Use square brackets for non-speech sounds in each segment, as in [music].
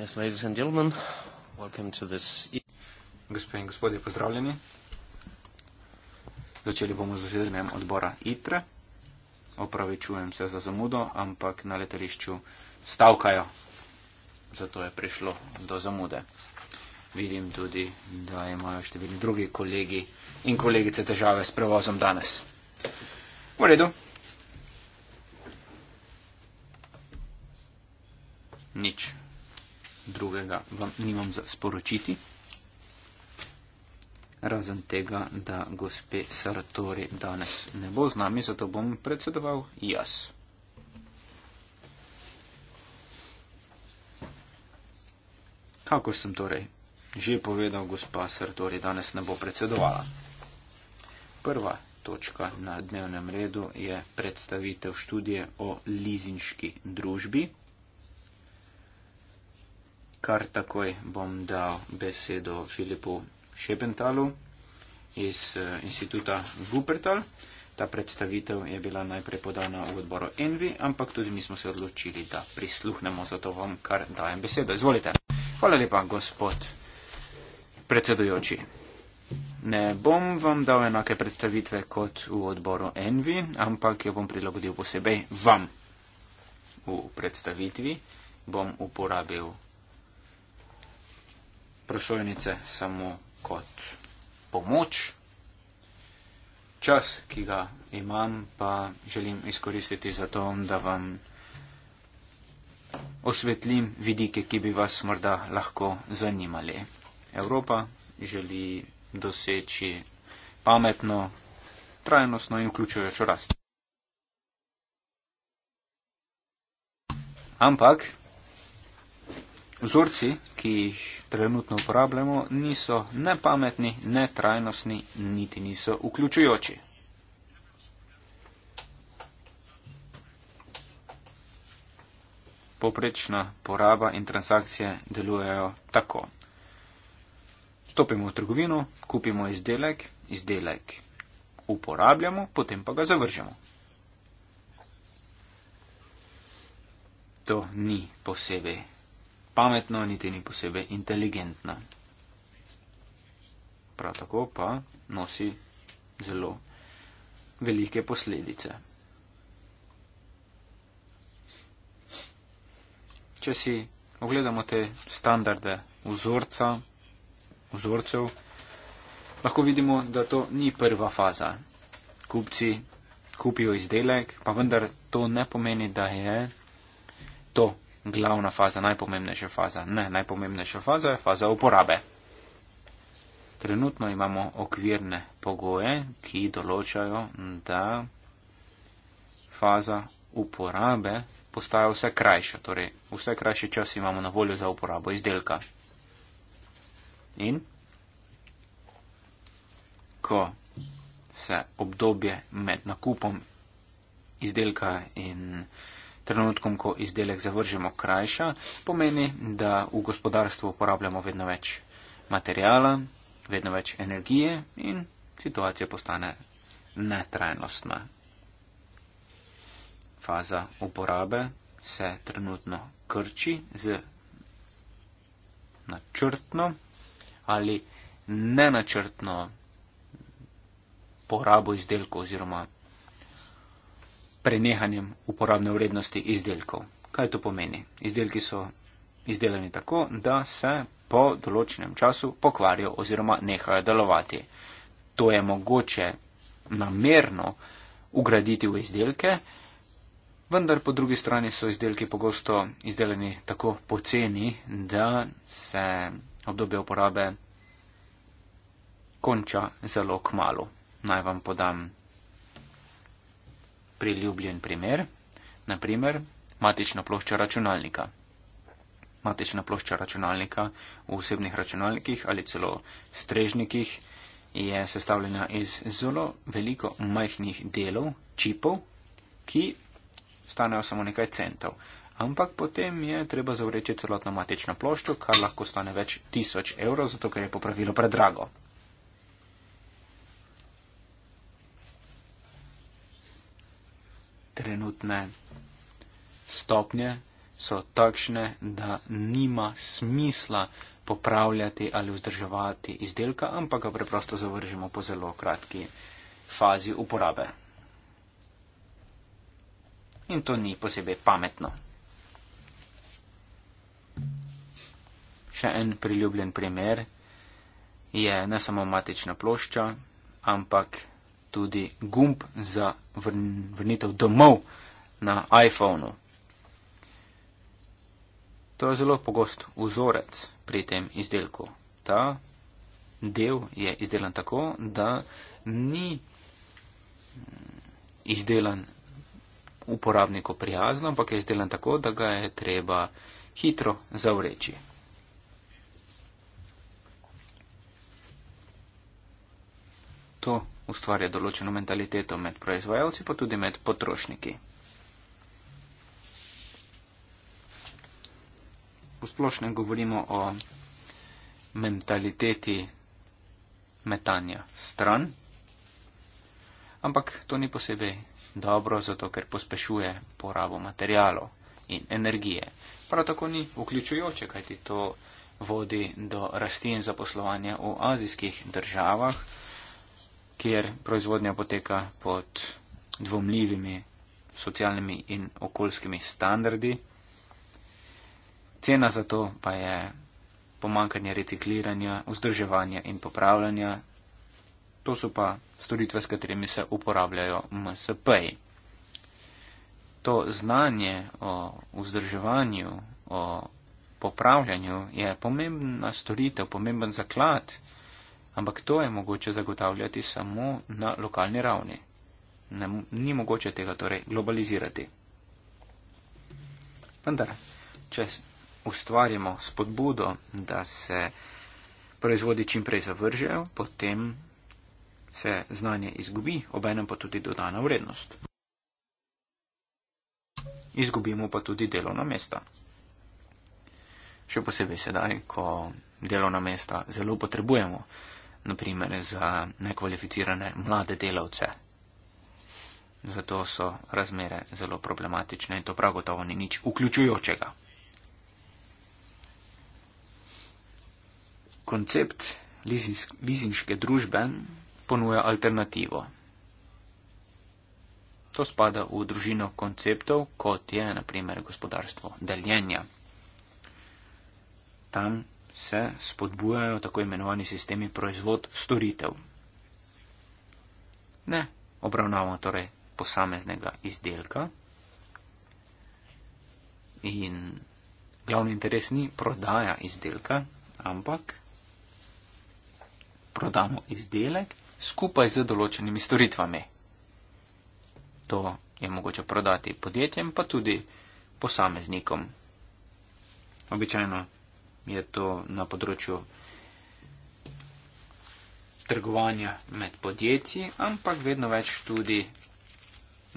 Yes, ladies and gentlemen, welcome to this. E- Gospe in gospodje, pozdravljeni. Začeli bomo z zasedanjem odbora ITRE. Opravičujem se za zamudo, ampak na letališču stavkajo. Zato je prišlo do zamude. Vidim tudi, da imajo številni drugi kolegi in kolegice težave s prevozom danes. V redu. posebnega vam nimam za sporočiti, razen tega, da gospe Saratori danes ne bo z nami, zato bom predsedoval jaz. Kakor sem torej že povedal, gospa Sartori danes ne bo predsedovala. Prva točka na dnevnem redu je predstavitev študije o lizinški družbi kar takoj bom dal besedo Filipu Šepentalu iz uh, instituta Gupertal. Ta predstavitev je bila najprej podana v odboru Envi, ampak tudi mi smo se odločili, da prisluhnemo, zato vam kar dajem besedo. Izvolite. Hvala lepa, gospod predsedujoči. Ne bom vam dal enake predstavitve kot v odboru Envi, ampak jo bom prilagodil posebej vam. V predstavitvi bom uporabil prosojnice samo kot pomoč. Čas, ki ga imam, pa želim izkoristiti za to, da vam osvetlim vidike, ki bi vas morda lahko zanimali. Evropa želi doseči pametno, trajnostno in vključujočo rast. Ampak Vzorci, ki jih trenutno uporabljamo, niso ne pametni, ne trajnostni, niti niso vključujoči. Poprečna poraba in transakcije delujejo tako. Stopimo v trgovino, kupimo izdelek, izdelek uporabljamo, potem pa ga zavržemo. To ni posebej pametno, niti ni posebej inteligentno. Prav tako pa nosi zelo velike posledice. Če si ogledamo te standarde vzorca, vzorcev, lahko vidimo, da to ni prva faza. Kupci kupijo izdelek, pa vendar to ne pomeni, da je to glavna faza, najpomembnejša faza. Ne, najpomembnejša faza je faza uporabe. Trenutno imamo okvirne pogoje, ki določajo, da faza uporabe postaja vse krajša. Torej, vse krajši čas imamo na voljo za uporabo izdelka. In ko se obdobje med nakupom izdelka in trenutkom, ko izdelek zavržemo krajša, pomeni, da v gospodarstvu uporabljamo vedno več materijala, vedno več energije in situacija postane netrajnostna. Faza uporabe se trenutno krči z načrtno ali nenačrtno porabo izdelkov oziroma prenehanjem uporabne vrednosti izdelkov. Kaj to pomeni? Izdelki so izdelani tako, da se po določenem času pokvarijo oziroma nehajo delovati. To je mogoče namerno ugraditi v izdelke, vendar po drugi strani so izdelki pogosto izdelani tako poceni, da se obdobje uporabe konča zelo kmalo. Naj vam podam priljubljen primer, naprimer matična plošča računalnika. Matična plošča računalnika v osebnih računalnikih ali celo strežnikih je sestavljena iz zelo veliko majhnih delov, čipov, ki stanejo samo nekaj centov. Ampak potem je treba zavreči celotno matično ploščo, kar lahko stane več tisoč evrov, zato ker je popravilo predrago. trenutne stopnje so takšne, da nima smisla popravljati ali vzdrževati izdelka, ampak ga preprosto zavržemo po zelo kratki fazi uporabe. In to ni posebej pametno. Še en priljubljen primer je ne samo matična plošča, ampak tudi gumb za vrnitev domov na iPhonu. To je zelo pogost vzorec pri tem izdelku. Ta del je izdelan tako, da ni mm, izdelan uporabniku prijazno, ampak je izdelan tako, da ga je treba hitro zavreči. To ustvarja določeno mentaliteto med proizvajalci, pa tudi med potrošniki. V splošnem govorimo o mentaliteti metanja stran, ampak to ni posebej dobro, zato ker pospešuje porabo materijalov in energije. Prav tako ni vključujoče, kajti to vodi do rasti in zaposlovanja v azijskih državah, kjer proizvodnja poteka pod dvomljivimi socialnimi in okoljskimi standardi. Cena za to pa je pomankanje recikliranja, vzdrževanja in popravljanja. To so pa storitve, s katerimi se uporabljajo MSP-ji. To znanje o vzdrževanju, o popravljanju je pomembna storitev, pomemben zaklad, ampak to je mogoče zagotavljati samo na lokalni ravni. Ne, ni mogoče tega torej globalizirati. Vendar, če ustvarjamo spodbudo, da se proizvodi čim prej zavržejo, potem se znanje izgubi, obenem pa tudi dodana vrednost. Izgubimo pa tudi delovna mesta. Še posebej sedaj, ko delovna mesta zelo potrebujemo naprimer za nekvalificirane mlade delavce. Zato so razmere zelo problematične in to prav gotovo ni nič vključujočega. Koncept lizinške družbe ponuja alternativo. To spada v družino konceptov, kot je naprimer gospodarstvo deljenja. Tam se spodbujajo tako imenovani sistemi proizvod storitev. Ne obravnavamo torej posameznega izdelka in glavni interes ni prodaja izdelka, ampak prodamo izdelek skupaj z določenimi storitvami. To je mogoče prodati podjetjem, pa tudi posameznikom. Običajno je to na področju trgovanja med podjetji, ampak vedno več tudi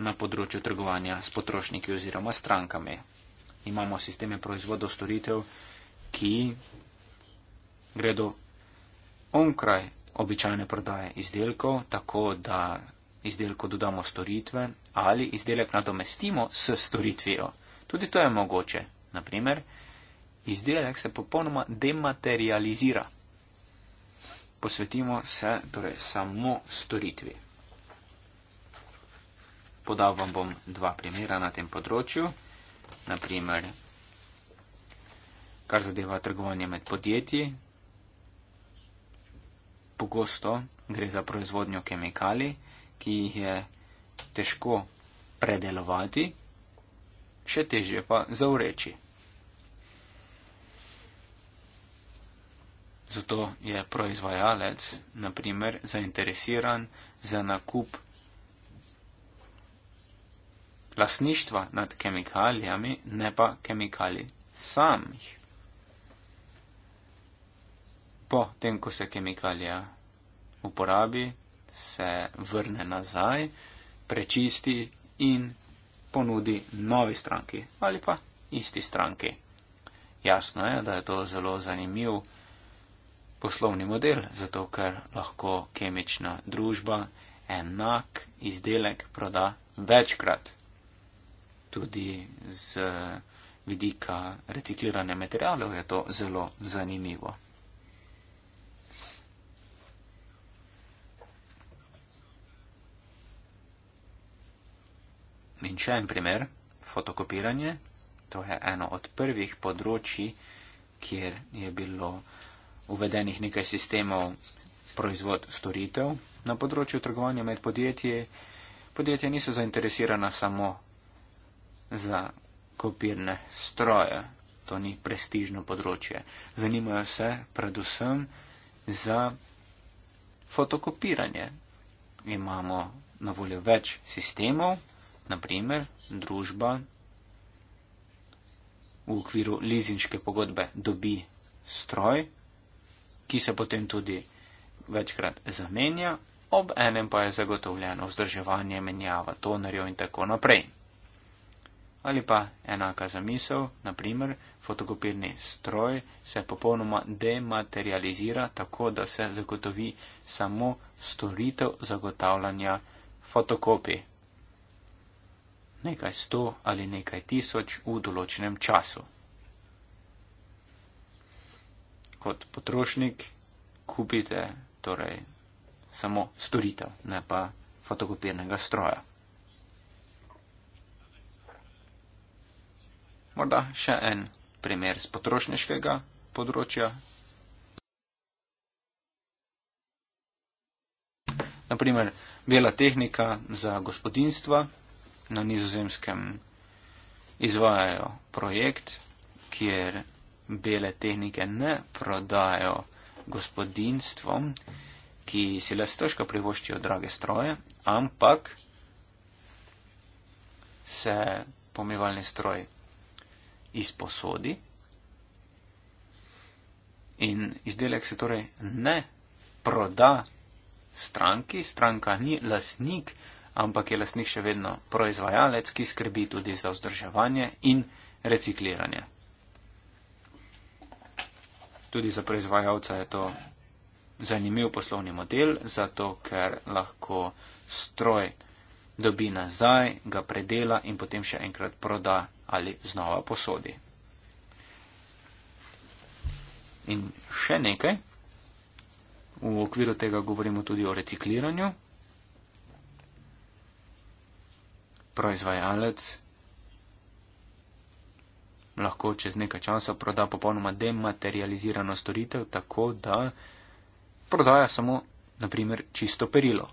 na področju trgovanja s potrošniki oziroma strankami. Imamo sisteme proizvodov storitev, ki gredo onkraj običajne prodaje izdelkov, tako da izdelko dodamo storitve ali izdelek nadomestimo s storitvijo. Tudi to je mogoče. Naprimer, izdelek se popolnoma dematerializira. Posvetimo se torej samo storitvi. Podal vam bom dva primera na tem področju. Naprimer, kar zadeva trgovanje med podjetji, pogosto gre za proizvodnjo kemikalij, ki jih je težko predelovati, še teže pa zaureči. Zato je proizvajalec, naprimer, zainteresiran za nakup lasništva nad kemikalijami, ne pa kemikali samih. Po tem, ko se kemikalija uporabi, se vrne nazaj, prečisti in ponudi novi stranki ali pa isti stranki. Jasno je, da je to zelo zanimivo poslovni model, zato ker lahko kemična družba enak izdelek proda večkrat. Tudi z vidika recikliranja materijalov je to zelo zanimivo. In še en primer, fotokopiranje. To je eno od prvih področji, kjer je bilo uvedenih nekaj sistemov proizvod storitev na področju trgovanja med podjetji. Podjetja niso zainteresirana samo za kopirne stroje, to ni prestižno področje. Zanimajo se predvsem za fotokopiranje. Imamo na voljo več sistemov, naprimer družba v okviru lizinčke pogodbe dobi stroj, ki se potem tudi večkrat zamenja, ob enem pa je zagotovljeno vzdrževanje menjava tonerjev in tako naprej. Ali pa enaka zamisel, naprimer, fotokopirni stroj se popolnoma dematerializira tako, da se zagotovi samo storitev zagotavljanja fotokopij. Nekaj sto ali nekaj tisoč v določenem času. kot potrošnik kupite torej samo storitev, ne pa fotokopirnega stroja. Morda še en primer z potrošniškega področja. Naprimer, bela tehnika za gospodinstva na nizozemskem izvajajo projekt, kjer bele tehnike ne prodajo gospodinstvom, ki si le stroško privoščijo drage stroje, ampak se pomivalni stroj izposodi in izdelek se torej ne proda stranki, stranka ni lasnik, ampak je lasnik še vedno proizvajalec, ki skrbi tudi za vzdrževanje in recikliranje tudi za proizvajalca je to zanimiv poslovni model, zato ker lahko stroj dobi nazaj, ga predela in potem še enkrat proda ali znova posodi. In še nekaj. V okviru tega govorimo tudi o recikliranju. Proizvajalec lahko čez nekaj časa proda popolnoma dematerializirano storitev, tako da prodaja samo, naprimer, čisto perilo.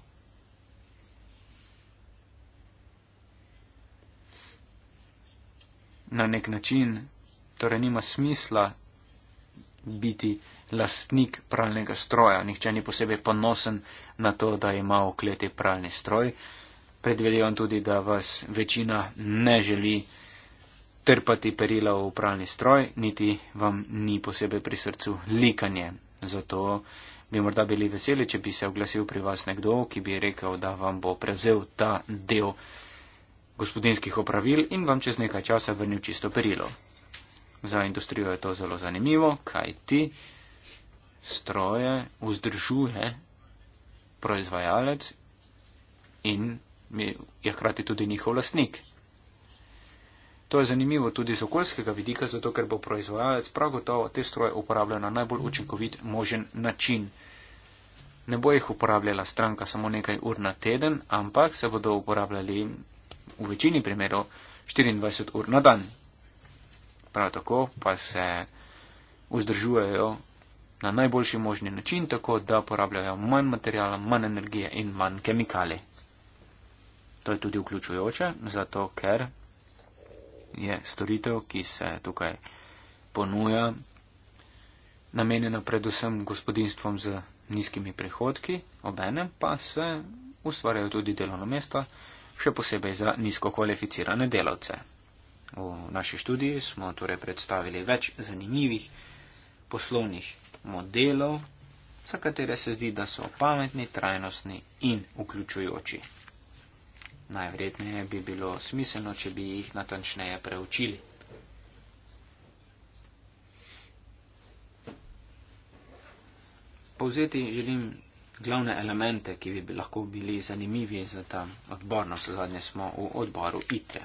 Na nek način torej nima smisla biti lastnik pralnega stroja. Nihče ni posebej ponosen na to, da ima v kleti pralni stroj. Predvidevam tudi, da vas večina ne želi trpati perila v upravni stroj, niti vam ni posebej pri srcu likanje. Zato bi morda bili veseli, če bi se oglasil pri vas nekdo, ki bi rekel, da vam bo prevzel ta del gospodinskih opravil in vam čez nekaj časa vrnil čisto perilo. Za industrijo je to zelo zanimivo, kaj ti stroje vzdržuje proizvajalec in je hkrati tudi njihov lasnik. To je zanimivo tudi z okoljskega vidika, zato ker bo proizvajalec prav gotovo te stroje uporabljal na najbolj učinkovit možen način. Ne bo jih uporabljala stranka samo nekaj ur na teden, ampak se bodo uporabljali v večini primerov 24 ur na dan. Prav tako pa se vzdržujejo na najboljši možni način, tako da porabljajo manj materijala, manj energije in manj kemikali. To je tudi vključujoče, zato ker je storitev, ki se tukaj ponuja, namenjena predvsem gospodinstvom z nizkimi prihodki, obenem pa se ustvarjajo tudi delovno mesto, še posebej za nizko kvalificirane delavce. V naši študiji smo torej predstavili več zanimivih poslovnih modelov, za katere se zdi, da so pametni, trajnostni in vključujoči. Najvredneje bi bilo smiselno, če bi jih natančneje preučili. Povzeti želim glavne elemente, ki bi lahko bili zanimivi za ta odbor. Na vse zadnje smo v odboru ITRE.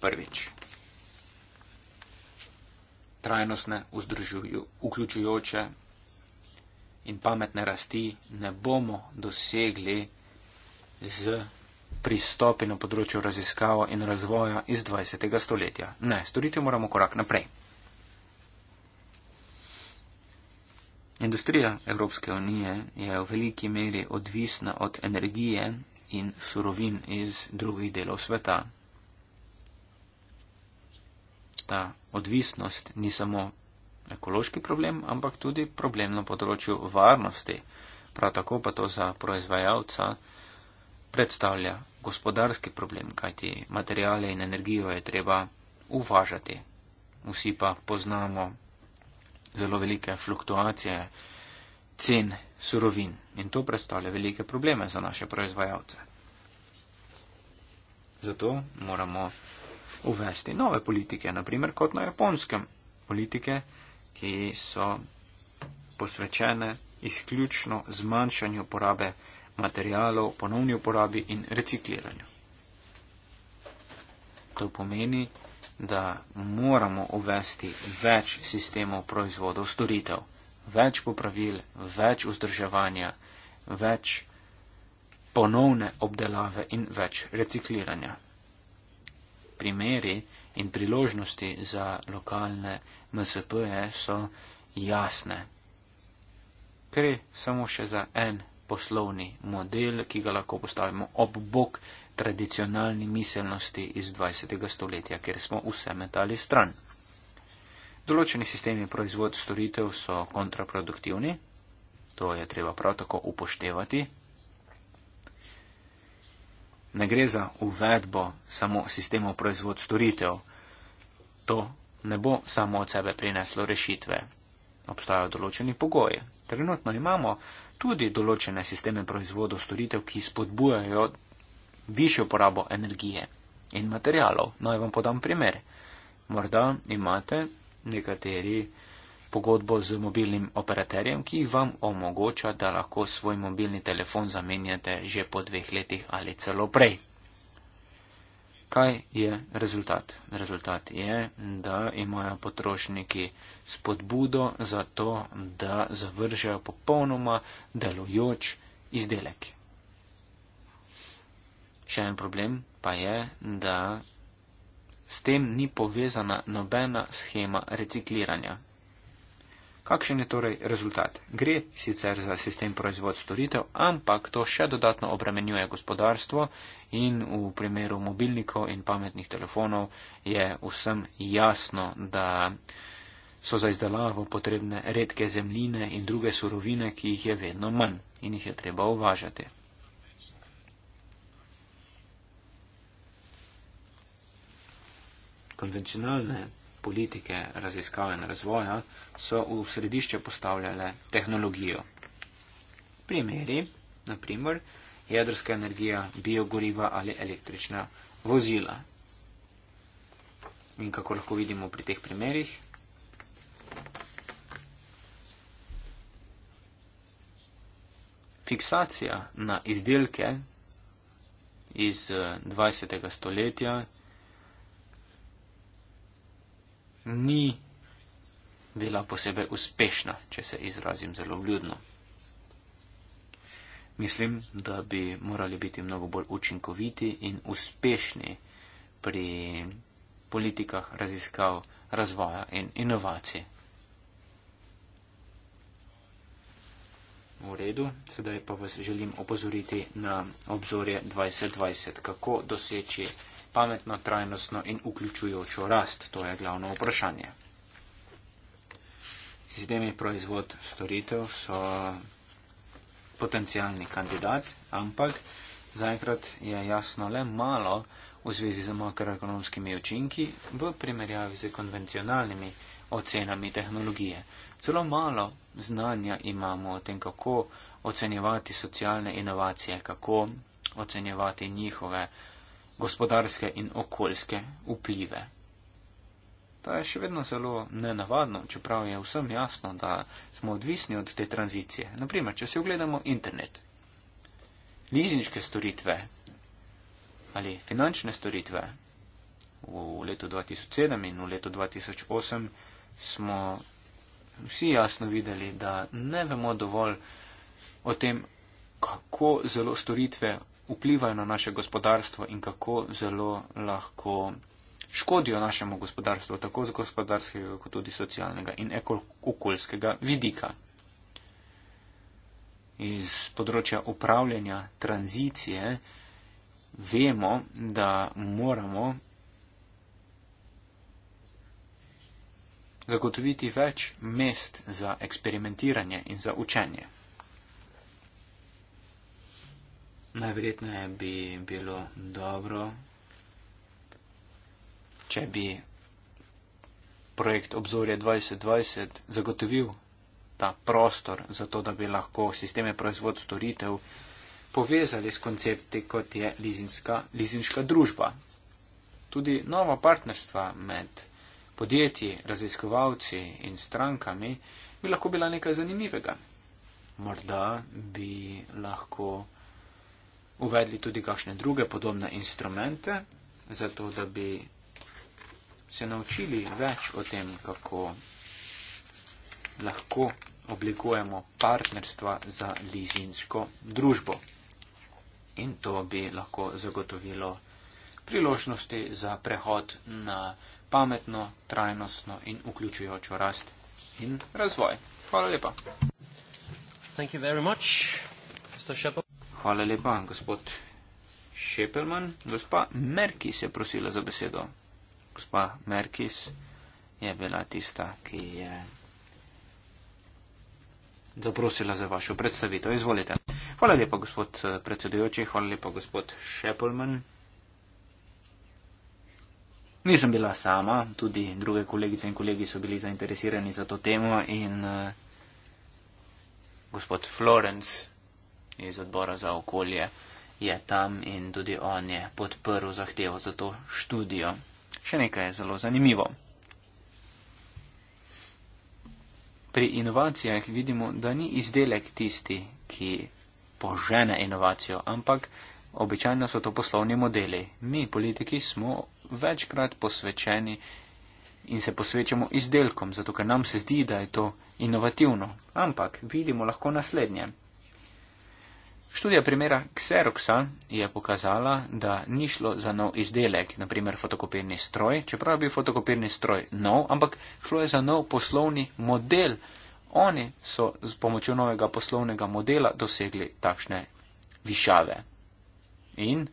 Prvič. Trajnostne, vzdržujoče, in pametne rasti ne bomo dosegli z pristopi na področju raziskav in razvoja iz 20. stoletja. Ne, storiti moramo korak naprej. Industrija Evropske unije je v veliki meri odvisna od energije in surovin iz drugih delov sveta. Ta odvisnost ni samo ekološki problem, ampak tudi problem na področju varnosti. Prav tako pa to za proizvajalca predstavlja gospodarski problem, kajti materijale in energijo je treba uvažati. Vsi pa poznamo zelo velike fluktuacije cen surovin in to predstavlja velike probleme za naše proizvajalce. Zato moramo uvesti nove politike, naprimer kot na japonskem politike, ki so posvečene izključno zmanjšanju porabe materijalov, ponovni uporabi in recikliranju. To pomeni, da moramo uvesti več sistemov proizvodov storitev, več popravil, več vzdrževanja, več ponovne obdelave in več recikliranja. Primeri in priložnosti za lokalne MSP je, so jasne. Gre samo še za en poslovni model, ki ga lahko postavimo ob bok tradicionalni miselnosti iz 20. stoletja, kjer smo vse metali stran. Določeni sistemi proizvod storitev so kontraproduktivni, to je treba prav tako upoštevati. Ne gre za uvedbo samo sistemov proizvod storitev, to ne bo samo od sebe prineslo rešitve. Obstajajo določeni pogoji. Trenutno imamo tudi določene sisteme proizvodov storitev, ki spodbujajo višjo porabo energije in materialov. Naj vam podam primer. Morda imate nekateri pogodbo z mobilnim operaterjem, ki vam omogoča, da lahko svoj mobilni telefon zamenjate že po dveh letih ali celo prej. Kaj je rezultat? Rezultat je, da imajo potrošniki spodbudo za to, da zavržejo popolnoma delujoč izdelek. Še en problem pa je, da s tem ni povezana nobena schema recikliranja. Kakšen je torej rezultat? Gre sicer za sistem proizvod storitev, ampak to še dodatno obremenjuje gospodarstvo in v primeru mobilnikov in pametnih telefonov je vsem jasno, da so za izdelavo potrebne redke zemljine in druge surovine, ki jih je vedno manj in jih je treba uvažati. Konvencionalne politike raziskave in razvoja so v središče postavljale tehnologijo. Primeri, naprimer, jedrska energija, biogoriva ali električna vozila. In kako lahko vidimo pri teh primerih? Fiksacija na izdelke iz 20. Eh, stoletja, ni bila posebej uspešna, če se izrazim zelo vljudno. Mislim, da bi morali biti mnogo bolj učinkoviti in uspešni pri politikah raziskav, razvoja in inovacij V redu, sedaj pa vas želim opozoriti na obzorje 2020, kako doseči pametno, trajnostno in vključujočo rast. To je glavno vprašanje. Sistemi proizvod storitev so potencijalni kandidat, ampak zaenkrat je jasno le malo v zvezi z makroekonomskimi učinki v primerjavi z konvencionalnimi ocenami tehnologije. Celo malo znanja imamo o tem, kako ocenjevati socialne inovacije, kako ocenjevati njihove gospodarske in okoljske vplive. To je še vedno zelo nenavadno, čeprav je vsem jasno, da smo odvisni od te tranzicije. Naprimer, če si ogledamo internet, lizinške storitve ali finančne storitve, v letu 2007 in v letu 2008 smo vsi jasno videli, da ne vemo dovolj o tem, kako zelo storitve vplivajo na naše gospodarstvo in kako zelo lahko škodijo našemu gospodarstvu, tako z gospodarskega, kot tudi socialnega in ekokulskega vidika. Iz področja upravljanja tranzicije vemo, da moramo zagotoviti več mest za eksperimentiranje in za učenje. Najverjetneje bi bilo dobro, če bi projekt obzorje 2020 zagotovil ta prostor za to, da bi lahko sisteme proizvod storitev povezali s koncepti, kot je lizinska, lizinska družba. Tudi nova partnerstva med podjetji, raziskovalci in strankami, bi lahko bila nekaj zanimivega. Morda bi lahko uvedli tudi kakšne druge podobne instrumente, zato da bi se naučili več o tem, kako lahko oblikujemo partnerstva za lizinsko družbo. In to bi lahko zagotovilo priložnosti za prehod na pametno, trajnostno in vključujočo rast in razvoj. Hvala lepa. Much, Hvala lepa, gospod Šepelman. Gospa Merkis je prosila za besedo. Gospa Merkis je bila tista, ki je zaprosila za vašo predstavitev. Izvolite. Hvala lepa, gospod eh, predsedujoči. Hvala lepa, gospod Šepelman. Nisem bila sama, tudi druge kolegice in kolegi so bili zainteresirani za to temo in uh, gospod Florence iz odbora za okolje je tam in tudi on je podprl zahtevo za to študijo. Še nekaj je zelo zanimivo. Pri inovacijah vidimo, da ni izdelek tisti, ki požene inovacijo, ampak običajno so to poslovni modeli. Mi, politiki, smo večkrat posvečeni in se posvečamo izdelkom, zato ker nam se zdi, da je to inovativno. Ampak vidimo lahko naslednje. Študija primera Xeroxa je pokazala, da ni šlo za nov izdelek, naprimer fotokopirni stroj, čeprav bi fotokopirni stroj nov, ampak šlo je za nov poslovni model. Oni so s pomočjo novega poslovnega modela dosegli takšne višave. In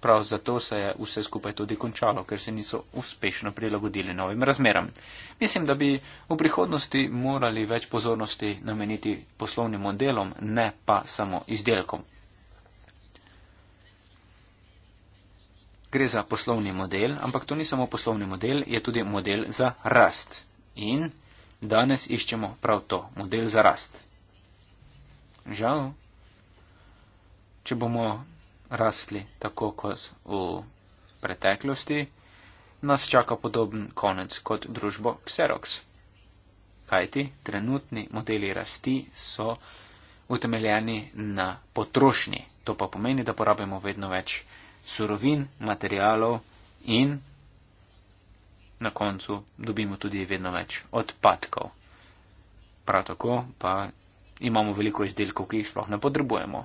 prav zato se je vse skupaj tudi končalo, ker se niso uspešno prilagodili novim razmeram. Mislim, da bi v prihodnosti morali več pozornosti nameniti poslovnim modelom, ne pa samo izdelkom. Gre za poslovni model, ampak to ni samo poslovni model, je tudi model za rast. In danes iščemo prav to, model za rast. Žal, če bomo rasli tako kot v preteklosti, nas čaka podoben konec kot družbo Xerox. Kajti trenutni modeli rasti so utemeljeni na potrošnji. To pa pomeni, da porabimo vedno več surovin, materialov in na koncu dobimo tudi vedno več odpadkov. Prav tako pa imamo veliko izdelkov, ki jih sploh ne potrebujemo.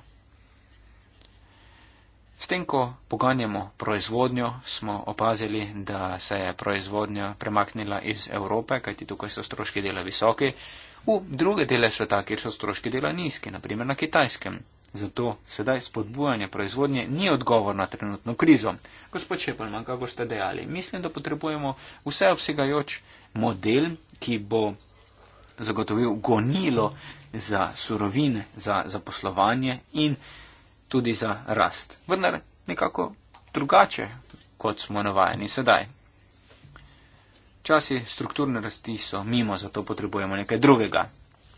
S tem, ko poganjamo proizvodnjo, smo opazili, da se je proizvodnja premaknila iz Evrope, kajti tukaj so stroški dela visoki, v druge dele sveta, kjer so stroški dela nizki, naprimer na kitajskem. Zato sedaj spodbujanje proizvodnje ni odgovor na trenutno krizo. Gospod Šepelman, kako ste dejali, mislim, da potrebujemo vseobsegajoč model, ki bo zagotovil gonilo za surovine, za zaposlovanje in tudi za rast. Vendar nekako drugače, kot smo navajeni sedaj. Časi strukturne rasti so mimo, zato potrebujemo nekaj drugega.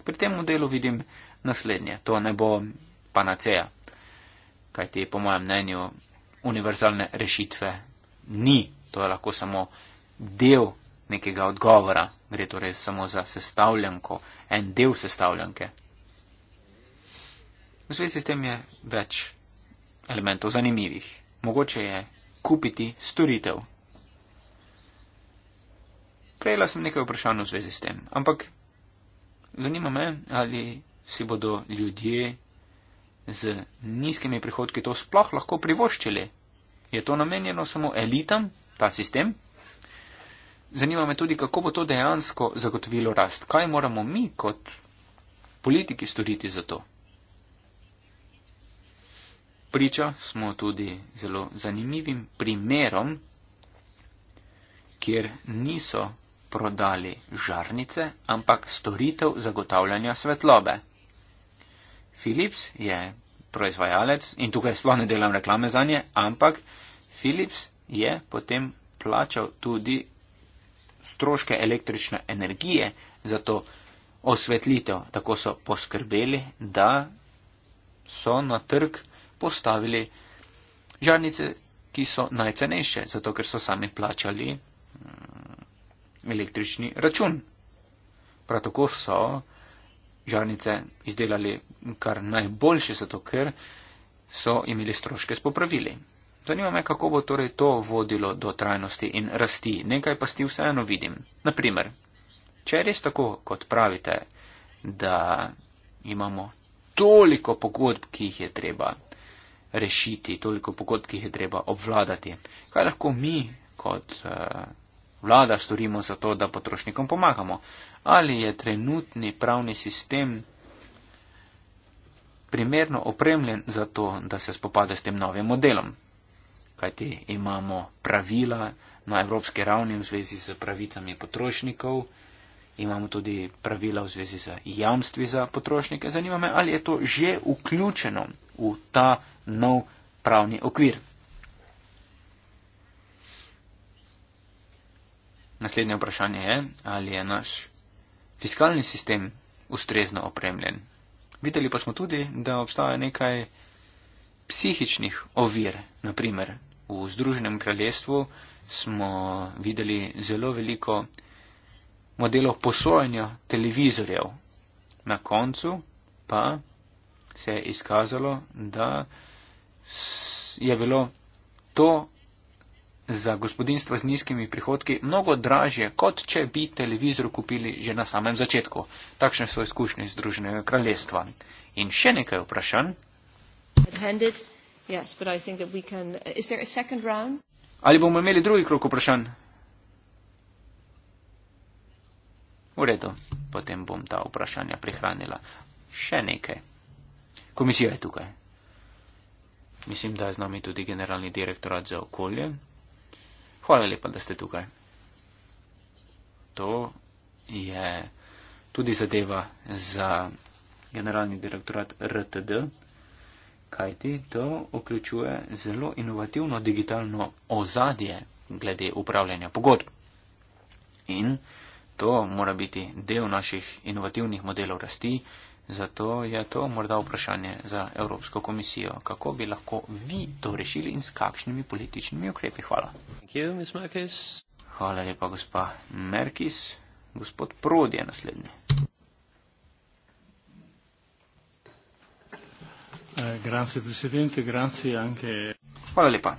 Pri tem modelu vidim naslednje. To ne bo panaceja, kajti po mojem mnenju univerzalne rešitve ni. To je lahko samo del nekega odgovora. Gre torej samo za sestavljanko, en del sestavljanke, Na svoj sistem je več elementov zanimivih. Mogoče je kupiti storitev. Prejela sem nekaj vprašanj v zvezi s tem, ampak zanima me, ali si bodo ljudje z nizkimi prihodki to sploh lahko privoščili. Je to namenjeno samo elitam, ta sistem? Zanima me tudi, kako bo to dejansko zagotovilo rast. Kaj moramo mi kot politiki storiti za to? priča smo tudi zelo zanimivim primerom, kjer niso prodali žarnice, ampak storitev zagotavljanja svetlobe. Philips je proizvajalec in tukaj sploh ne delam reklame za nje, ampak Philips je potem plačal tudi stroške električne energije za to osvetlitev. Tako so poskrbeli, da so na trg postavili žarnice, ki so najcenejše, zato ker so sami plačali mm, električni račun. Prav tako so žarnice izdelali kar najboljše, zato ker so imeli stroške s popravili. Zanima me, kako bo torej to vodilo do trajnosti in rasti. Nekaj pa sti vseeno vidim. Naprimer, če je res tako, kot pravite, da imamo toliko pogodb, ki jih je treba rešiti, toliko pogodb, ki jih je treba obvladati. Kaj lahko mi kot eh, vlada storimo za to, da potrošnikom pomagamo? Ali je trenutni pravni sistem primerno opremljen za to, da se spopade s tem novim modelom? Kajti imamo pravila na evropski ravni v zvezi z pravicami potrošnikov, imamo tudi pravila v zvezi z jamstvi za potrošnike. Zanima me, ali je to že vključeno v ta nov pravni okvir. Naslednje vprašanje je, ali je naš fiskalni sistem ustrezno opremljen. Videli pa smo tudi, da obstaja nekaj psihičnih ovir. Naprimer, v Združenem kraljestvu smo videli zelo veliko modelov posojanja televizorjev. Na koncu pa se je izkazalo, da je bilo to za gospodinstva z nizkimi prihodki mnogo dražje, kot če bi televizor kupili že na samem začetku. Takšne so izkušnje iz Združenega kraljestva. In še nekaj vprašanj. Yes, can... Uh, Ali bomo imeli drugi krok vprašanj? V redu, potem bom ta vprašanja prihranila. Še nekaj. Komisija je tukaj. Mislim, da je z nami tudi generalni direktorat za okolje. Hvala lepa, da ste tukaj. To je tudi zadeva za generalni direktorat RTD, kajti to vključuje zelo inovativno digitalno ozadje glede upravljanja pogodb. In to mora biti del naših inovativnih modelov rasti, Zato je to morda vprašanje za Evropsko komisijo, kako bi lahko vi to rešili in s kakšnimi političnimi ukrepi. Hvala. You, Hvala lepa, gospa Merkis. Gospod Prod je naslednji. Eh, Hvala lepa.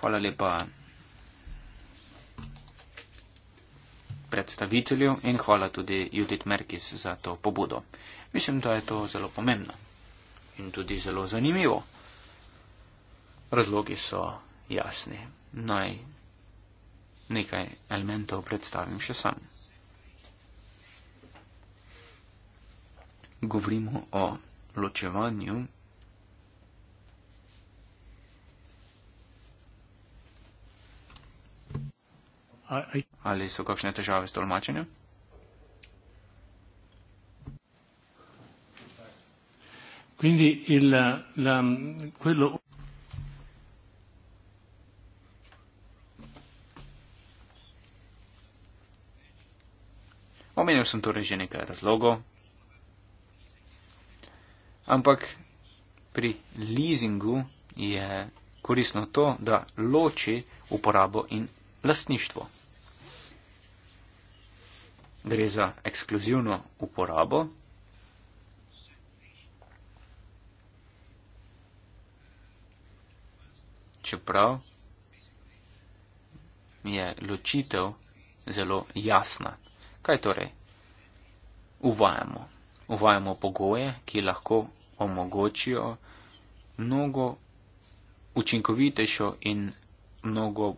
Hvala lepa predstavitelju in hvala tudi Judith Merkis za to pobudo. Mislim, da je to zelo pomembno in tudi zelo zanimivo. Razlogi so jasni. Naj nekaj elementov predstavim še sam. Govorimo o ločevanju Ali so kakšne težave s tolmačenjem? Quindi il, la, quello... Omenil sem torej že nekaj razlogov, ampak pri leasingu je koristno to, da loči uporabo in lastništvo gre za ekskluzivno uporabo. Čeprav je ločitev zelo jasna. Kaj torej? Uvajamo. Uvajamo pogoje, ki lahko omogočijo mnogo učinkovitejšo in mnogo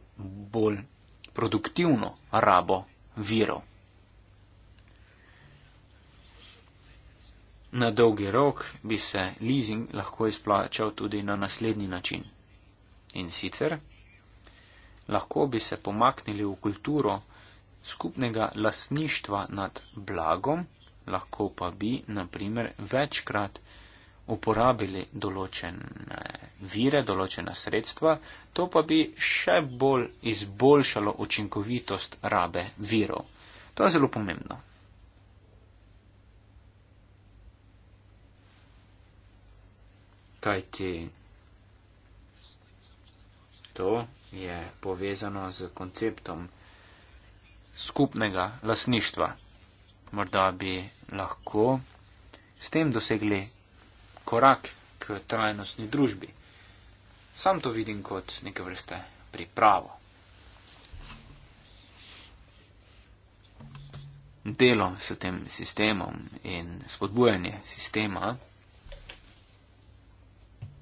bolj produktivno rabo virov. Na dolgi rok bi se leasing lahko izplačal tudi na naslednji način. In sicer lahko bi se pomaknili v kulturo skupnega lasništva nad blagom, lahko pa bi, na primer, večkrat uporabili določene vire, določena sredstva, to pa bi še bolj izboljšalo učinkovitost rabe virov. To je zelo pomembno. kajti to je povezano z konceptom skupnega lasništva. Morda bi lahko s tem dosegli korak k trajnostni družbi. Sam to vidim kot neke vrste pripravo. Delo s tem sistemom in spodbujanje sistema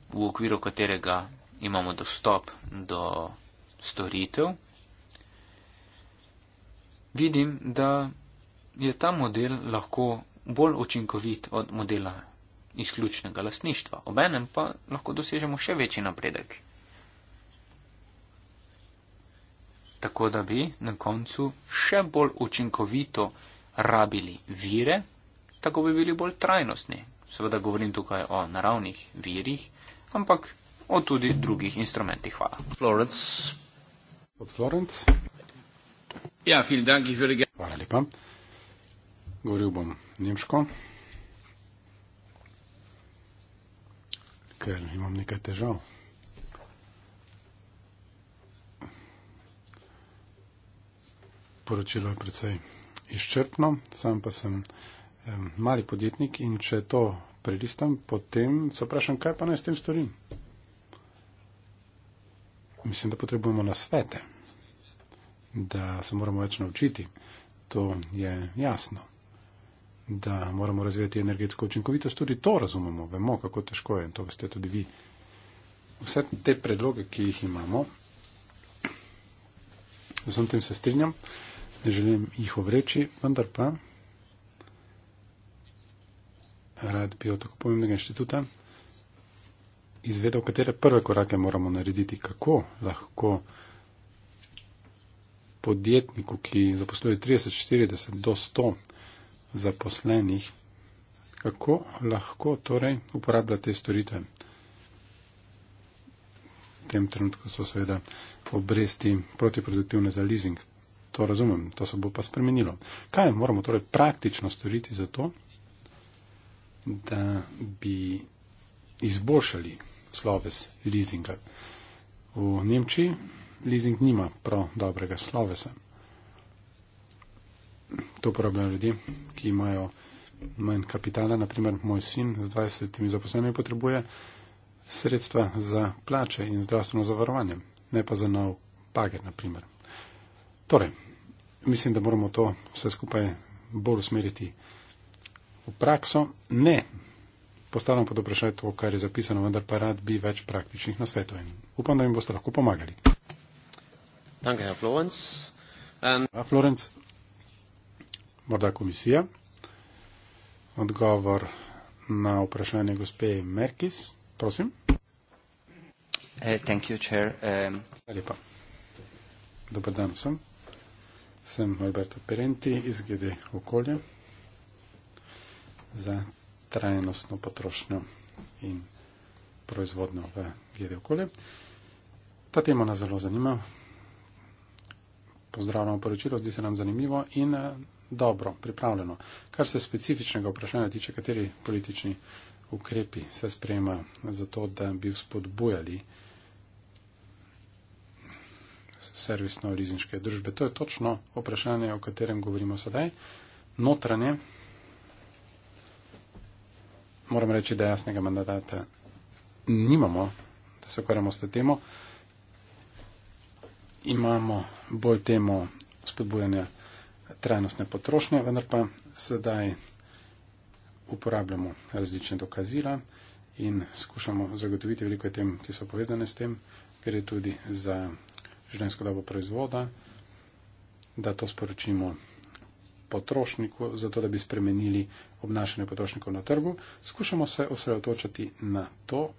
v okviru katerega imamo dostop do storitev, vidim, da je ta model lahko bolj učinkovit od modela izključnega lastništva. Obenem pa lahko dosežemo še večji napredek. Tako da bi na koncu še bolj učinkovito rabili vire, tako bi bili bolj trajnostni. Seveda govorim tukaj o naravnih virih ampak o tudi drugih instrumentih. Hvala. Florence. Od Florence. Ja, vielen Dank, ich würde gerne. Hvala lepa. Govoril bom nemško, ker imam nekaj težav. Poročilo je precej izčrpno, sam pa sem eh, mali podjetnik in če to prelistam, potem se vprašam, kaj pa naj s tem storim. Mislim, da potrebujemo nasvete, da se moramo več naučiti. To je jasno. Da moramo razvijati energetsko učinkovitost, tudi to razumemo, vemo, kako težko je in to veste tudi vi. Vse te predloge, ki jih imamo, vsem tem se strinjam, ne želim jih ovreči, vendar pa rad bi od tako pomembnega inštituta izvedel, katere prve korake moramo narediti, kako lahko podjetniku, ki zaposluje 30, 40 do 100 zaposlenih, kako lahko torej uporablja te storitve. V tem trenutku so seveda obresti protiproduktivne za leasing. To razumem, to se bo pa spremenilo. Kaj moramo torej praktično storiti za to? da bi izboljšali sloves leasinga. V Nemčiji leasing nima prav dobrega slovesa. To uporabljajo ljudje, ki imajo manj kapitala, naprimer moj sin z 20 zaposlenimi potrebuje sredstva za plače in zdravstveno zavarovanje, ne pa za nov pager, naprimer. Torej, mislim, da moramo to vse skupaj bolj usmeriti v prakso? Ne. Postavljam pod vprašanje to, kar je zapisano, vendar pa rad bi več praktičnih nasvetov in upam, da jim boste lahko pomagali. Danke, Herr Florenc. And... A Florenc, morda komisija. Odgovor na vprašanje gospe Merkis, prosim. Eh, thank you, chair. Um, Hvala lepa. Dobar dan vsem. Sem Alberto Perenti iz GD okolja za trajnostno potrošnjo in proizvodnjo v glede okolje. Ta tema nas zelo zanima. Pozdravljamo poročilo, zdi se nam zanimivo in eh, dobro pripravljeno. Kar se specifičnega vprašanja tiče, kateri politični ukrepi se sprejema za to, da bi vzpodbujali servisno-lizinške družbe. To je točno vprašanje, o katerem govorimo sedaj. Notranje moram reči, da jasnega mandata nimamo, da se ukvarjamo s to temo. Imamo bolj temo spodbujanja trajnostne potrošnje, vendar pa sedaj uporabljamo različne dokazila in skušamo zagotoviti veliko tem, ki so povezane s tem. Gre tudi za življenjsko dobo proizvoda, da to sporočimo potrošniku, zato da bi spremenili obnašanje potrošnikov na trgu. Skušamo se osredotočati na to,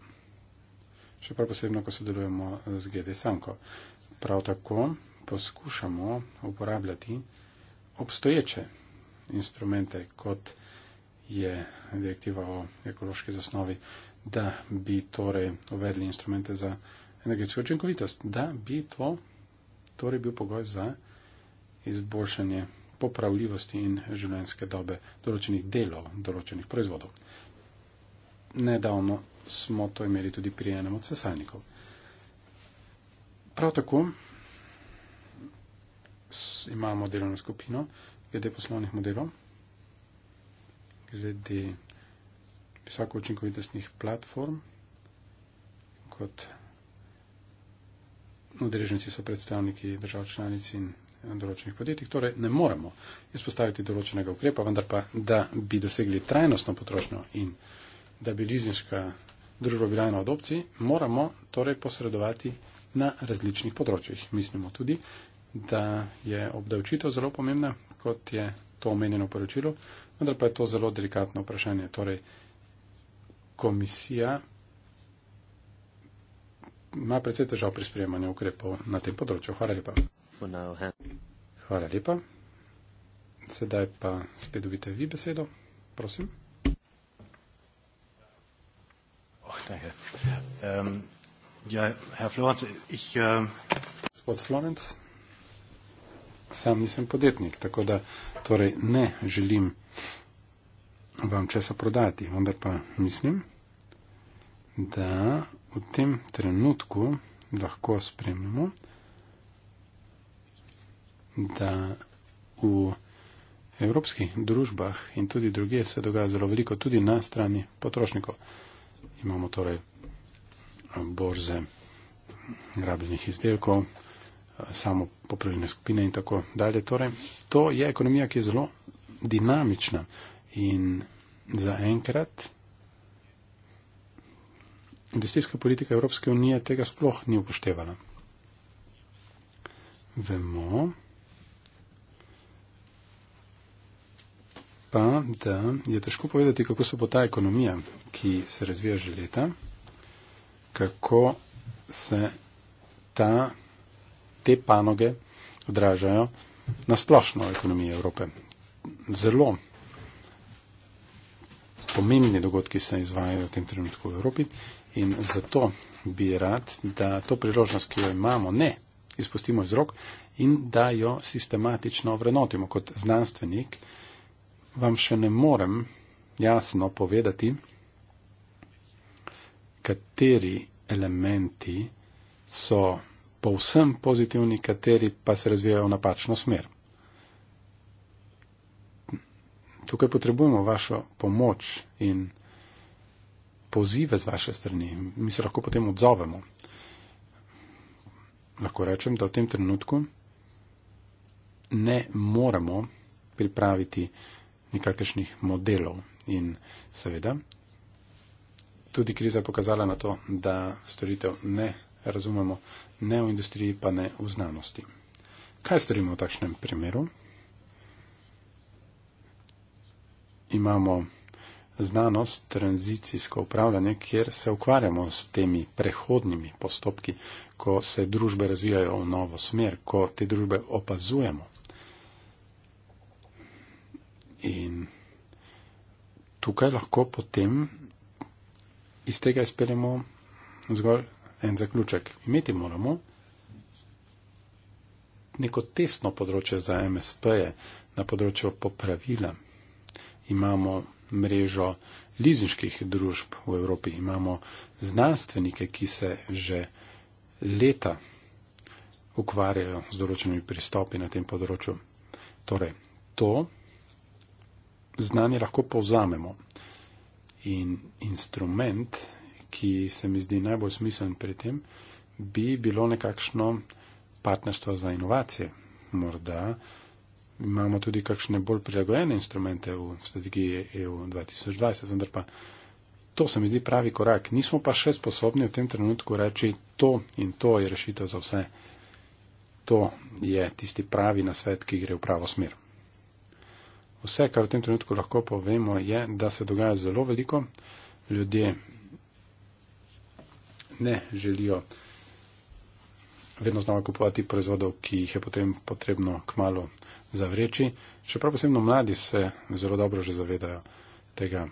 še prav posebno, ko sodelujemo z GD Sanko. Prav tako poskušamo uporabljati obstoječe instrumente, kot je direktiva o ekološki zasnovi, da bi torej uvedli instrumente za energetsko učinkovitost, da bi to torej bil pogoj za izboljšanje popravljivosti in življenjske dobe določenih delov, določenih proizvodov. Nedavno smo to imeli tudi pri enem od sesalnikov. Prav tako imamo delovno skupino glede poslovnih modelov, glede visoko učinkovitostnih platform, kot udeleženci so predstavniki držav članic in določenih podjetij, torej ne moremo izpostaviti določenega ukrepa, vendar pa, da bi dosegli trajnostno potrošnjo in da bi lizniška družba bila ena od opcij, moramo torej posredovati na različnih področjih. Mislimo tudi, da je obdavčitev zelo pomembna, kot je to omenjeno v poročilu, vendar pa je to zelo delikatno vprašanje. Torej, komisija ima predvsej težav pri sprejemanju ukrepov na tem področju. Hvala lepa. Hvala lepa. Sedaj pa spet dobite vi besedo. Prosim. Oh, ähm, ja, ähm, Gospod Florenc, sam nisem podjetnik, tako da torej ne želim vam česa prodati, vendar pa mislim, da v tem trenutku lahko spremljamo da v evropskih družbah in tudi druge se dogaja zelo veliko tudi na strani potrošnikov. Imamo torej eh, borze grabljenih izdelkov, eh, samo popravljene skupine in tako dalje. Torej, to je ekonomija, ki je zelo dinamična in zaenkrat investicijska politika Evropske unije tega sploh ni upoštevala. Vemo, pa, da je težko povedati, kako se bo ta ekonomija, ki se razvija že leta, kako se ta, te panoge odražajo na splošno ekonomijo Evrope. Zelo pomembni dogodki se izvajajo v tem trenutku v Evropi in zato bi rad, da to priložnost, ki jo imamo, ne izpustimo iz rok in da jo sistematično vrednotimo kot znanstvenik, vam še ne morem jasno povedati, kateri elementi so povsem pozitivni, kateri pa se razvijajo v napačno smer. Tukaj potrebujemo vašo pomoč in pozive z vaše strani. Mi se lahko potem odzovemo. Lahko rečem, da v tem trenutku ne moremo pripraviti nikakršnih modelov. In seveda, tudi kriza je pokazala na to, da storitev ne razumemo ne v industriji, pa ne v znanosti. Kaj storimo v takšnem primeru? Imamo znanost, tranzicijsko upravljanje, kjer se ukvarjamo s temi prehodnimi postopki, ko se družbe razvijajo v novo smer, ko te družbe opazujemo In tukaj lahko potem iz tega izpeljemo zgolj en zaključek. Imeti moramo neko tesno področje za MSP-je na področju popravila. Imamo mrežo lizinških družb v Evropi, imamo znanstvenike, ki se že leta ukvarjajo z določenimi pristopi na tem področju. Torej, to znanje lahko povzamemo. In instrument, ki se mi zdi najbolj smiseln pri tem, bi bilo nekakšno partnerstvo za inovacije. Morda imamo tudi kakšne bolj prilagojene instrumente v strategiji EU 2020, vendar pa to se mi zdi pravi korak. Nismo pa še sposobni v tem trenutku reči to in to je rešitev za vse. To je tisti pravi nasvet, ki gre v pravo smer. Vse, kar v tem trenutku lahko povemo, je, da se dogaja zelo veliko. Ljudje ne želijo vedno znova kupovati proizvodov, ki jih je potem potrebno kmalo zavreči. Še prav posebno mladi se zelo dobro že zavedajo tega.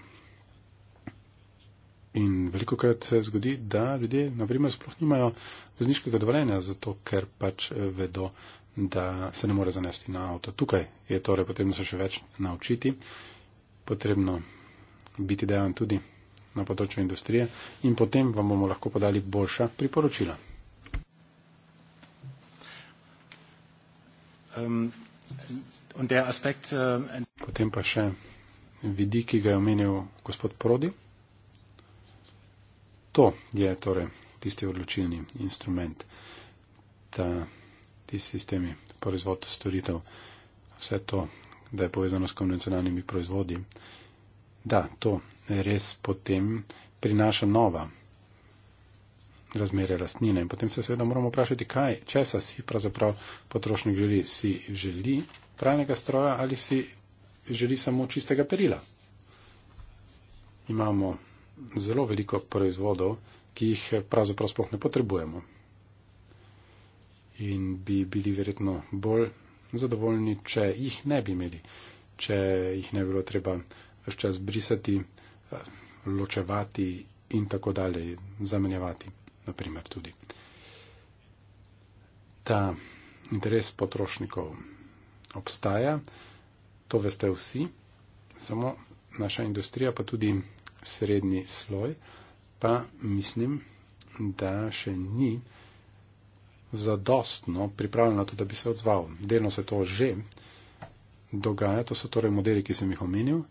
In veliko krat se zgodi, da ljudje, naprimer, sploh nimajo vozniškega dovoljenja, zato ker pač eh, vedo, da se ne more zanesti na avto. Tukaj je torej potrebno se še več naučiti, potrebno biti dejan tudi na področju industrije in potem vam bomo lahko podali boljša priporočila. Um, uh, potem pa še vidik, ki ga je omenil gospod Prodi. To je torej tisti odločilni instrument ti sistemi, proizvod storitev, vse to, da je povezano s konvencionalnimi proizvodi. Da, to res potem prinaša nova razmere lastnine in potem se seveda moramo vprašati, kaj, česa si pravzaprav potrošnik želi. Si želi pravnega stroja ali si želi samo čistega perila. Imamo zelo veliko proizvodov, ki jih pravzaprav sploh ne potrebujemo in bi bili verjetno bolj zadovoljni, če jih ne bi imeli, če jih ne bi bilo treba vse čas brisati, eh, ločevati in tako dalje, zamenjevati, naprimer tudi. Ta interes potrošnikov obstaja, to veste vsi, samo naša industrija, pa tudi srednji sloj, pa mislim, da še ni zadostno pripravljen na to, da bi se odzval. Delno se to že dogaja, to so torej modeli, ki sem jih omenil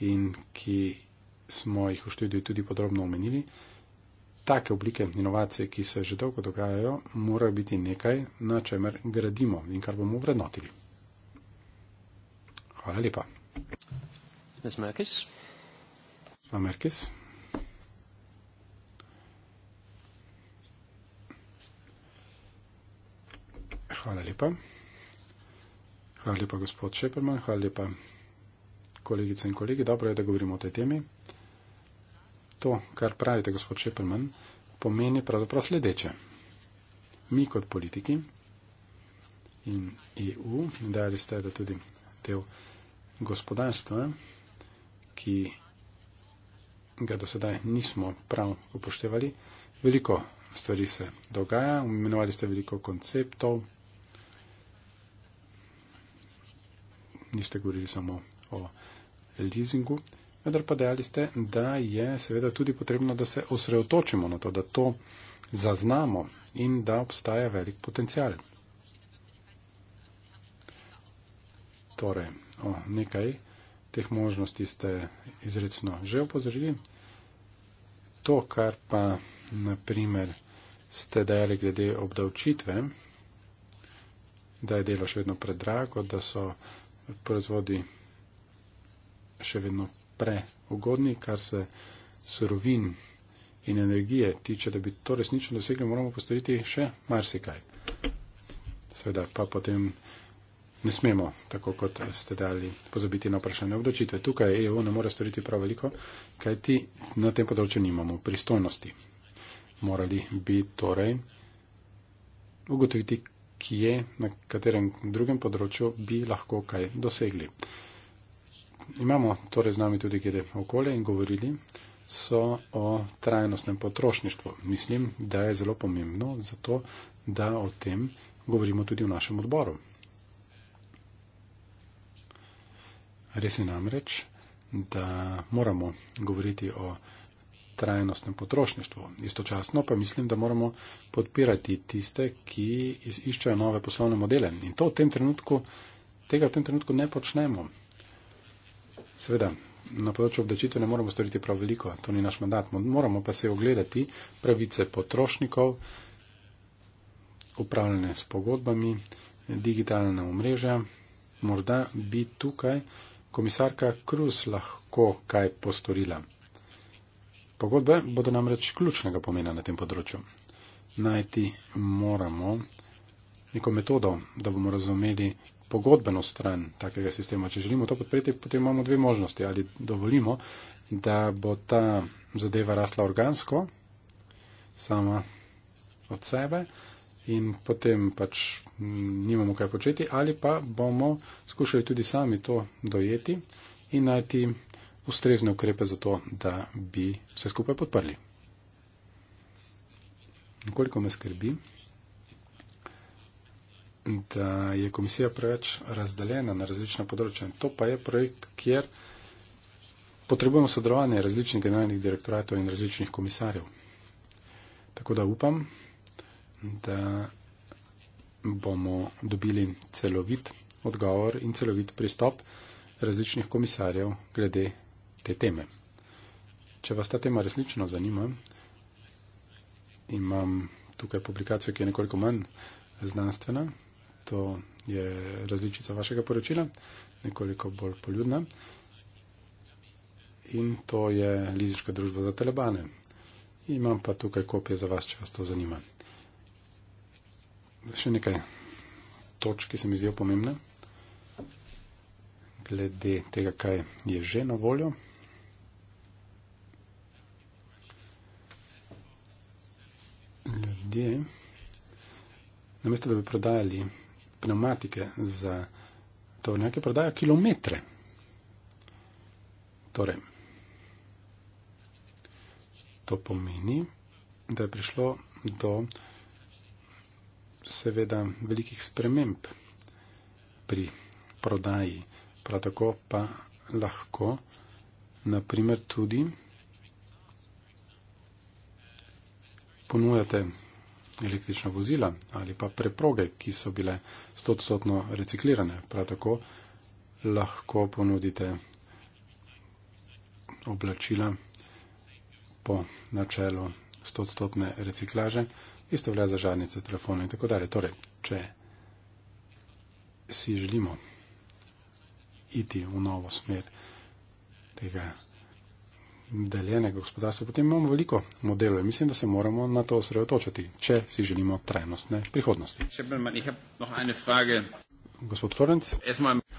in ki smo jih v študiju tudi podrobno omenili. Take oblike inovacije, ki se že dolgo dogajajo, morajo biti nekaj, na čemer gradimo in kar bomo vrednotili. Hvala lepa. Ms. Merkis. Ms. Merkis. hvala lepa. Hvala lepa, gospod Šeperman, hvala lepa, kolegice in kolegi. Dobro je, da govorimo o tej temi. To, kar pravite, gospod Šeperman, pomeni pravzaprav sledeče. Mi kot politiki in EU, dali ste, da tudi del gospodarstva, ki ga do sedaj nismo prav upoštevali, veliko stvari se dogaja, imenovali ste veliko konceptov, niste govorili samo o leasingu, vendar pa dejali ste, da je seveda tudi potrebno, da se osredotočimo na to, da to zaznamo in da obstaja velik potencial. Torej, o, nekaj teh možnosti ste izredno že opozorili. To, kar pa naprimer ste dejali glede obdavčitve, da je delo še vedno predrago, da so proizvodi še vedno preugodni, kar se surovin in energije tiče, da bi to resnično dosegli, moramo postoriti še marsikaj. Seveda pa potem ne smemo, tako kot ste dali, pozabiti na vprašanje obdočitve. Tukaj EU ne more storiti prav veliko, kaj ti na tem področju nimamo pristojnosti. Morali bi torej ugotoviti, kje, na katerem drugem področju bi lahko kaj dosegli. Imamo torej z nami tudi glede okolja in govorili so o trajnostnem potrošništvu. Mislim, da je zelo pomembno zato, da o tem govorimo tudi v našem odboru. Res je namreč, da moramo govoriti o trajnostnem potrošništvu trajnostnem potrošništvu. Istočasno pa mislim, da moramo podpirati tiste, ki iščejo nove poslovne modele. In to v tem trenutku, tega v tem trenutku ne počnemo. Seveda, na področju obdačitve ne moramo storiti prav veliko, to ni naš mandat. Moramo pa se ogledati pravice potrošnikov, upravljanje s pogodbami, digitalna omrežja. Morda bi tukaj komisarka Kruz lahko kaj postorila. Pogodbe bodo namreč ključnega pomena na tem področju. Najti moramo neko metodo, da bomo razumeli pogodbeno stran takega sistema. Če želimo to podpreti, potem imamo dve možnosti. Ali dovolimo, da bo ta zadeva rasla organsko, sama od sebe in potem pač nimamo kaj početi, ali pa bomo skušali tudi sami to dojeti in najti ustrezne ukrepe za to, da bi vse skupaj podprli. Nekoliko me skrbi, da je komisija preveč razdeljena na različna področja. To pa je projekt, kjer potrebujemo sodelovanje različnih generalnih direktoratov in različnih komisarjev. Tako da upam, da bomo dobili celovit odgovor in celovit pristop različnih komisarjev glede te teme. Če vas ta tema resnično zanima, imam tukaj publikacijo, ki je nekoliko manj znanstvena. To je različica vašega poročila, nekoliko bolj poljudna. In to je Lizička družba za telebane. Imam pa tukaj kopije za vas, če vas to zanima. Še nekaj točk, ki se mi zdijo pomembne glede tega, kaj je že na voljo. ljudje, namesto da bi prodajali pneumatike za tovornjake, prodajajo kilometre. Torej, to pomeni, da je prišlo do seveda velikih sprememb pri prodaji. Prav tako pa lahko, naprimer, tudi ponujate električna vozila ali pa preproge, ki so bile stotstotno reciklirane. Prav tako lahko ponudite oblačila po načelu stotstotne reciklaže, isto velja za žarnice, telefone in tako dalje. Torej, če si želimo iti v novo smer tega deljenega gospodarstva, potem imamo veliko modelov in mislim, da se moramo na to osredotočiti, če si želimo trajnostne prihodnosti. Gospod Ferenc,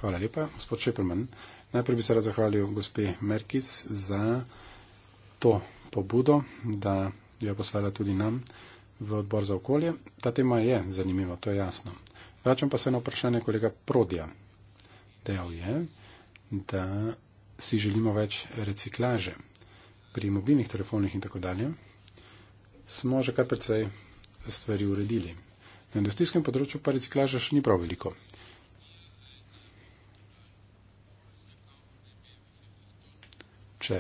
hvala lepa. Gospod Šeperman, najprej bi se rad zahvalil gospe Merkic za to pobudo, da jo poslala tudi nam v odbor za okolje. Ta tema je zanimiva, to je jasno. Vračam pa se na vprašanje kolega Prodja. Dejal je, da si želimo več reciklaže pri mobilnih telefonih in tako dalje, smo že kar precej stvari uredili. Na industrijskem področju pa reciklaža še ni prav veliko. Če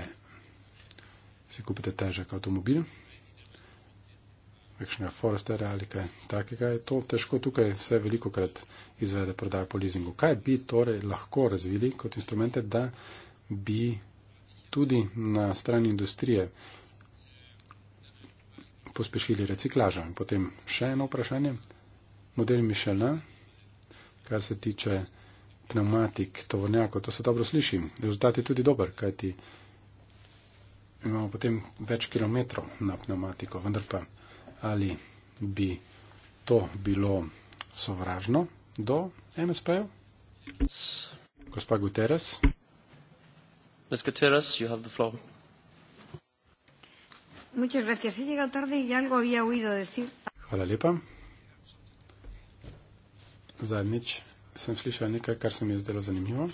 si kupite težek avtomobil, nekšnega Forestera ali kaj takega, je to težko tukaj se veliko krat izvede prodaja po leasingu. Kaj bi torej lahko razvili kot instrumente, da bi tudi na strani industrije pospešili reciklažo. Potem še eno vprašanje. Model Mišela, kar se tiče pneumatik, tovornjako, to se dobro sliši. Rezultat je tudi dober, kajti imamo potem več kilometrov na pneumatiko, vendar pa ali bi to bilo sovražno do MSP-ju? Gospa Guterres. Ms. Gutierrez, you have the floor. Muchas gracias. He llegado tarde y algo había oído decir. Hvala lepa. Zadnjič sem slišal nekaj, kar se mi je zdelo zanimivo.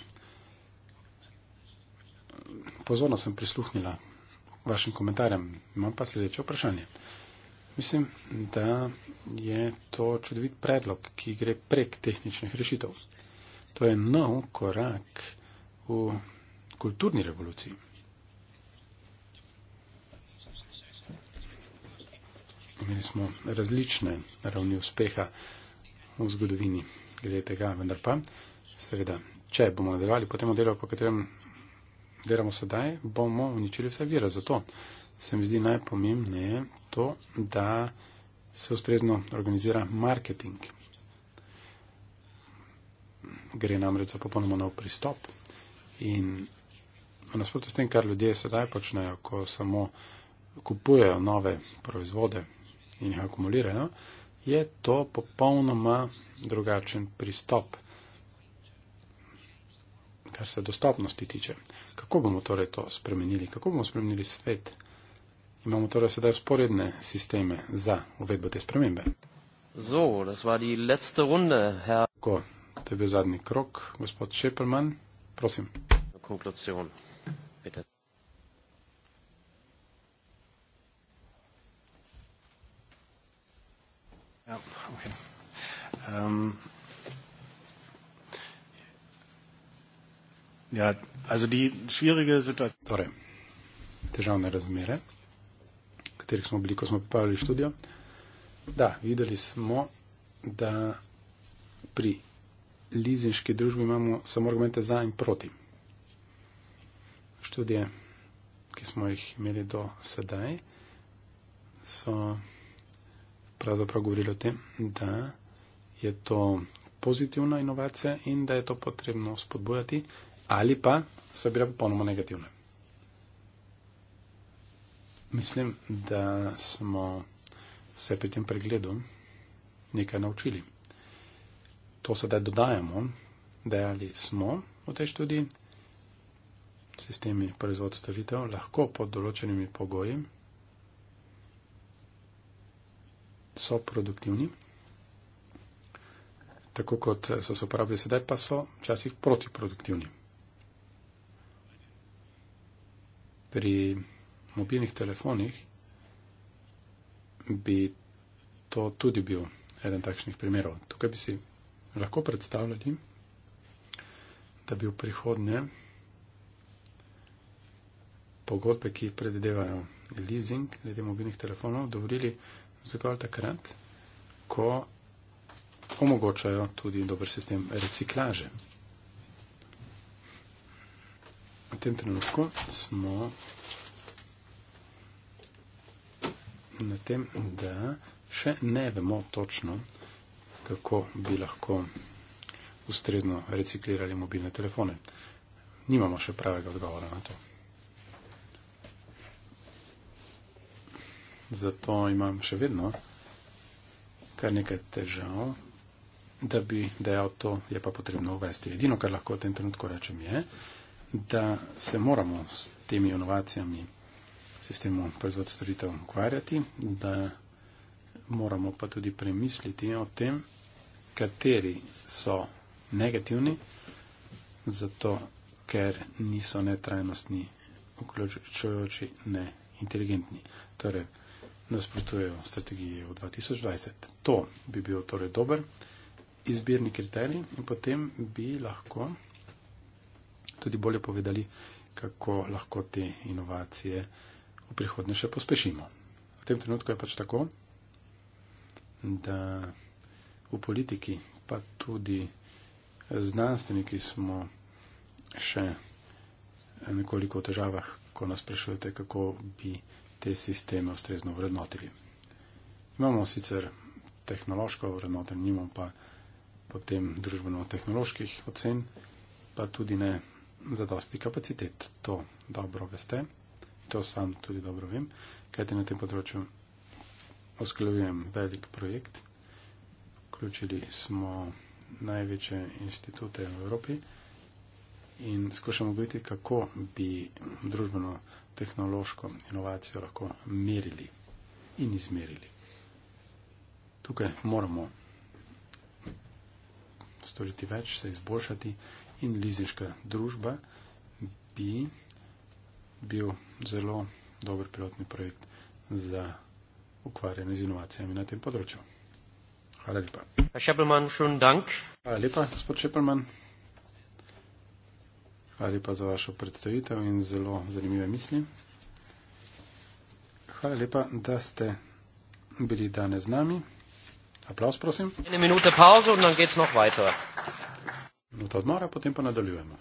Pozorno sem prisluhnila vašim komentarjem, imam pa sledeče vprašanje. Mislim, da je to čudovit predlog, ki gre prek tehničnih rešitev. To je nov korak v kulturni revoluciji. Imeli smo različne ravni uspeha v zgodovini glede tega, vendar pa, seveda, če bomo nadaljevali po tem modelu, po katerem delamo sedaj, bomo uničili vse vire. Zato se mi zdi najpomembnejše to, da se ustrezno organizira marketing. Gre namreč za popolnoma nov pristop in v nasprotju s tem, kar ljudje sedaj počnejo, ko samo kupujejo nove proizvode in jih akumulirajo, je to popolnoma drugačen pristop, kar se dostopnosti tiče. Kako bomo torej to spremenili? Kako bomo spremenili svet? Imamo torej sedaj sporedne sisteme za uvedbo te spremembe. So, das war die letzte Runde, Herr. Ko, to je bil zadnji krok, gospod Šeperman, prosim. Konklusion. Bitte. Ja, okay. Ähm ja, also die schwierige Situation. Torej, težavne razmere, katerih smo bili, ko smo pripravili študijo. Da, videli smo, da pri lizinški družbi imamo samo argumente za in proti študije, ki smo jih imeli do sedaj, so pravzaprav govorili o tem, da je to pozitivna inovacija in da je to potrebno spodbujati, ali pa so bile popolnoma negativne. Mislim, da smo se pri tem pregledu nekaj naučili. To sedaj dodajamo, dejali smo v tej študiji sistemi proizvodstvitev lahko pod določenimi pogoji so produktivni, tako kot so se uporabljali sedaj, pa so včasih protiproduktivni. Pri mobilnih telefonih bi to tudi bil eden takšnih primerov. Tukaj bi si lahko predstavljali, da bi v prihodnje pogodbe, ki predvidevajo leasing glede mobilnih telefonov, dovolili zgolj takrat, ko omogočajo tudi dober sistem reciklaže. V tem trenutku smo na tem, da še ne vemo točno, kako bi lahko ustrezno reciklirali mobilne telefone. Nimamo še pravega odgovora na to. zato imam še vedno kar nekaj težav, da bi dejal to, je pa potrebno uvesti. Edino, kar lahko v tem trenutku rečem, je, da se moramo s temi inovacijami sistemu proizvod storitev ukvarjati, da moramo pa tudi premisliti o tem, kateri so negativni, zato ker niso netrajnostni, vključujoči neinteligentni. Torej, nasprotujejo strategiji v 2020. To bi bil torej dober izbirni kriterij in potem bi lahko tudi bolje povedali, kako lahko te inovacije v prihodnje še pospešimo. V tem trenutku je pač tako, da v politiki, pa tudi znanstveniki smo še nekoliko v težavah, ko nas sprašujete, kako bi te sisteme ustrezno vrednotili. Imamo sicer tehnološko vrednotenje, nimamo pa potem družbeno-tehnoloških ocen, pa tudi ne za dosti kapacitet. To dobro veste, to sam tudi dobro vem, kajte na tem področju usklajujem velik projekt. Vključili smo največje institute v Evropi in skušamo ugotoviti, kako bi družbeno tehnološko inovacijo lahko merili in izmerili. Tukaj moramo storiti več, se izboljšati in lizniška družba bi bil zelo dober pilotni projekt za ukvarjanje z inovacijami na tem področju. Hvala lepa. Herr Scheppelmann, schönen Dank. Hvala lepa, gospod Scheppelmann. Hvala lepa za vašo predstavitev in zelo zanimive misli. Hvala lepa, da ste bili danes z nami. Aplaus, prosim. Minuta odmora, potem pa nadaljujemo.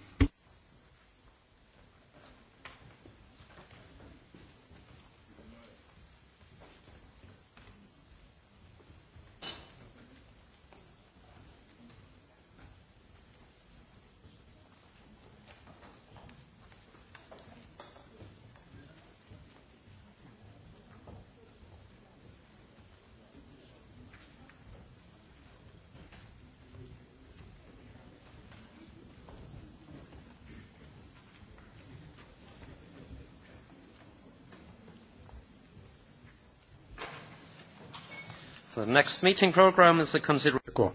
Tako,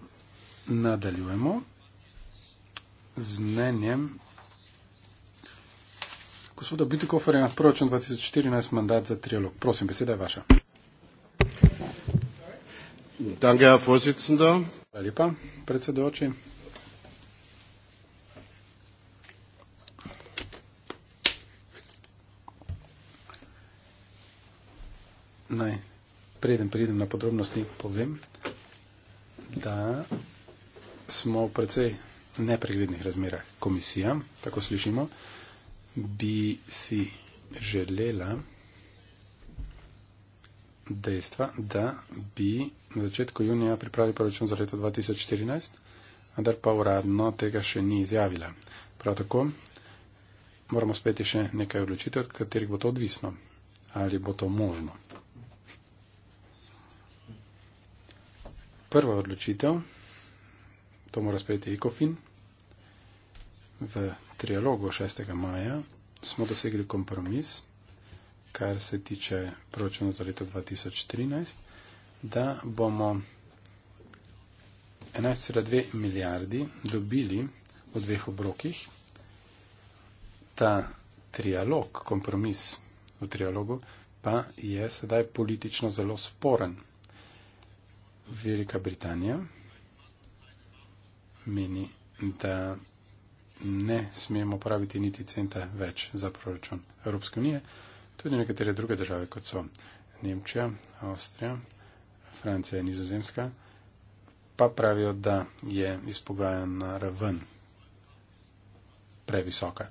nadaljujemo z mnenjem gospoda Bitikoferja, proračun 2014, mandat za trialog. Prosim, beseda je vaša. Danke, Herr Vorsitzender. Hvala lepa, predsedujoči. preden pridem na podrobnosti, povem, da smo v precej nepreglednih razmerah. Komisija, tako slišimo, bi si želela dejstva, da bi na začetku junija pripravili proračun za leto 2014, vendar pa uradno tega še ni izjavila. Prav tako moramo speti še nekaj odločitev, od katerih bo to odvisno ali bo to možno. prva odločitev, to mora sprejeti ECOFIN, v trialogu 6. maja smo dosegli kompromis, kar se tiče proračuna za leto 2013, da bomo 11,2 milijardi dobili v dveh obrokih. Ta trialog, kompromis v trialogu, pa je sedaj politično zelo sporen. Velika Britanija meni, da ne smemo praviti niti centa več za proračun Evropske unije. Tudi nekatere druge države, kot so Nemčija, Avstrija, Francija in Nizozemska, pa pravijo, da je izpogajana raven previsoka.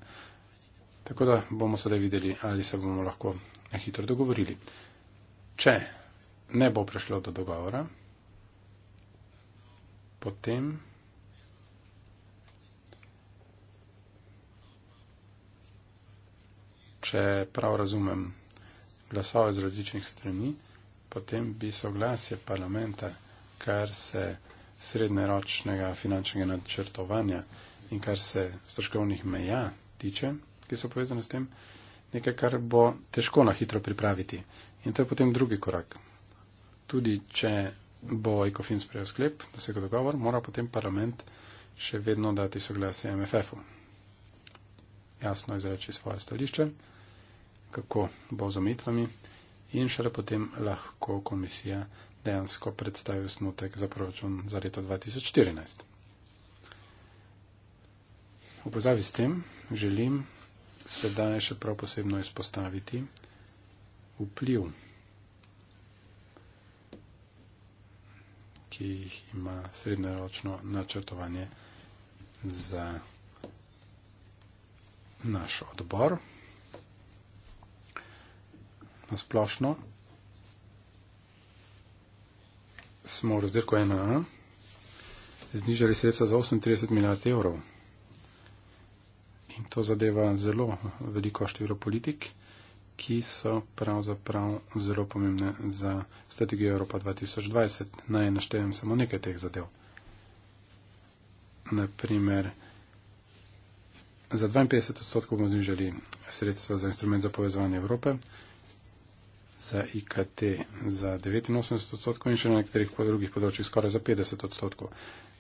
Tako da bomo sedaj videli, ali se bomo lahko hitro dogovorili. Če ne bo prišlo do dogovora, potem če prav razumem glasove z različnih strani, potem bi soglasje parlamenta, kar se srednjeročnega finančnega načrtovanja in kar se stroškovnih meja tiče, ki so povezane s tem, nekaj, kar bo težko na hitro pripraviti. In to je potem drugi korak. Tudi, če bo ECOFIN sprejel sklep, dosegel dogovor, mora potem parlament še vedno dati soglasje MFF-u. Jasno izreči svoje stališče, kako bo z omitvami in šele potem lahko komisija dejansko predstavi osnutek za proračun za leto 2014. V pozavi s tem želim sedaj še prav posebno izpostaviti vpliv ki jih ima srednjeročno načrtovanje za naš odbor. Na splošno smo v razdelku 1a znižali sredstva za 38 milijard evrov. In to zadeva zelo veliko število politik ki so pravzaprav zelo pomembne za strategijo Evropa 2020. Naj naštejem samo nekaj teh zadev. Naprimer, za 52 odstotkov bomo znižali sredstva za instrument za povezovanje Evrope, za IKT za 89 odstotkov in še na nekaterih drugih področjih skoraj za 50 odstotkov.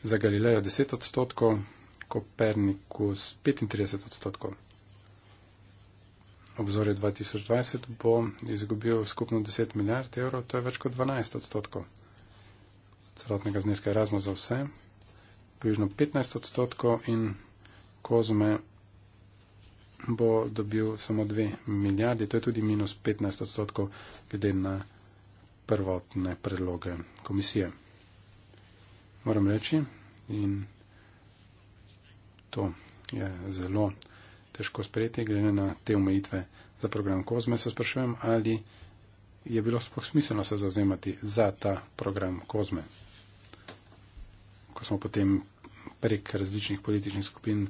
Za Galileo 10 odstotkov, Kopernikus 35 odstotkov obzorju 2020 bo izgubil skupno 10 milijard evrov, to je več kot 12 odstotkov celotnega zneska Erasmus za vse, približno 15 odstotkov in Kozume bo dobil samo 2 milijardi, to je tudi minus 15 odstotkov glede na prvotne predloge komisije. Moram reči in to je zelo težko sprejeti, glede na te omejitve za program Kozme. Se sprašujem, ali je bilo sploh smiselno se zauzemati za ta program Kozme, ko smo potem prek različnih političnih skupin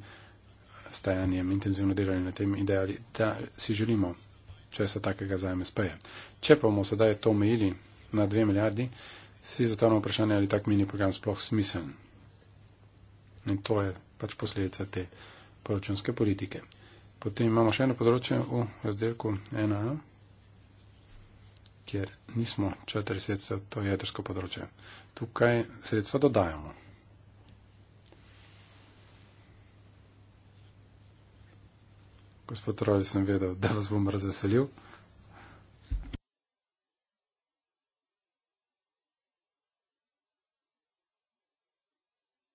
stajanjem intenzivno delali na tem ideali, da si želimo, če se takega za MSP-je. Če pa bomo sedaj to omejili na dve milijardi, si zastavljamo vprašanje, ali tak mini program sploh smiseln. In to je pač posledica te poročanske politike. Potem imamo še eno področje v razdelku 1a, kjer nismo četiri sredstva, to je jedrsko področje. Tukaj sredstva dodajamo. Gospod Rolj, sem vedel, da vas bom razveselil.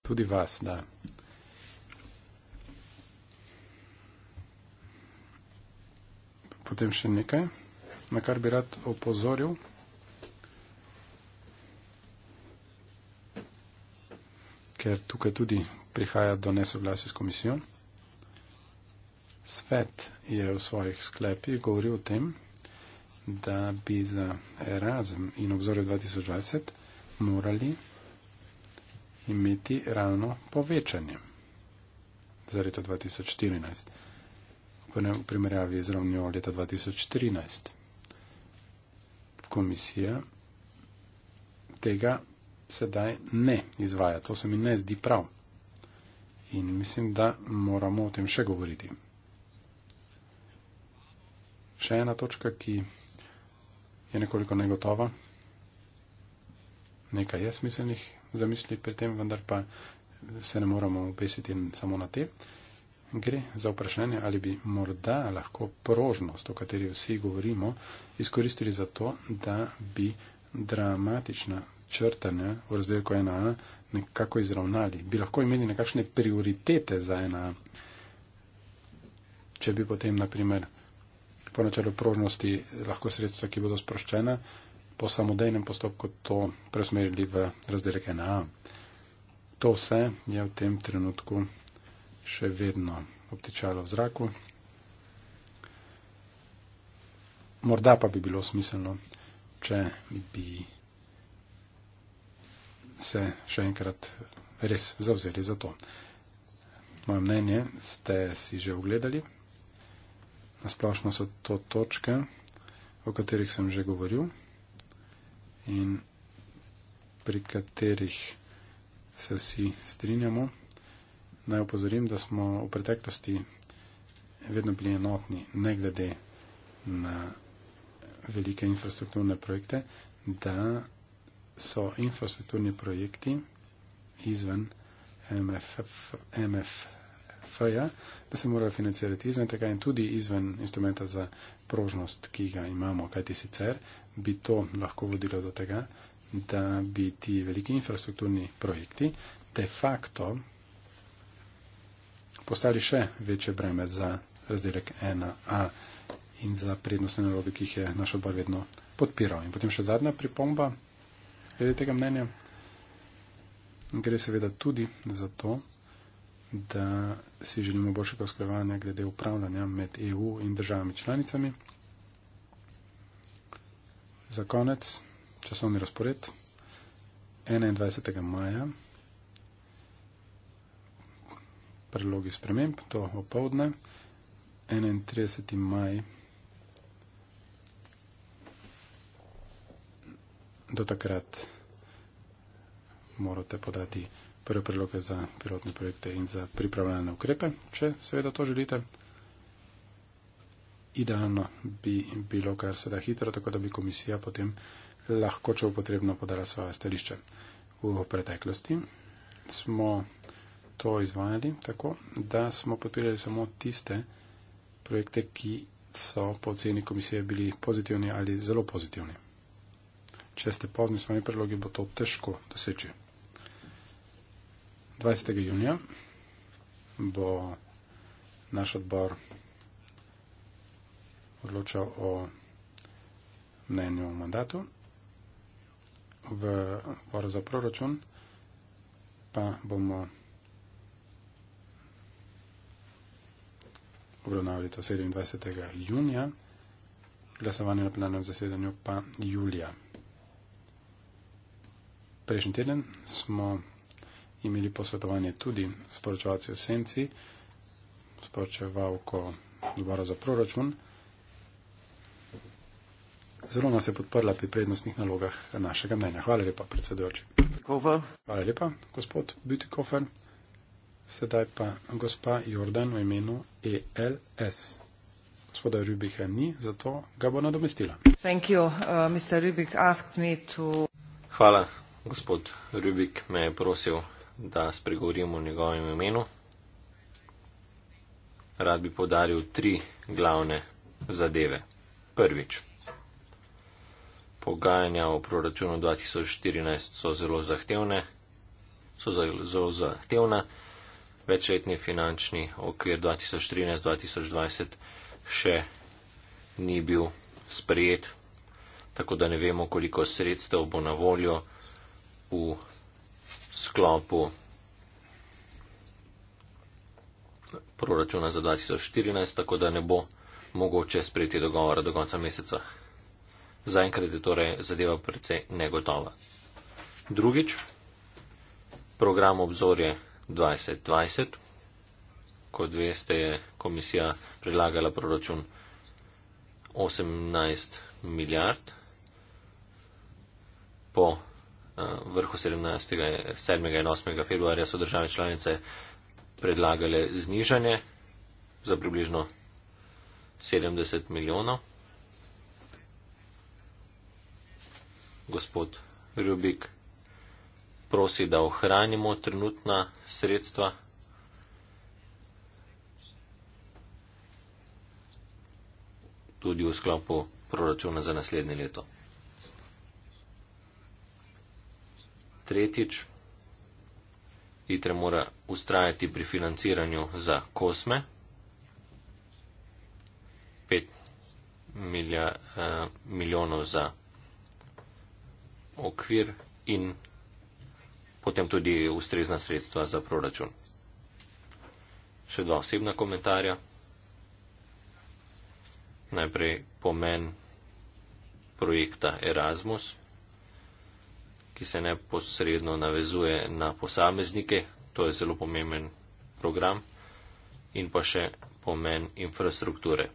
Tudi vas, da. potem še nekaj, na kar bi rad opozoril. ker tukaj tudi prihaja do nesoglasja s komisijo. Svet je v svojih sklepih govoril o tem, da bi za Erasm in obzorje 2020 morali imeti ravno povečanje za leto 2014 v primerjavi z ravnjo leta 2013. Komisija tega sedaj ne izvaja. To se mi ne zdi prav. In mislim, da moramo o tem še govoriti. Še ena točka, ki je nekoliko negotova. Nekaj je smiselnih zamisli pri tem, vendar pa se ne moramo upesiti samo na te. Uh, gre za vprašanje, ali bi morda lahko prožnost, o kateri vsi govorimo, izkoristili za to, da bi dramatična črtanja v razdelku 1a nekako izravnali, bi lahko imeli nekakšne prioritete za 1a. Če bi potem, naprimer, po načelu prožnosti lahko sredstva, ki bodo sproščena, po samodejnem postopku to presmerili v razdelek 1a. To vse je v tem trenutku še vedno obtičalo v zraku. Morda pa bi bilo smiselno, če bi se še enkrat res zavzeli za to. Moje mnenje ste si že ogledali. Nasplošno so to točke, o katerih sem že govoril in pri katerih se vsi strinjamo naj opozorim, da smo v preteklosti vedno bili enotni, ne glede na velike infrastrukturne projekte, da so infrastrukturni projekti izven MFF-ja, da se morajo financirati izven tega in tudi izven instrumenta za prožnost, ki ga imamo, kajti sicer bi to lahko vodilo do tega, da bi ti veliki infrastrukturni projekti de facto postali še večje breme za razdelek 1A in za prednostne naloge, ki jih je naš odbor vedno podpiral. In potem še zadnja pripomba glede tega mnenja. Gre seveda tudi za to, da si želimo boljšega usklajevanja glede upravljanja med EU in državami članicami. Za konec časovni razpored 21. maja prilogi sprememb, to opovdne, 31. maj. Do takrat morate podati prve priloge za pilotne projekte in za pripravljalne ukrepe, če seveda to želite. Idealno bi bilo kar se da hitro, tako da bi komisija potem lahko, če bo potrebno, podala svoje stališče. V preteklosti smo to izvajali tako, da smo podpirali samo tiste projekte, ki so po oceni komisije bili pozitivni ali zelo pozitivni. Če ste pozni s svojimi predlogi, bo to težko doseči. 20. junija bo naš odbor odločal o mnenju o mandatu v oro za proračun, pa bomo. obravnavali to 27. junija, glasovanje na plenarnem zasedanju pa julija. Prejšnji teden smo imeli posvetovanje tudi s poročevalci v Senci, s poročevalko Dvora za proračun. Zelo nas je podprla pri prednostnih nalogah našega mnenja. Hvala lepa, predsedujoči. Hvala lepa, gospod Bütikofer. Sedaj pa gospa Jordan v imenu ELS. Gospoda Rubika ni, zato ga bo nadomestila. You, uh, to... Hvala, gospod Rubik me je prosil, da spregovorim o njegovem imenu. Rad bi podaril tri glavne zadeve. Prvič. Pogajanja o proračunu 2014 so zelo zahtevne, so zelo zahtevna večletni finančni okvir 2013-2020 še ni bil sprejet, tako da ne vemo, koliko sredstev bo na voljo v sklopu proračuna za 2014, tako da ne bo mogoče sprejeti dogovora do konca meseca. Zaenkrat je torej zadeva precej negotova. Drugič, program obzorje 2020. Kot veste, je komisija predlagala proračun 18 milijard, po eh, vrhu 17. 7. in 8. februarja so države članice predlagale znižanje za približno 70 milijonov. Gospod Rubik prosi, da ohranimo trenutna sredstva. tudi v sklopu proračuna za naslednje leto. Tretjič, ITRE mora ustrajati pri financiranju za kosme, 5 eh, milijonov za okvir in potem tudi ustrezna sredstva za proračun. Še dva osebna komentarja. Najprej pomen projekta Erasmus, ki se neposredno navezuje na posameznike, to je zelo pomemben program, in pa še pomen infrastrukture.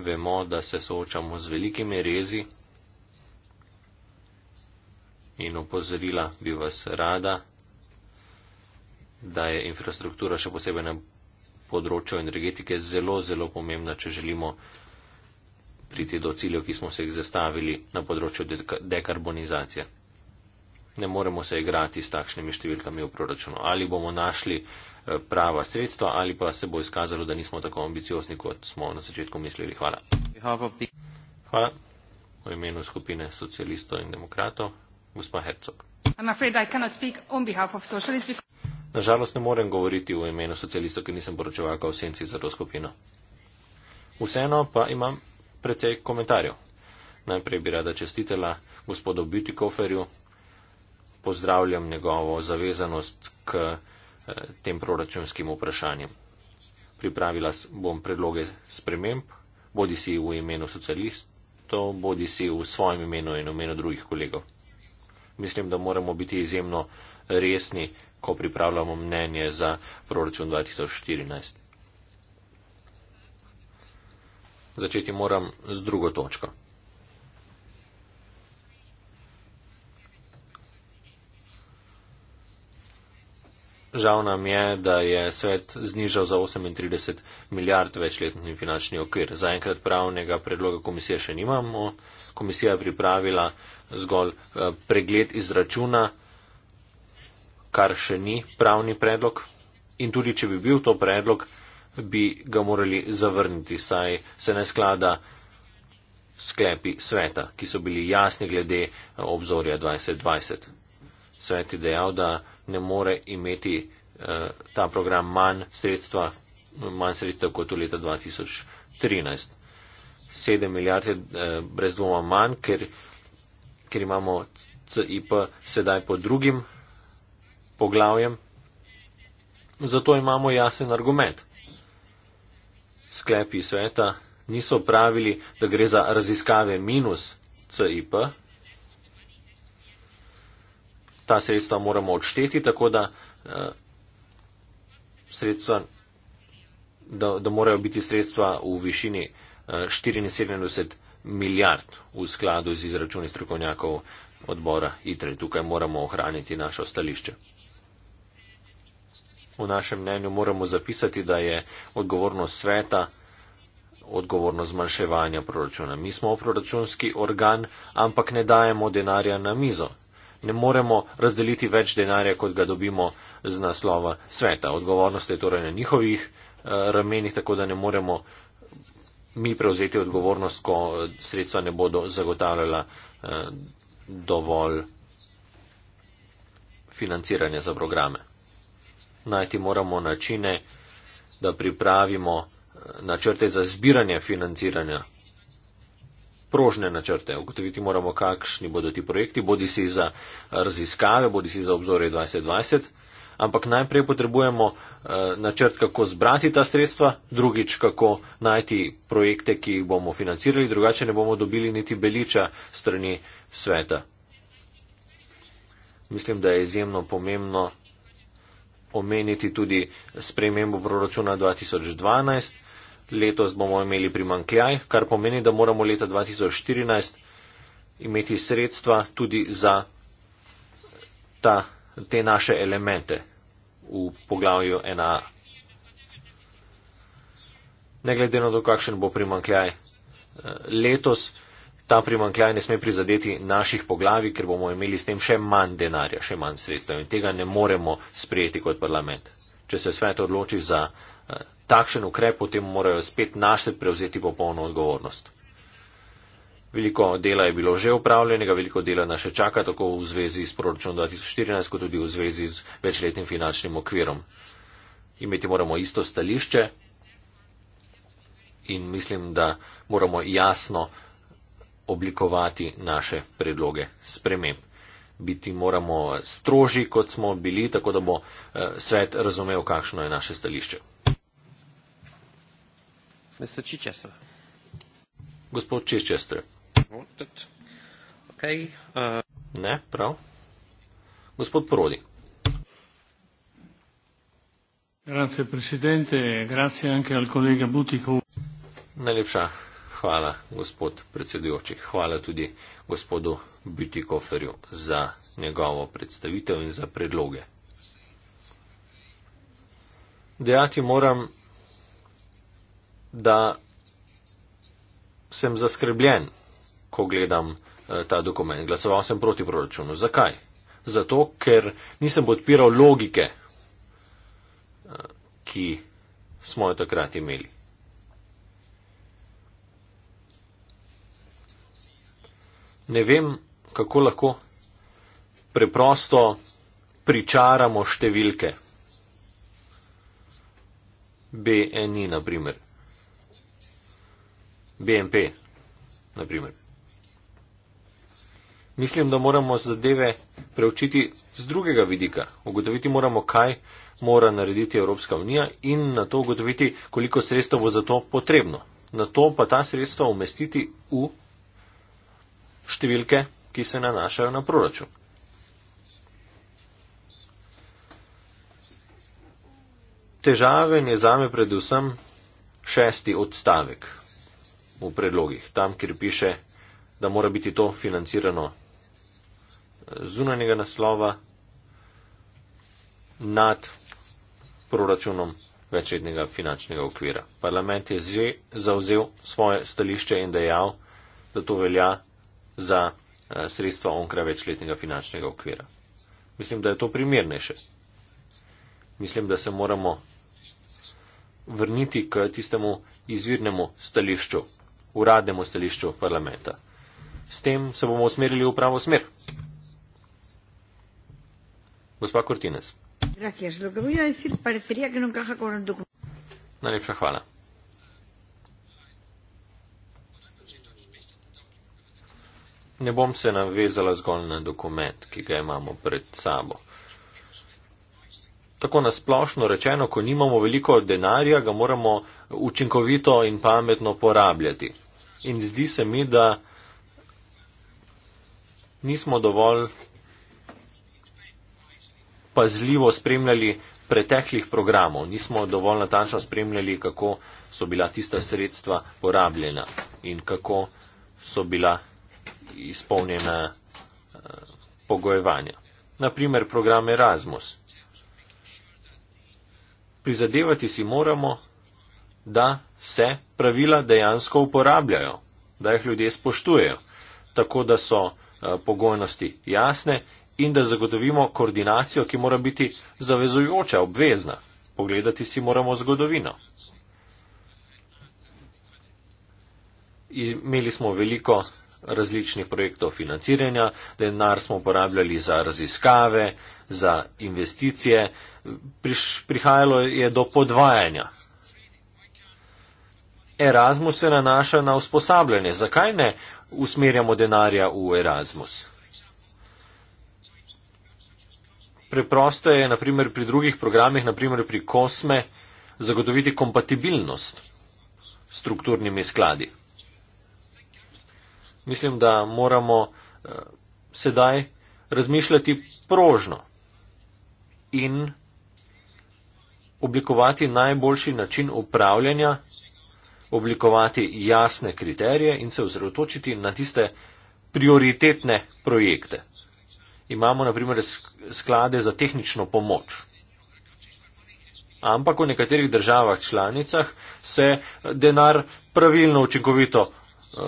Vemo, da se soočamo z velikimi rezi in opozorila bi vas rada, da je infrastruktura še posebej na področju energetike zelo, zelo pomembna, če želimo priti do ciljev, ki smo se jih zastavili na področju dekarbonizacije. Ne moremo se igrati s takšnimi številkami v proračunu. Ali bomo našli eh, prava sredstva, ali pa se bo izkazalo, da nismo tako ambiciozni, kot smo na začetku mislili. Hvala. Hvala. V imenu skupine socialistov in demokratov. Na žalost ne morem govoriti v imenu socialistov, ki nisem poročevalka v senci za to skupino. Vseeno pa imam precej komentarjev. Najprej bi rada čestitela gospodu Bütikoferju, pozdravljam njegovo zavezanost k eh, tem proračunskim vprašanjem. Pripravila bom predloge sprememb, bodi si v imenu socialistov, bodi si v svojem imenu in v imenu drugih kolegov mislim, da moramo biti izjemno resni, ko pripravljamo mnenje za proračun 2014. Začeti moram z drugo točko. Žal nam je, da je svet znižal za 38 milijard večletni finančni okvir. Zaenkrat pravnega predloga komisije še nimamo. Komisija je pripravila zgolj eh, pregled izračuna, kar še ni pravni predlog. In tudi, če bi bil to predlog, bi ga morali zavrniti, saj se ne sklada sklepi sveta, ki so bili jasni glede eh, obzorja 2020. Svet je dejal, da ne more imeti eh, ta program manj sredstva, manj sredstev kot v leta 2013. 7 milijard je brez dvoma manj, ker ker imamo CIP sedaj pod drugim poglavjem. Zato imamo jasen argument. Sklepi sveta niso pravili, da gre za raziskave minus CIP. Ta sredstva moramo odšteti, tako da, eh, sredstva, da, da morajo biti sredstva v višini eh, 74 milijard v skladu z izračuni strokovnjakov odbora ITRE. Tukaj moramo ohraniti našo stališče. V našem mnenju moramo zapisati, da je odgovornost sveta odgovornost zmanjševanja proračuna. Mi smo proračunski organ, ampak ne dajemo denarja na mizo. Ne moremo razdeliti več denarja, kot ga dobimo z naslova sveta. Odgovornost je torej na njihovih uh, ramenih, tako da ne moremo uh, mi prevzeti odgovornost, ko sredstva ne bodo zagotavljala eh, dovolj financiranja za programe. Najti moramo načine, da pripravimo eh, načrte za zbiranje financiranja, prožne načrte. Ugotoviti moramo, kakšni bodo ti projekti, bodi si za raziskave, bodi si za obzore 2020 ampak najprej potrebujemo eh, načrt, kako zbrati ta sredstva, drugič, kako najti projekte, ki jih bomo financirali, drugače ne bomo dobili niti beliča strani sveta. Mislim, da je izjemno pomembno omeniti tudi spremembo proračuna 2012. Letos bomo imeli primankljaj, kar pomeni, da moramo leta 2014 imeti sredstva tudi za ta, te naše elemente v poglavju 1a. Ne glede na to, kakšen bo primankljaj eh, letos, ta primankljaj ne sme prizadeti naših poglavi, ker bomo imeli s tem še manj denarja, še manj sredstev in tega ne moremo sprejeti kot parlament. Če se svet odloči za eh, takšen ukrep, potem morajo spet naše prevzeti popolno odgovornost. Veliko dela je bilo že upravljenega, veliko dela nas še čaka, tako v zvezi s proračunom 2014, kot tudi v zvezi z večletnim finančnim okvirom. Imeti moramo isto stališče in mislim, da moramo jasno oblikovati naše predloge sprememb. Biti moramo stroži, kot smo bili, tako da bo eh, svet razumel, kakšno je naše stališče. Gospod Čičester. Okay, uh... Ne, prav. Gospod Prodi. Grazie, presidente, grazie anche al collega Butikov. Najlepša hvala, gospod predsedujoči. Hvala tudi gospodu Butikoferju za njegovo predstavitev in za predloge. Dejati moram, da sem zaskrbljen ko gledam eh, ta dokument. Glasoval sem proti proračunu. Zakaj? Zato, ker nisem podpiral logike, eh, ki smo jo takrat imeli. Ne vem, kako lahko preprosto pričaramo številke. BNI, na primer. BNP, na primer. Mislim, da moramo zadeve preučiti z drugega vidika. Ugotoviti moramo, kaj mora narediti Evropska unija in na to ugotoviti, koliko sredstev bo za to potrebno. Na to pa ta sredstva umestiti v številke, ki se nanašajo na proračun. Težaven je zame predvsem šesti odstavek v predlogih, tam, kjer piše, da mora biti to financirano zunanjega naslova nad proračunom večletnega finančnega okvira. Parlament je že zauzel svoje stališče in dejal, da to velja za eh, sredstva onkraj večletnega finančnega okvira. Mislim, da je to primernejše. Mislim, da se moramo vrniti k tistemu izvirnemu stališču, uradnemu stališču parlamenta. S tem se bomo usmerili v pravo smer. Gospa Cortines. Gracias. Lo que voy a decir parecería que no encaja con el documento. Najlepša hvala. Ne bom se navezala zgolj na dokument, ki ga imamo pred sabo. Tako nasplošno rečeno, ko nimamo veliko denarja, ga moramo učinkovito in pametno porabljati. In zdi se mi, da nismo dovolj pazljivo spremljali preteklih programov, nismo dovolj natančno spremljali, kako so bila tista sredstva porabljena in kako so bila izpolnjena eh, pogojevanja. Naprimer, program Erasmus. Prizadevati si moramo, da se pravila dejansko uporabljajo, da jih ljudje spoštujejo, tako da so eh, pogojnosti jasne in da zagotovimo koordinacijo, ki mora biti zavezujoča, obvezna. Pogledati si moramo zgodovino. Imeli smo veliko različnih projektov financiranja, denar smo uporabljali za raziskave, za investicije, prihajalo je do podvajanja. Erasmus se nanaša na usposabljanje. Zakaj ne usmerjamo denarja v Erasmus? preprosto je naprimer, pri drugih programih, naprimer pri Kosme, zagotoviti kompatibilnost s strukturnimi skladi. Mislim, da moramo uh, sedaj razmišljati prožno in oblikovati najboljši način upravljanja, oblikovati jasne kriterije in se ozrotočiti na tiste prioritetne projekte imamo naprimer sklade za tehnično pomoč. Ampak v nekaterih državah članicah se denar pravilno učinkovito eh,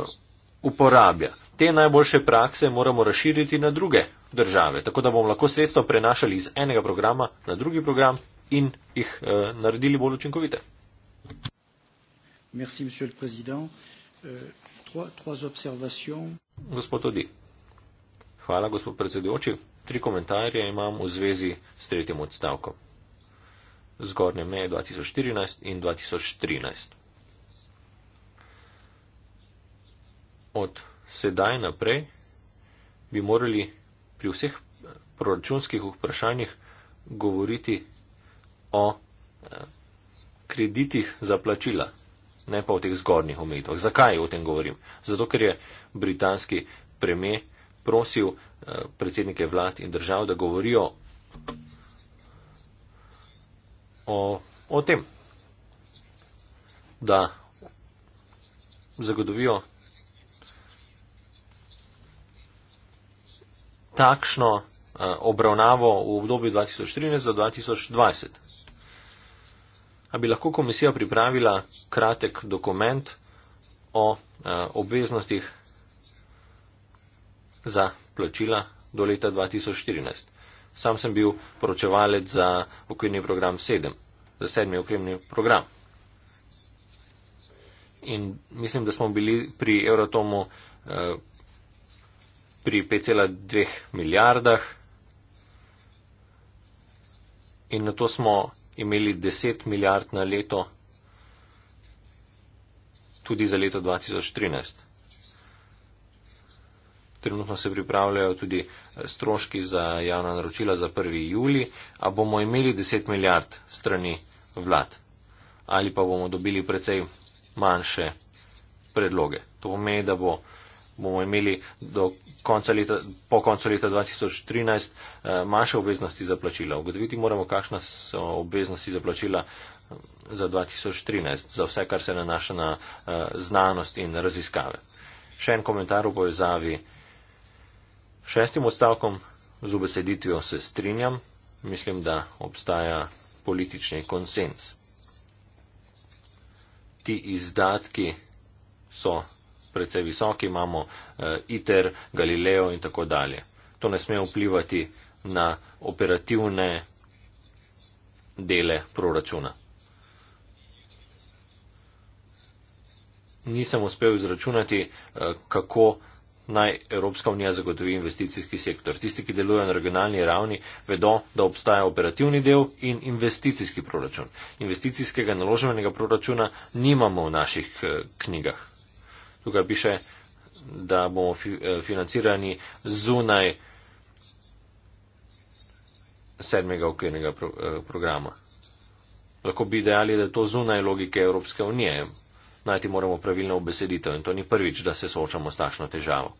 uporablja. Te najboljše prakse moramo razširiti na druge države, tako da bomo lahko sredstva prenašali iz enega programa na drugi program in jih eh, naredili bolj učinkovite. Merci, euh, Gospod Odi. Hvala, gospod predsedujoči. Tri komentarje imam v zvezi s tretjim odstavkom. Zgornje meje 2014 in 2013. Od sedaj naprej bi morali pri vseh eh, proračunskih vprašanjih govoriti o eh, kreditih za plačila, ne pa o teh zgornjih omejitvah. Zakaj o tem govorim? Zato, ker je britanski premijer prosil eh, predsednike vlad in držav, da govorijo o, o tem, da zagotovijo takšno eh, obravnavo v obdobju 2014 do 2020. A bi lahko komisija pripravila kratek dokument o eh, obveznostih za plačila do leta 2014. Sam sem bil poročevalec za okvirni program 7, za sedmi okvirni program. In mislim, da smo bili pri Euratomu eh, pri 5,2 milijardah. In na to smo imeli 10 milijard na leto, tudi za leto 2013. Trenutno se pripravljajo tudi eh, stroški za javna naročila za 1. juli, a bomo imeli 10 milijard strani vlad ali pa bomo dobili precej manjše predloge. To pomeni, da bo, bomo imeli do konca leta, po koncu leta 2013 eh, manjše obveznosti za plačila. Ugotoviti moramo, kakšne so obveznosti za plačila eh, za 2013, za vse, kar se nanaša na znanost in raziskave. Še en komentar v povezavi šestim odstavkom z ubeseditvijo se strinjam, mislim, da obstaja politični konsens. Ti izdatki so predvsej visoki, imamo uh, ITER, Galileo in tako dalje. To ne sme vplivati na operativne dele proračuna. Nisem uspel izračunati, uh, kako naj Evropska unija zagotovi investicijski sektor. Tisti, ki delujejo na regionalni ravni, vedo, da obstaja operativni del in investicijski proračun. Investicijskega naloženega proračuna nimamo v naših eh, knjigah. Tukaj piše, da bomo eh, financirani zunaj sedmega okvirnega eh, programa. Lahko bi dejali, da je to zunaj logike Evropske unije najti moramo pravilno obeseditev in to ni prvič, da se soočamo s takšno težavo.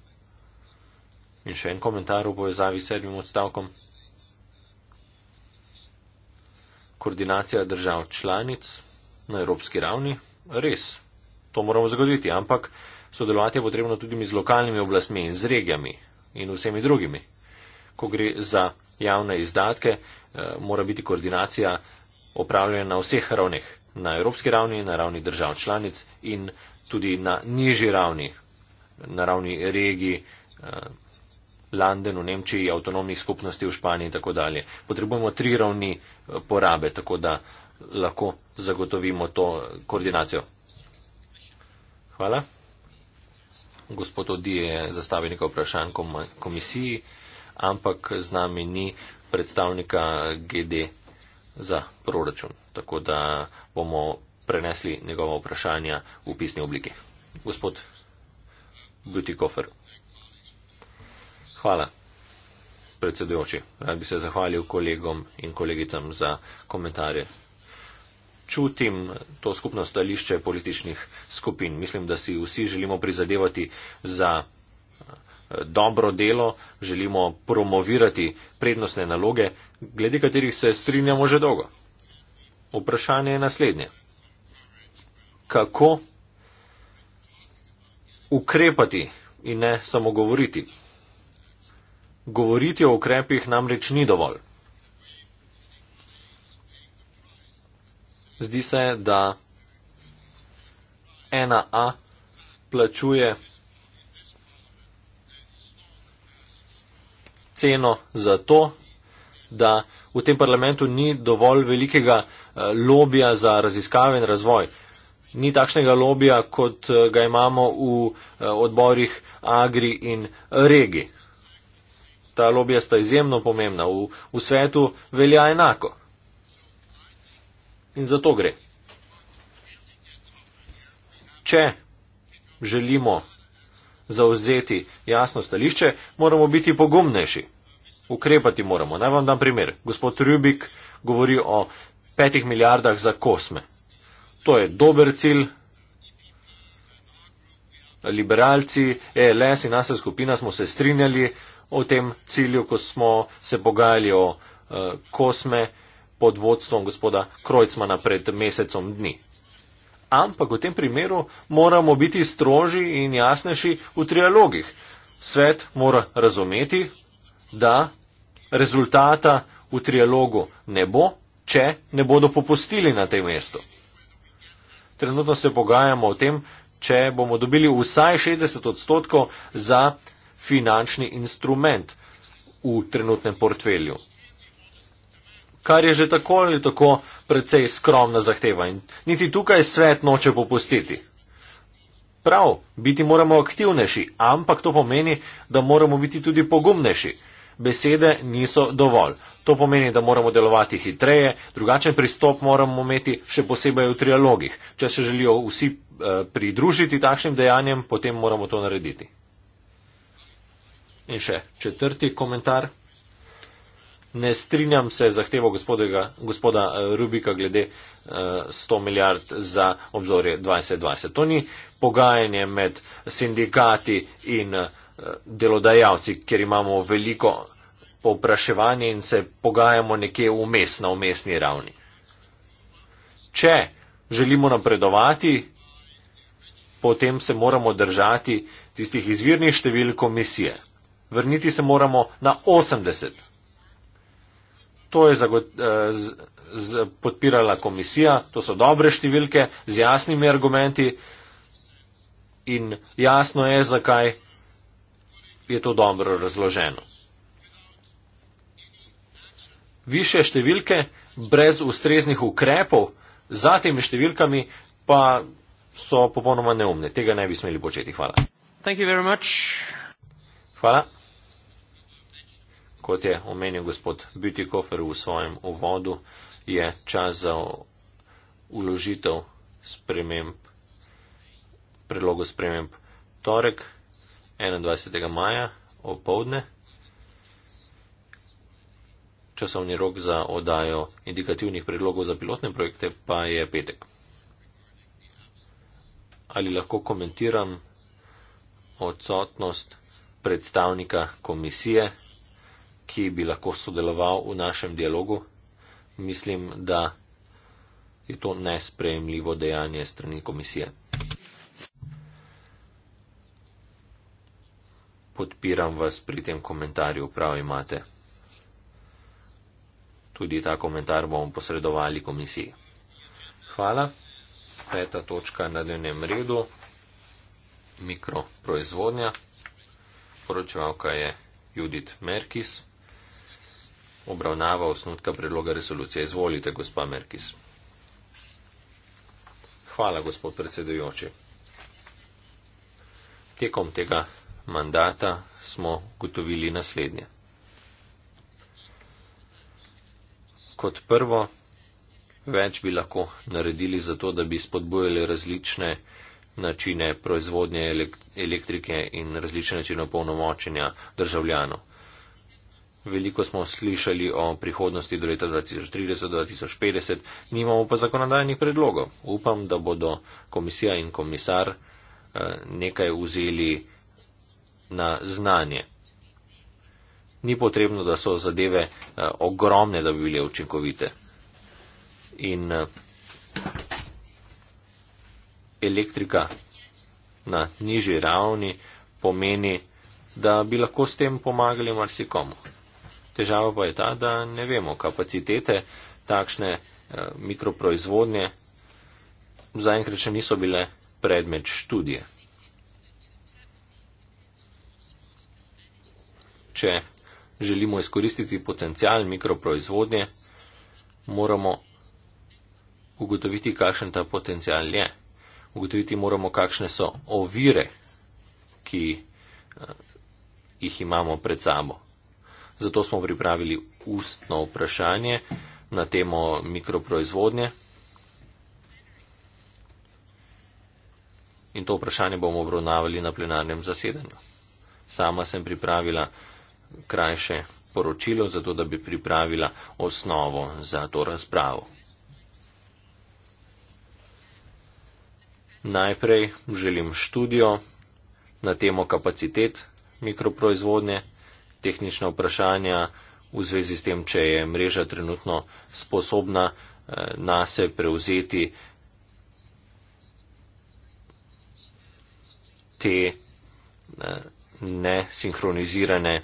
In še en komentar v povezavi s sedmim odstavkom. Koordinacija držav članic na evropski ravni. Res, to moramo zagoditi, ampak sodelovati je potrebno tudi z lokalnimi oblastmi in z regijami in vsemi drugimi. Ko gre za javne izdatke, eh, mora biti koordinacija opravljena na vseh ravneh na evropski ravni, na ravni držav članic in tudi na nižji ravni, na ravni regiji, eh, London v Nemčiji, avtonomnih skupnosti v Španiji in tako dalje. Potrebujemo tri ravni eh, porabe, tako da lahko zagotovimo to eh, koordinacijo. Hvala. Gospod Odi je zastavil nekaj vprašanj komisiji, ampak z nami ni predstavnika GD za proračun. Tako da bomo prenesli njegova vprašanja v pisni obliki. Gospod Butikofer. Hvala, predsedujoči. Rad bi se zahvalil kolegom in kolegicam za komentarje. Čutim to skupno stališče političnih skupin. Mislim, da si vsi želimo prizadevati za eh, dobro delo, želimo promovirati prednostne naloge, glede katerih se strinjamo že dolgo. Vprašanje je naslednje. Kako ukrepati in ne samo govoriti? Govoriti o ukrepih namreč ni dovolj. Zdi se, da ena A plačuje ceno za to, da v tem parlamentu ni dovolj velikega eh, lobija za raziskave in razvoj. Ni takšnega lobija, kot eh, ga imamo v eh, odborih Agri in Regi. Ta lobija sta izjemno pomembna. V, v svetu velja enako. In zato gre. Če želimo zauzeti jasno stališče, moramo biti pogumnejši ukrepati moramo. Naj vam dam primer. Gospod Rubik govori o petih milijardah za kosme. To je dober cilj. Liberalci, ELS in naša skupina smo se strinjali o tem cilju, ko smo se pogajali o e, kosme pod vodstvom gospoda Krojcmana pred mesecom dni. Ampak v tem primeru moramo biti stroži in jasnejši v trialogih. Svet mora razumeti, da rezultata v trialogu ne bo, če ne bodo popustili na tem mestu. Trenutno se pogajamo o tem, če bomo dobili vsaj 60 odstotkov za finančni instrument v trenutnem portfelju. Kar je že tako ali tako precej skromna zahteva in niti tukaj svet noče popustiti. Prav, biti moramo aktivnejši, ampak to pomeni, da moramo biti tudi pogumnejši besede niso dovolj. To pomeni, da moramo delovati hitreje, drugačen pristop moramo imeti še posebej v trialogih. Če se želijo vsi eh, pridružiti takšnim dejanjem, potem moramo to narediti. In še četrti komentar. Ne strinjam se zahtevo gospodega, gospoda eh, Rubika glede 100 eh, milijard za obzorje 2020. To ni pogajanje med sindikati in delodajalci, ker imamo veliko povpraševanje in se pogajamo nekje vmes na umestni ravni. Če želimo napredovati, potem se moramo držati tistih izvirnih števil komisije. Vrniti se moramo na 80. To je eh, podpirala komisija, to so dobre številke z jasnimi argumenti in jasno je, zakaj je to dobro razloženo. Više številke brez ustreznih ukrepov za temi številkami pa so popolnoma neumne. Tega ne bi smeli početi. Hvala. Hvala. Kot je omenil gospod Bütikofer v svojem uvodu, je čas za uložitev sprememb, predlogo sprememb torek. 21. maja opoldne. Časovni rok za oddajo indikativnih predlogov za pilotne projekte pa je petek. Ali lahko komentiram odsotnost predstavnika komisije, ki bi lahko sodeloval v našem dialogu? Mislim, da je to nesprejemljivo dejanje strani komisije. podpiram vas pri tem komentarju, prav imate. Tudi ta komentar bomo posredovali komisiji. Hvala. Peta točka na dnevnem redu. Mikroproizvodnja. Poročevalka je Judith Merkis. Obravnava osnutka predloga resolucije. Izvolite, gospa Merkis. Hvala, gospod predsedujoči. Tekom tega mandata smo gotovili naslednje. Kot prvo, več bi lahko naredili za to, da bi spodbojali različne načine proizvodnje elektrike in različne načine polnomočenja državljanov. Veliko smo slišali o prihodnosti do leta 2030-2050, nimamo pa zakonodajnih predlogov. Upam, da bodo komisija in komisar eh, nekaj vzeli na znanje. Ni potrebno, da so zadeve eh, ogromne, da bi bile učinkovite. In eh, elektrika na nižji ravni pomeni, da bi lahko s tem pomagali marsikomu. Težava pa je ta, da ne vemo kapacitete takšne eh, mikroproizvodnje. Zaenkrat še niso bile predmet študije. če želimo izkoristiti potencial mikroproizvodnje, moramo ugotoviti, kakšen ta potencial je. Ugotoviti moramo, kakšne so ovire, ki eh, jih imamo pred sabo. Zato smo pripravili ustno vprašanje na temo mikroproizvodnje. In to vprašanje bomo obravnavali na plenarnem zasedanju. Sama sem pripravila krajše poročilo, zato da bi pripravila osnovo za to razpravo. Najprej želim študijo na temo kapacitet mikroproizvodnje, tehnična vprašanja v zvezi s tem, če je mreža trenutno sposobna eh, nase prevzeti te eh, nesinhronizirane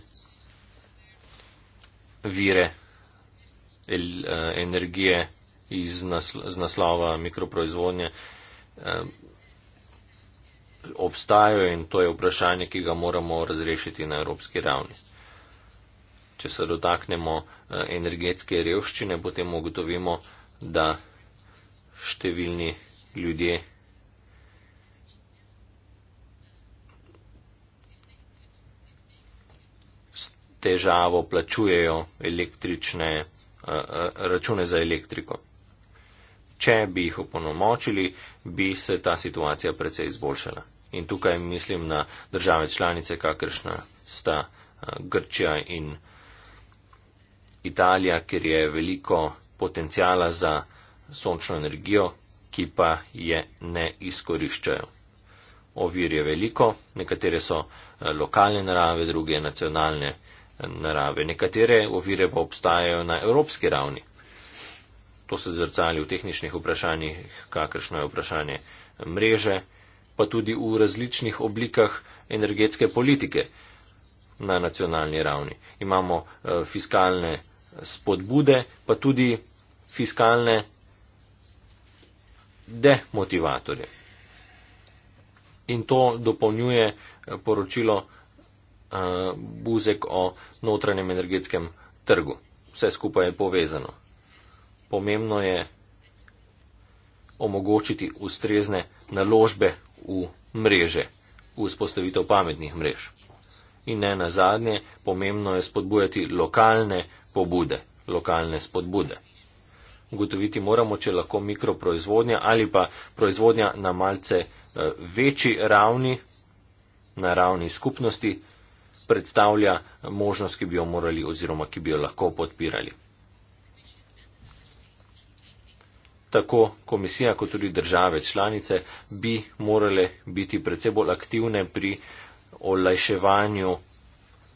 vire el, uh, energije iz naslo, z naslova mikroproizvodnje um, obstajajo in to je vprašanje, ki ga moramo razrešiti na evropski ravni. Če se dotaknemo uh, energetske revščine, potem ugotovimo, da številni ljudje težavo plačujejo električne eh, eh, račune za elektriko. Če bi jih opolnomočili, bi se ta situacija precej izboljšala. In tukaj mislim na države članice, kakršna sta eh, Grčija in Italija, kjer je veliko potencijala za sončno energijo, ki pa je ne izkoriščajo. Ovir je veliko, nekatere so lokalne narave, druge nacionalne narave. Nekatere ovire pa obstajajo na evropski ravni. To se zrcali v tehničnih vprašanjih, kakršno je vprašanje mreže, pa tudi v različnih oblikah energetske politike na nacionalni ravni. Imamo eh, fiskalne spodbude, pa tudi fiskalne demotivatorje. In to dopolnjuje eh, poročilo uh, buzek o notranjem energetskem trgu. Vse skupaj je povezano. Pomembno je omogočiti ustrezne naložbe v mreže, v spostavitev pametnih mrež. In ne na zadnje, pomembno je spodbujati lokalne pobude, lokalne spodbude. Ugotoviti moramo, če lahko mikroproizvodnja ali pa proizvodnja na malce eh, večji ravni, na ravni skupnosti, predstavlja možnost, ki bi jo morali oziroma ki bi jo lahko podpirali. Tako komisija kot tudi države članice bi morale biti predvsej bolj aktivne pri olajševanju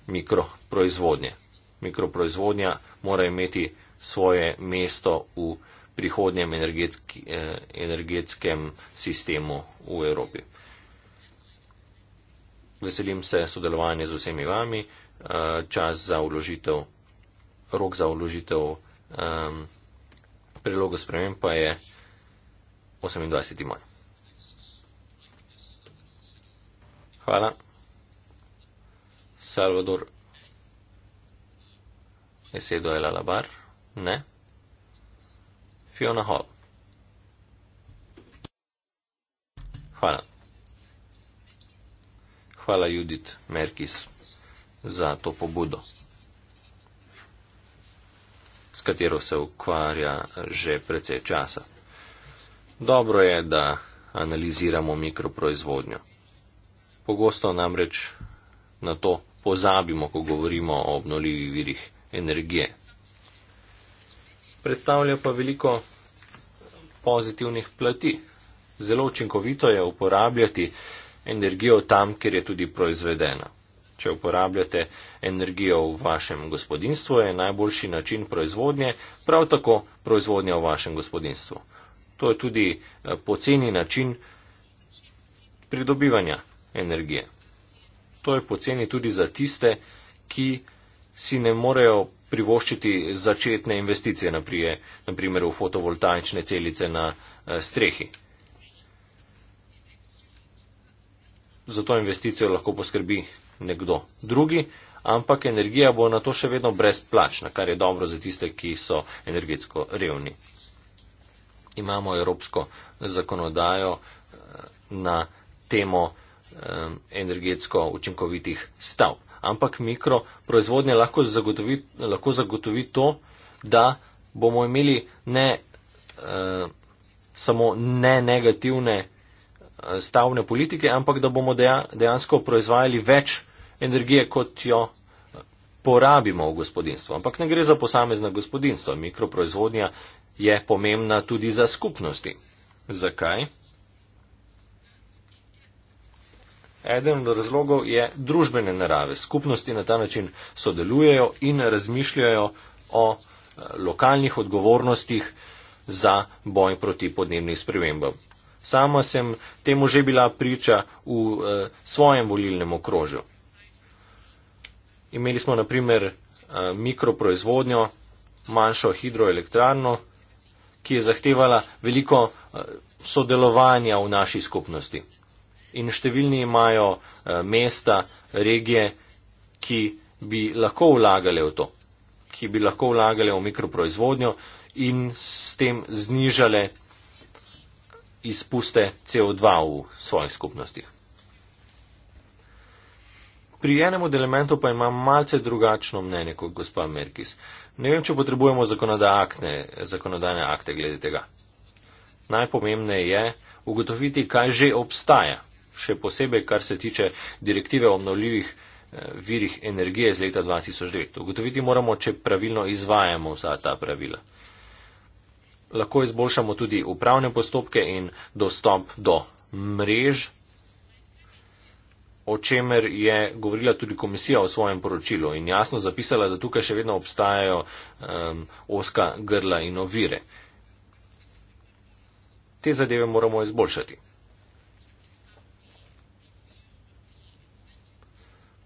mikroproizvodnje. Mikroproizvodnja mora imeti svoje mesto v prihodnjem eh, energetskem sistemu v Evropi veselim se sodelovanja z vsemi vami, eh, čas za uložitev, rok za uložitev um, predlogov sprememb pa je 28. maj. Hvala. Salvador. Esedo El Alabar? Ne. Fiona Hall. Hvala. Hvala Judith Merkis za to pobudo, s katero se ukvarja že precej časa. Dobro je, da analiziramo mikroproizvodnjo. Pogosto namreč na to pozabimo, ko govorimo o obnoljivih virih energije. Predstavlja pa veliko pozitivnih plati. Zelo učinkovito je uporabljati energijo tam, kjer je tudi proizvedena. Če uporabljate energijo v vašem gospodinstvu, je najboljši način proizvodnje prav tako proizvodnja v vašem gospodinstvu. To je tudi eh, poceni način pridobivanja energije. To je poceni tudi za tiste, ki si ne morejo privoščiti začetne investicije, naprimer v fotovoltaične celice na eh, strehi. za to investicijo lahko poskrbi nekdo drugi, ampak energija bo na to še vedno brezplačna, kar je dobro za tiste, ki so energetsko revni. Imamo evropsko zakonodajo eh, na temo eh, energetsko učinkovitih stavb. Ampak mikroproizvodnje lahko zagotovi, lahko zagotovi to, da bomo imeli ne eh, samo ne negativne stavne politike, ampak da bomo dejansko proizvajali več energije, kot jo porabimo v gospodinstvu. Ampak ne gre za posamezna gospodinstva. Mikroproizvodnja je pomembna tudi za skupnosti. Zakaj? Eden od razlogov je družbene narave. Skupnosti na ta način sodelujejo in razmišljajo o eh, lokalnih odgovornostih za boj proti podnebnim spremembam. Sama sem temu že bila priča v eh, svojem volilnem okrožju. Imeli smo naprimer eh, mikroproizvodnjo, manjšo hidroelektrarno, ki je zahtevala veliko eh, sodelovanja v naši skupnosti. In številni imajo eh, mesta, regije, ki bi lahko vlagale v to, ki bi lahko vlagale v mikroproizvodnjo in s tem znižale izpuste CO2 v svojih skupnostih. Pri enem od elementov pa imam malce drugačno mnenje kot gospa Merkis. Ne vem, če potrebujemo akne, zakonodajne akte glede tega. Najpomembneje je ugotoviti, kaj že obstaja, še posebej, kar se tiče direktive o obnovljivih eh, virih energije iz leta 2009. Ugotoviti moramo, če pravilno izvajamo vsa ta pravila lahko izboljšamo tudi upravne postopke in dostop do mrež, o čemer je govorila tudi komisija v svojem poročilu in jasno zapisala, da tukaj še vedno obstajajo um, oska grla in ovire. Te zadeve moramo izboljšati.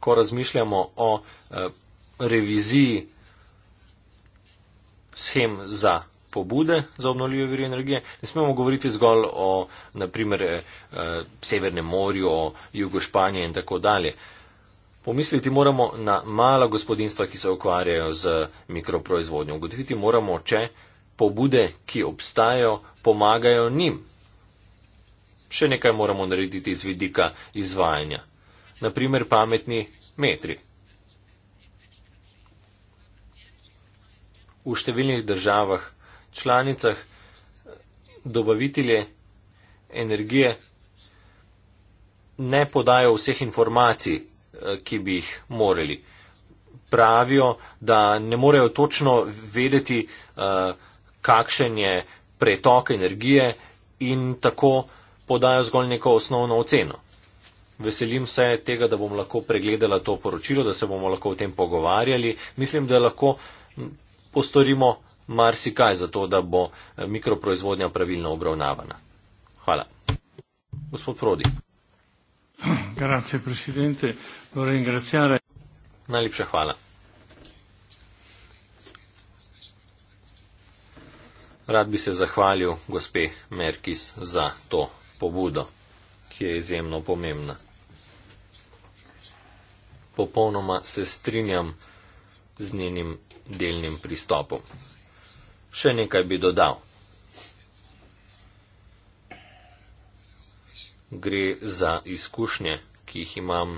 Ko razmišljamo o uh, reviziji, Schem za pobude za obnovljive vire energije. Ne smemo govoriti zgolj o, naprimer, eh, Severnem morju, o jugu Španije in tako dalje. Pomisliti moramo na mala gospodinstva, ki se ukvarjajo z mikroproizvodnjo. Ugotoviti moramo, če pobude, ki obstajajo, pomagajo njim. Še nekaj moramo narediti z vidika izvajanja. Naprimer, pametni metri. V številnih državah članicah dobavitelje energije ne podajo vseh informacij, eh, ki bi jih morali. Pravijo, da ne morejo točno vedeti, eh, kakšen je pretok energije in tako podajo zgolj neko osnovno oceno. Veselim se tega, da bom lahko pregledala to poročilo, da se bomo lahko o tem pogovarjali. Mislim, da lahko postorimo marsikaj za to, da bo eh, mikroproizvodnja pravilno obravnavana. Hvala. Gospod Prodi. [clears throat] Grazie, presidente. Vorrei ringraziare. Najlepša hvala. Rad bi se zahvalil gospe Merkis za to pobudo, ki je izjemno pomembna. Popolnoma se strinjam z njenim delnim pristopom še nekaj bi dodal. Gre za izkušnje, ki jih imam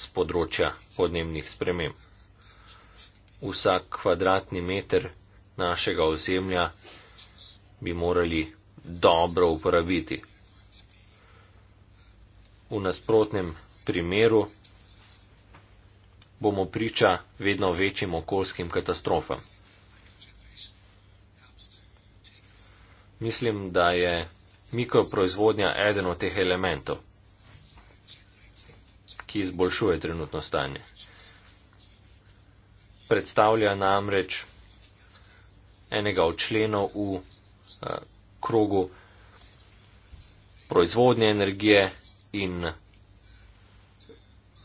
z področja podnebnih sprememb. Vsak kvadratni meter našega ozemlja bi morali dobro uporabiti. V nasprotnem primeru bomo priča vedno večjim okoljskim katastrofam. Mislim, da je mikroproizvodnja eden od teh elementov, ki izboljšuje trenutno stanje. Predstavlja namreč enega od členov v a, eh, krogu proizvodnje energije in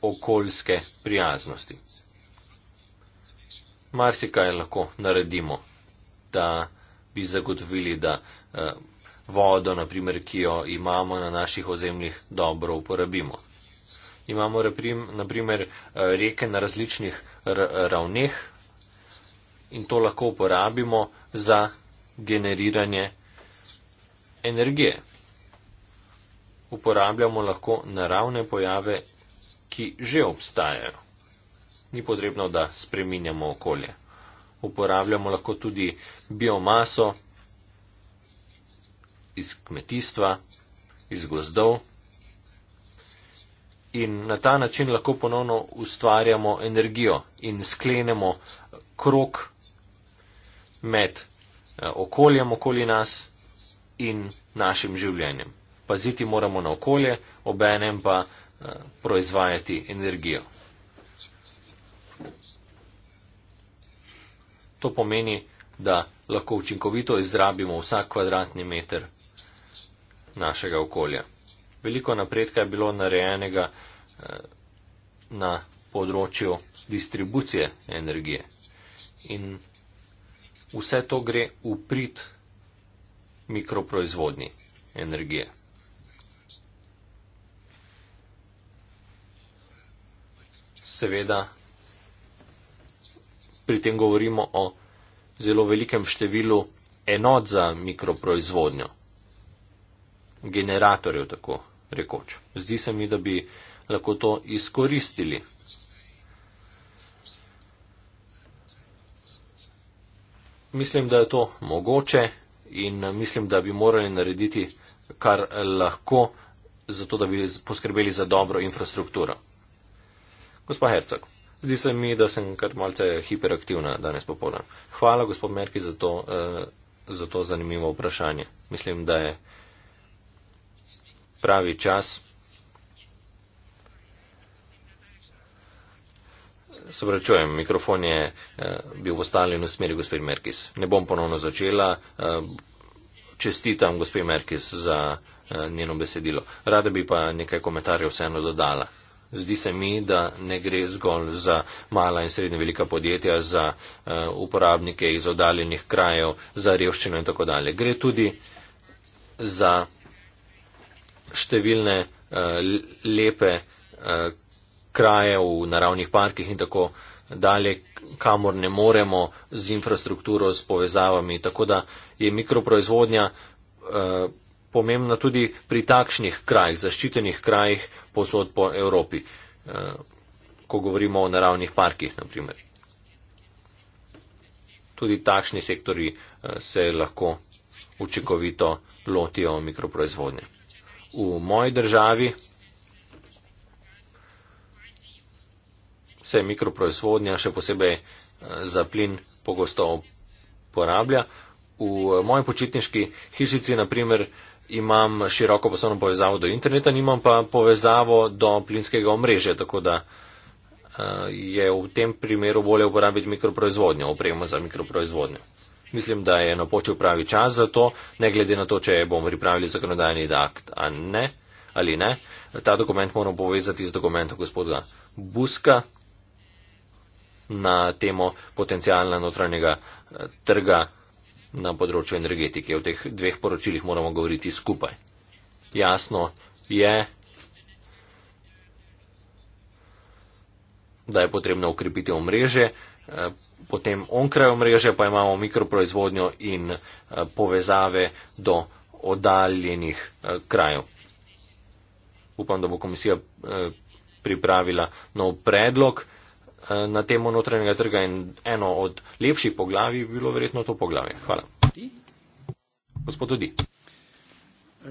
okoljske prijaznosti. Marsikaj lahko naredimo, da bi zagotovili, da eh, vodo, naprimer, ki jo imamo na naših ozemljih, dobro uporabimo. Imamo, naprimer, eh, reke na različnih ravneh in to lahko uporabimo za generiranje energije. Uporabljamo lahko naravne pojave, ki že obstajajo. Ni potrebno, da spreminjamo okolje uporabljamo lahko tudi biomaso iz kmetijstva, iz gozdov in na ta način lahko ponovno ustvarjamo energijo in sklenemo krok med eh, okoljem okoli nas in našim življenjem. Paziti moramo na okolje, obenem pa eh, proizvajati energijo. To pomeni, da lahko učinkovito izrabimo vsak kvadratni meter našega okolja. Veliko napredka je bilo narejenega eh, na področju distribucije energije. In vse to gre v prid mikroproizvodni energije. Seveda pri tem govorimo o zelo velikem številu enot za mikroproizvodnjo, generatorjev tako rekoč. Zdi se mi, da bi lahko to izkoristili. Mislim, da je to mogoče in eh, mislim, da bi morali narediti, kar eh, lahko, zato da bi poskrbeli za dobro infrastrukturo. Gospa Hercog. Zdi se mi, da sem kar malce hiperaktivna danes popoldan. Hvala, gospod Merki, za to, uh, za to zanimivo vprašanje. Mislim, da je pravi čas. Sobračujem, mikrofon je uh, bil postavljen v smeri gospod Merkis. Ne bom ponovno začela. Uh, čestitam gospod Merkis za uh, njeno besedilo. Rada bi pa nekaj komentarjev vseeno dodala. Zdi se mi, da ne gre zgolj za mala in srednje velika podjetja, za eh, uporabnike iz oddaljenih krajev, za revščino in tako dalje. Gre tudi za številne eh, lepe eh, kraje v naravnih parkih in tako dalje, kamor ne moremo z infrastrukturo, s povezavami. Tako da je mikroproizvodnja pomembna tudi pri takšnih krajih, zaščitenih krajih, posod po Evropi, eh, ko govorimo o naravnih parkih, naprimer. Tudi takšni sektori eh, se lahko učinkovito lotijo mikroproizvodnje. V moji državi se mikroproizvodnja, še posebej eh, za plin, pogosto uporablja. V moji počitniški hišici, naprimer, imam široko poslovno povezavo do interneta, nimam pa povezavo do plinskega omrežja, tako da eh, je v tem primeru bolje uporabiti mikroproizvodnjo, opremo za mikroproizvodnjo. Mislim, da je napočil pravi čas za to, ne glede na to, če bomo pripravili zakonodajni akt ne, ali ne. Ta dokument moramo povezati z dokumentom gospoda Buska na temo potencijalna notranjega eh, trga na področju energetike. V teh dveh poročilih moramo govoriti skupaj. Jasno je, da je potrebno ukrepiti omrežje, eh, potem onkraj omrežja pa imamo mikroproizvodnjo in eh, povezave do oddaljenih eh, krajev. Upam, da bo komisija pripravila nov predlog. Eh, na temo notranjega trga in eno od lepših poglavij bi bilo verjetno to poglavje. Hvala. Gospod Odi. Eh,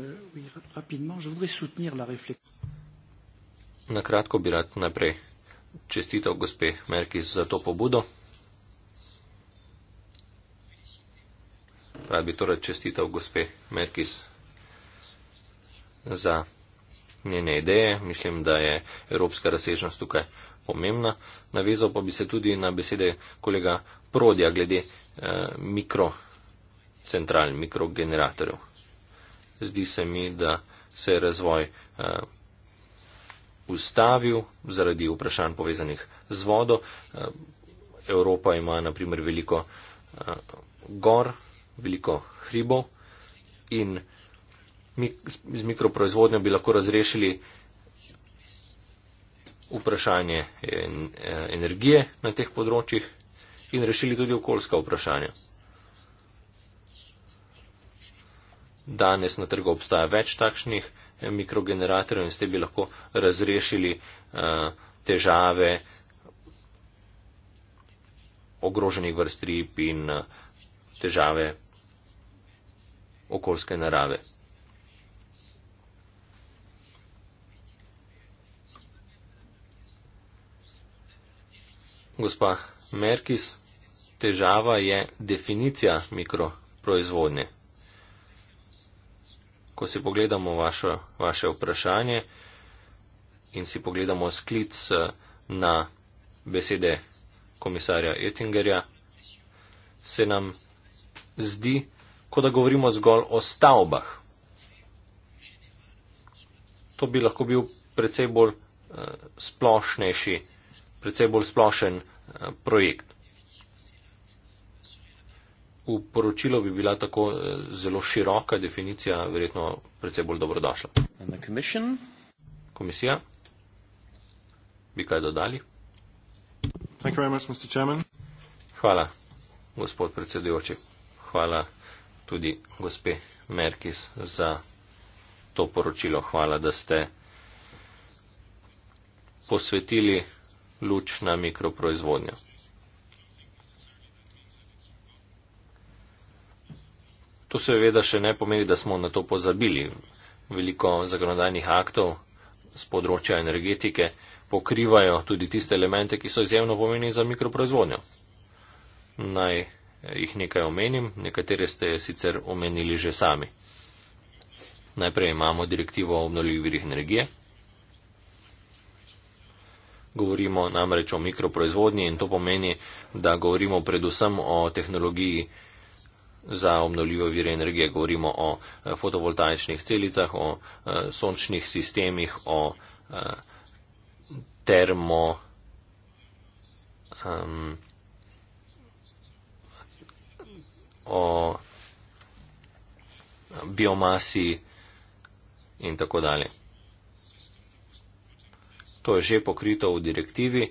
na kratko bi rad najprej čestitev gospe Merkis za to pobudo. Rad bi torej čestitev gospe Merkis za njene ideje. Mislim, da je evropska razsežnost tukaj pomembna. Navezal pa bi se tudi na besede kolega Prodja glede eh, mikrocentral, mikrogeneratorjev. Zdi se mi, da se je razvoj eh, ustavil zaradi vprašanj povezanih z vodo. Eh, Evropa ima naprimer veliko eh, gor, veliko hribov in mik z mikroproizvodnjo bi lahko razrešili eh, vprašanje eh, energije na teh področjih in rešili tudi okoljska vprašanja. Danes na trgu obstaja več takšnih eh, mikrogeneratorjev in s tem bi lahko razrešili eh, težave ogroženih vrst rib in težave okoljske narave. Gospa Merkis, težava je definicija mikroproizvodnje. Ko si pogledamo vašo, vaše vprašanje in si pogledamo sklic eh, na besede komisarja Ettingerja, se nam zdi, kot da govorimo zgolj o stavbah. To bi lahko bil precej bolj eh, splošnejši precej bolj splošen eh, projekt. V poročilo bi bila tako eh, zelo široka definicija verjetno precej bolj dobrodošla. Komisija, bi kaj dodali? Much, Hvala, gospod predsedujoči. Hvala tudi gospe Merkis za to poročilo. Hvala, da ste posvetili luč na mikroproizvodnjo. To seveda še ne pomeni, da smo na to pozabili. Veliko zakonodajnih aktov z področja energetike pokrivajo tudi tiste elemente, ki so izjemno pomeni za mikroproizvodnjo. Naj jih nekaj omenim, nekatere ste sicer omenili že sami. Najprej imamo direktivo o obnovljivih virih energije, Govorimo namreč o mikroproizvodnji in to pomeni, da govorimo predvsem o tehnologiji za obnovljive vire energije. Govorimo o eh, fotovoltaičnih celicah, o eh, sončnih sistemih, o eh, termo. Um, o biomasi in tako dalje to je že pokrito v direktivi.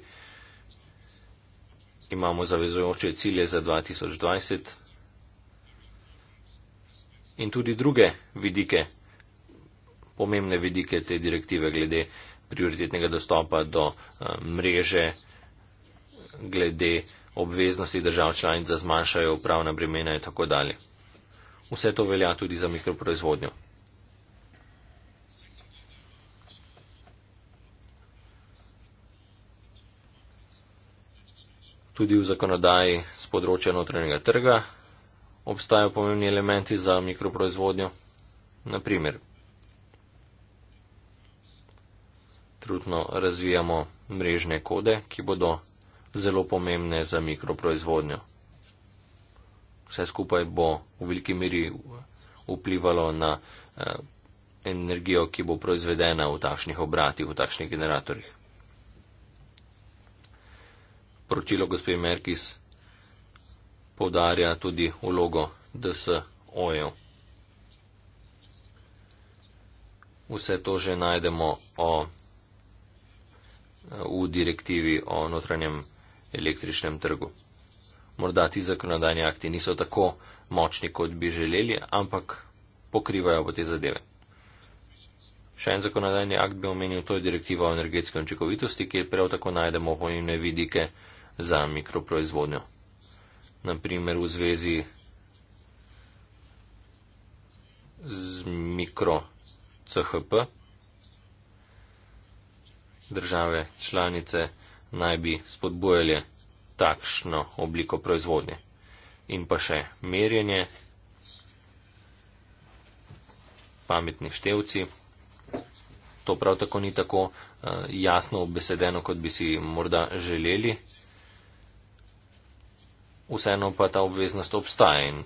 Imamo zavezujoče cilje za 2020 in tudi druge vidike, pomembne vidike te direktive glede prioritetnega dostopa do eh, mreže, glede obveznosti držav članic, da zmanjšajo upravna bremena in tako dalje. Vse to velja tudi za mikroproizvodnjo. Tudi v zakonodaji z področja notranjega trga obstajajo pomembni elementi za mikroproizvodnjo. Naprimer, trudno razvijamo mrežne kode, ki bodo zelo pomembne za mikroproizvodnjo. Vse skupaj bo v veliki meri vplivalo na eh, energijo, ki bo proizvedena v takšnih obratih, v takšnih generatorjih poročilo gospe Merkis podarja tudi vlogo DSO-jev. Vse to že najdemo o, v direktivi o notranjem električnem trgu. Morda ti zakonodajni akti niso tako močni, kot bi želeli, ampak pokrivajo te zadeve. Še en zakonodajni akt bi omenil, to je direktiva o energetske učinkovitosti, kjer prav tako najdemo pomembne vidike za mikroproizvodnjo. Naprimer v zvezi z mikro CHP države članice naj bi spodbojali takšno obliko proizvodnje. In pa še merjenje, pametni števci, to prav tako ni tako eh, jasno obesedeno, kot bi si morda želeli vseeno pa ta obveznost obstaja in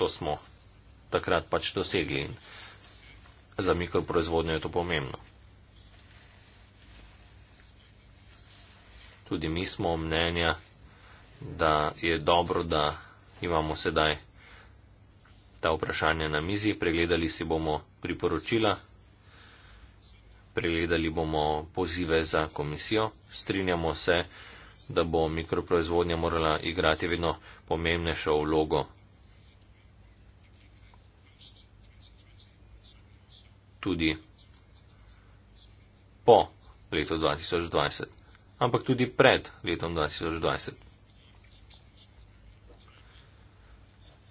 to smo takrat pač dosegli in za mikroproizvodnjo je to pomembno. Tudi mi smo mnenja, da je dobro, da imamo sedaj ta vprašanja na mizi, pregledali si bomo priporočila, pregledali bomo pozive za komisijo, strinjamo se, da bo mikroproizvodnja morala igrati vedno pomembnejšo vlogo. Tudi po letu 2020, ampak tudi pred letom 2020.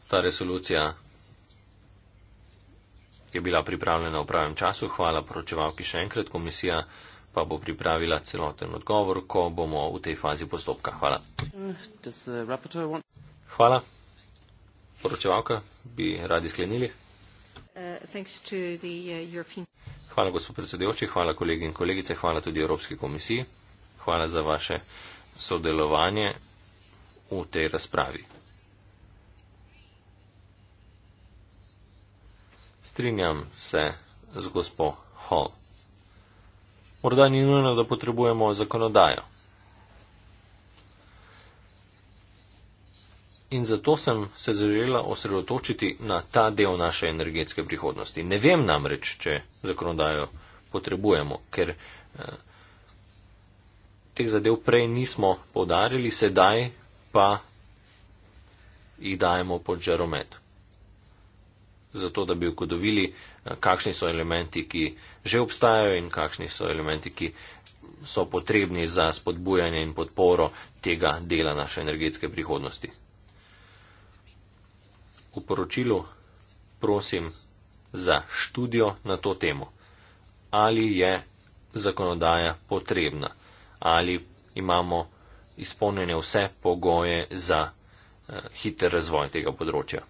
Ta resolucija je bila pripravljena v pravem času. Hvala poročevalki še enkrat, komisija pa bo pripravila celoten odgovor, ko bomo v tej fazi postopka. Hvala. Hvala. Poročevalka, bi radi sklenili. Hvala, gospod predsedevči, hvala kolegi in kolegice, hvala tudi Evropski komisiji. Hvala za vaše sodelovanje v tej razpravi. Strinjam se z gospod Hall morda ni nujno, da potrebujemo zakonodajo. In zato sem se želela osredotočiti na ta del naše energetske prihodnosti. Ne vem namreč, če zakonodajo potrebujemo, ker eh, teh zadev prej nismo podarili, sedaj pa jih dajemo pod žaromet zato da bi ukodovili, eh, kakšni so elementi, ki že obstajajo in kakšni so elementi, ki so potrebni za spodbujanje in podporo tega dela naše energetske prihodnosti. V poročilu prosim za študijo na to temo. Ali je zakonodaja potrebna? Ali imamo izpolnjene vse pogoje za eh, hiter razvoj tega področja?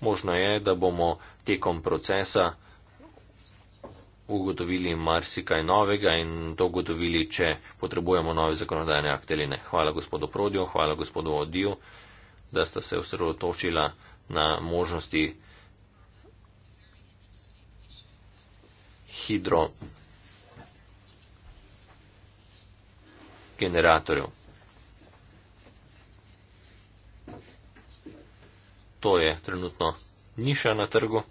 Možno je, da bomo tekom procesa ugotovili marsikaj novega in to ugotovili, če potrebujemo nove zakonodajne akte ali ne. Hvala gospodu Prodju, hvala gospodu Odiju, da sta se osredotočila na možnosti hidrogeneratorjev. to je trenutno niša na trgu.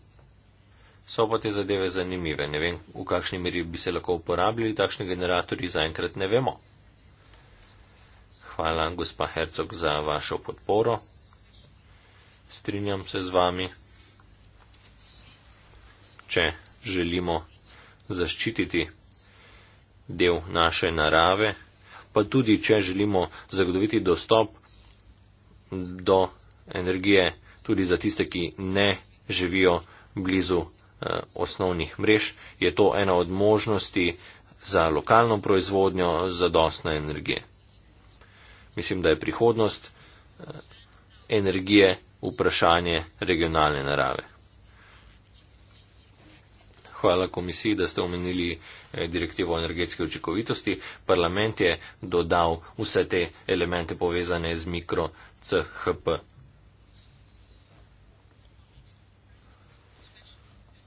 So pa te zadeve zanimive. Ne vem, v kakšni meri bi se lahko uporabljali takšni generatorji, zaenkrat ne vemo. Hvala, gospa Hercog, za vašo podporo. Strinjam se z vami. Če želimo zaščititi del naše narave, pa tudi če želimo zagotoviti dostop do energije, tudi za tiste, ki ne živijo blizu eh, osnovnih mrež, je to ena od možnosti za lokalno proizvodnjo zadostne energije. Mislim, da je prihodnost eh, energije vprašanje regionalne narave. Hvala komisiji, da ste omenili eh, direktivo o energetski očekovitosti. Parlament je dodal vse te elemente povezane z mikro CHP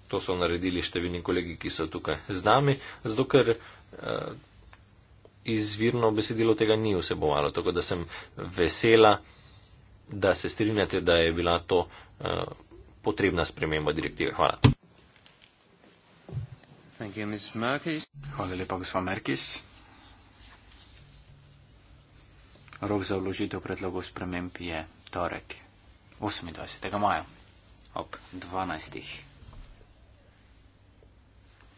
to so naredili številni kolegi, ki so tukaj z nami, zato ker uh, izvirno besedilo tega ni vsebovalo. Tako da sem vesela, da se strinjate, da je bila to uh, potrebna sprememba direktive. Hvala. You, Hvala lepa, gospod Merkis. Rok za vložitev predlogov sprememb je torek 28. maja ob 12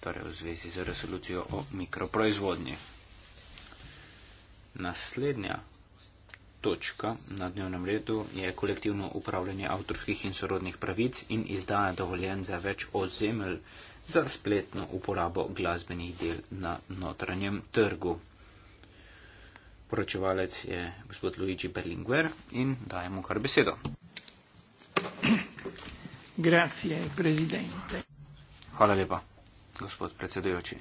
torej v zvezi z resolucijo o mikroproizvodnji. Naslednja točka na dnevnem redu je kolektivno upravljanje avtorskih in sorodnih pravic in izdaja dovoljen za več ozemelj za spletno uporabo glasbenih del na notranjem trgu. Poročevalec je gospod Luigi Berlinguer in dajemo kar besedo. Grazie, Presidente. Hvala lepa gospod predsedujoči.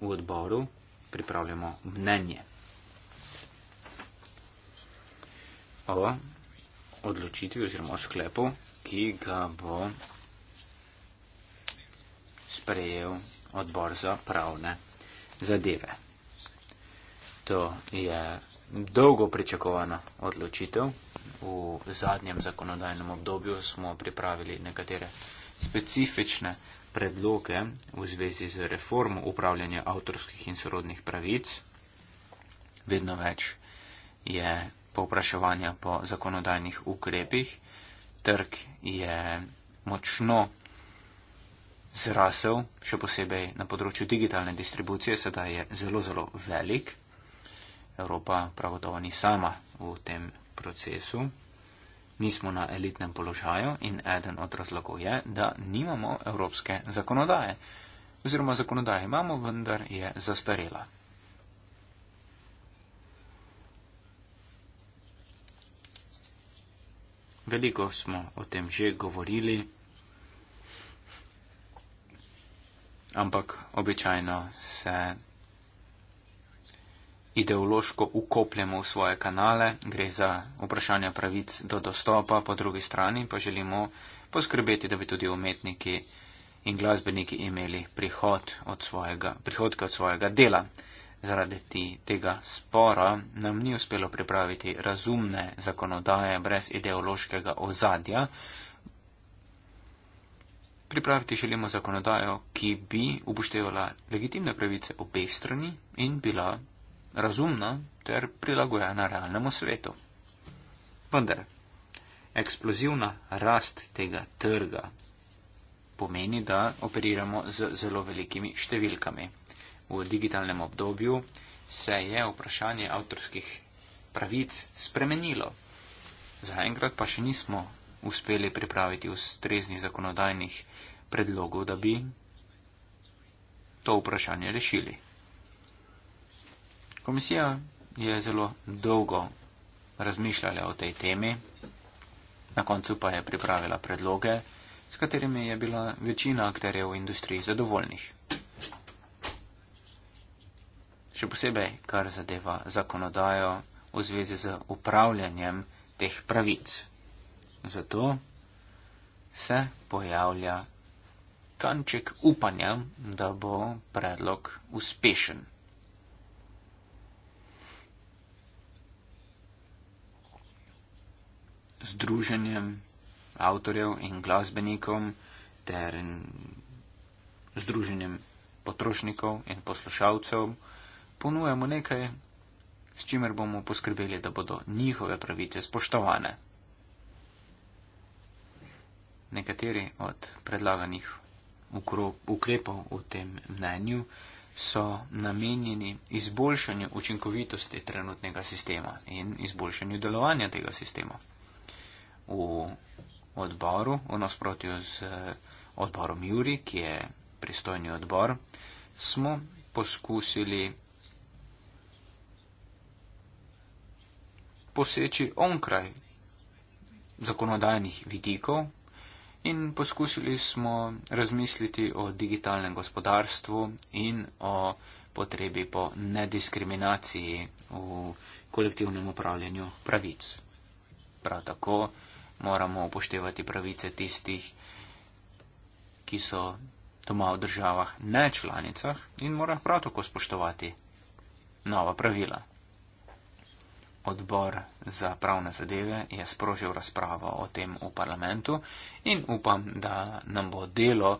V odboru pripravljamo mnenje o odločitvi oziroma o sklepu, ki ga bo sprejel odbor za pravne zadeve. To je dolgo pričakovana odločitev v zadnjem zakonodajnem obdobju smo pripravili nekatere specifične predloge v zvezi z reformo upravljanja avtorskih in sorodnih pravic. Vedno več je povpraševanja po zakonodajnih ukrepih. Trg je močno zrasel, še posebej na področju digitalne distribucije, sedaj je zelo, zelo velik. Evropa pravotovo ni sama v tem procesu, nismo na elitnem položaju in eden od razlogov je, da nimamo evropske zakonodaje. Oziroma zakonodaje imamo, vendar je zastarela. Veliko smo o tem že govorili, ampak običajno se ideološko ukopljemo v svoje kanale, gre za vprašanje pravic do dostopa, po drugi strani pa želimo poskrbeti, da bi tudi umetniki in glasbeniki imeli prihod od svojega, prihodke od svojega dela. Zaradi tega spora nam ni uspelo pripraviti razumne zakonodaje brez ideološkega ozadja. Pripraviti želimo zakonodajo, ki bi upoštevala legitimne pravice obeh strani in bila razumno ter prilagojena realnemu svetu. Vendar, eksplozivna rast tega trga pomeni, da operiramo z zelo velikimi številkami. V digitalnem obdobju se je vprašanje avtorskih pravic spremenilo. Zaenkrat pa še nismo uspeli pripraviti ustreznih zakonodajnih predlogov, da bi to vprašanje rešili. Komisija je zelo dolgo razmišljala o tej temi, na koncu pa je pripravila predloge, s katerimi je bila večina akterjev v industriji zadovoljnih. Še posebej, kar zadeva zakonodajo v zvezi z upravljanjem teh pravic. Zato se pojavlja kanček upanja, da bo predlog uspešen. združenjem avtorjev in glasbenikom ter združenjem potrošnikov in poslušalcev ponujamo nekaj, s čimer bomo poskrbeli, da bodo njihove pravice spoštovane. Nekateri od predlaganih ukrepov v tem mnenju so namenjeni izboljšanju učinkovitosti trenutnega sistema in izboljšanju delovanja tega sistema v odboru, v nasprotju z eh, odborom Juri, ki je pristojni odbor, smo poskusili poseči onkraj zakonodajnih vidikov in poskusili smo razmisliti o digitalnem gospodarstvu in o potrebi po nediskriminaciji v kolektivnem upravljanju pravic. Prav tako, moramo upoštevati pravice tistih, ki so doma v državah ne članicah in mora prav tako spoštovati nova pravila. Odbor za pravne zadeve je sprožil razpravo o tem v parlamentu in upam, da nam bo delo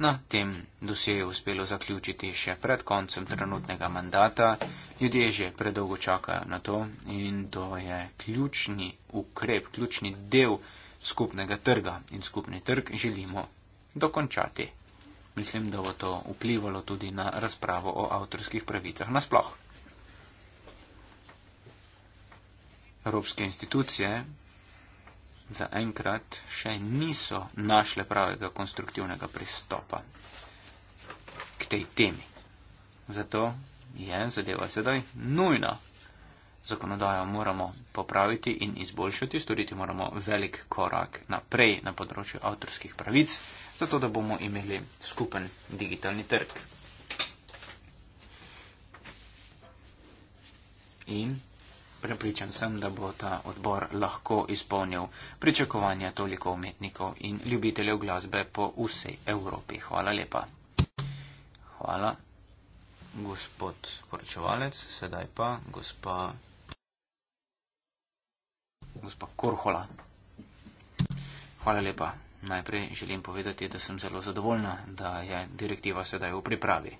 Na tem doseju uspelo zaključiti še pred koncem trenutnega mandata. Ljudje že predolgo čakajo na to in to je ključni ukrep, ključni del skupnega trga in skupni trg želimo dokončati. Mislim, da bo to vplivalo tudi na razpravo o avtorskih pravicah nasploh. Evropske institucije za enkrat še niso našle pravega konstruktivnega pristopa k tej temi. Zato je zadeva sedaj nujna. Zakonodajo moramo popraviti in izboljšati, storiti moramo velik korak naprej na področju avtorskih pravic, zato da bomo imeli skupen digitalni trg. In Prepričan sem, da bo ta odbor lahko izpolnil pričakovanja toliko umetnikov in ljubiteljev glasbe po vsej Evropi. Hvala lepa. Hvala, gospod poročevalec. Sedaj pa gospa. Gospa Korhola. Hvala lepa. Najprej želim povedati, da sem zelo zadovoljna, da je direktiva sedaj v pripravi.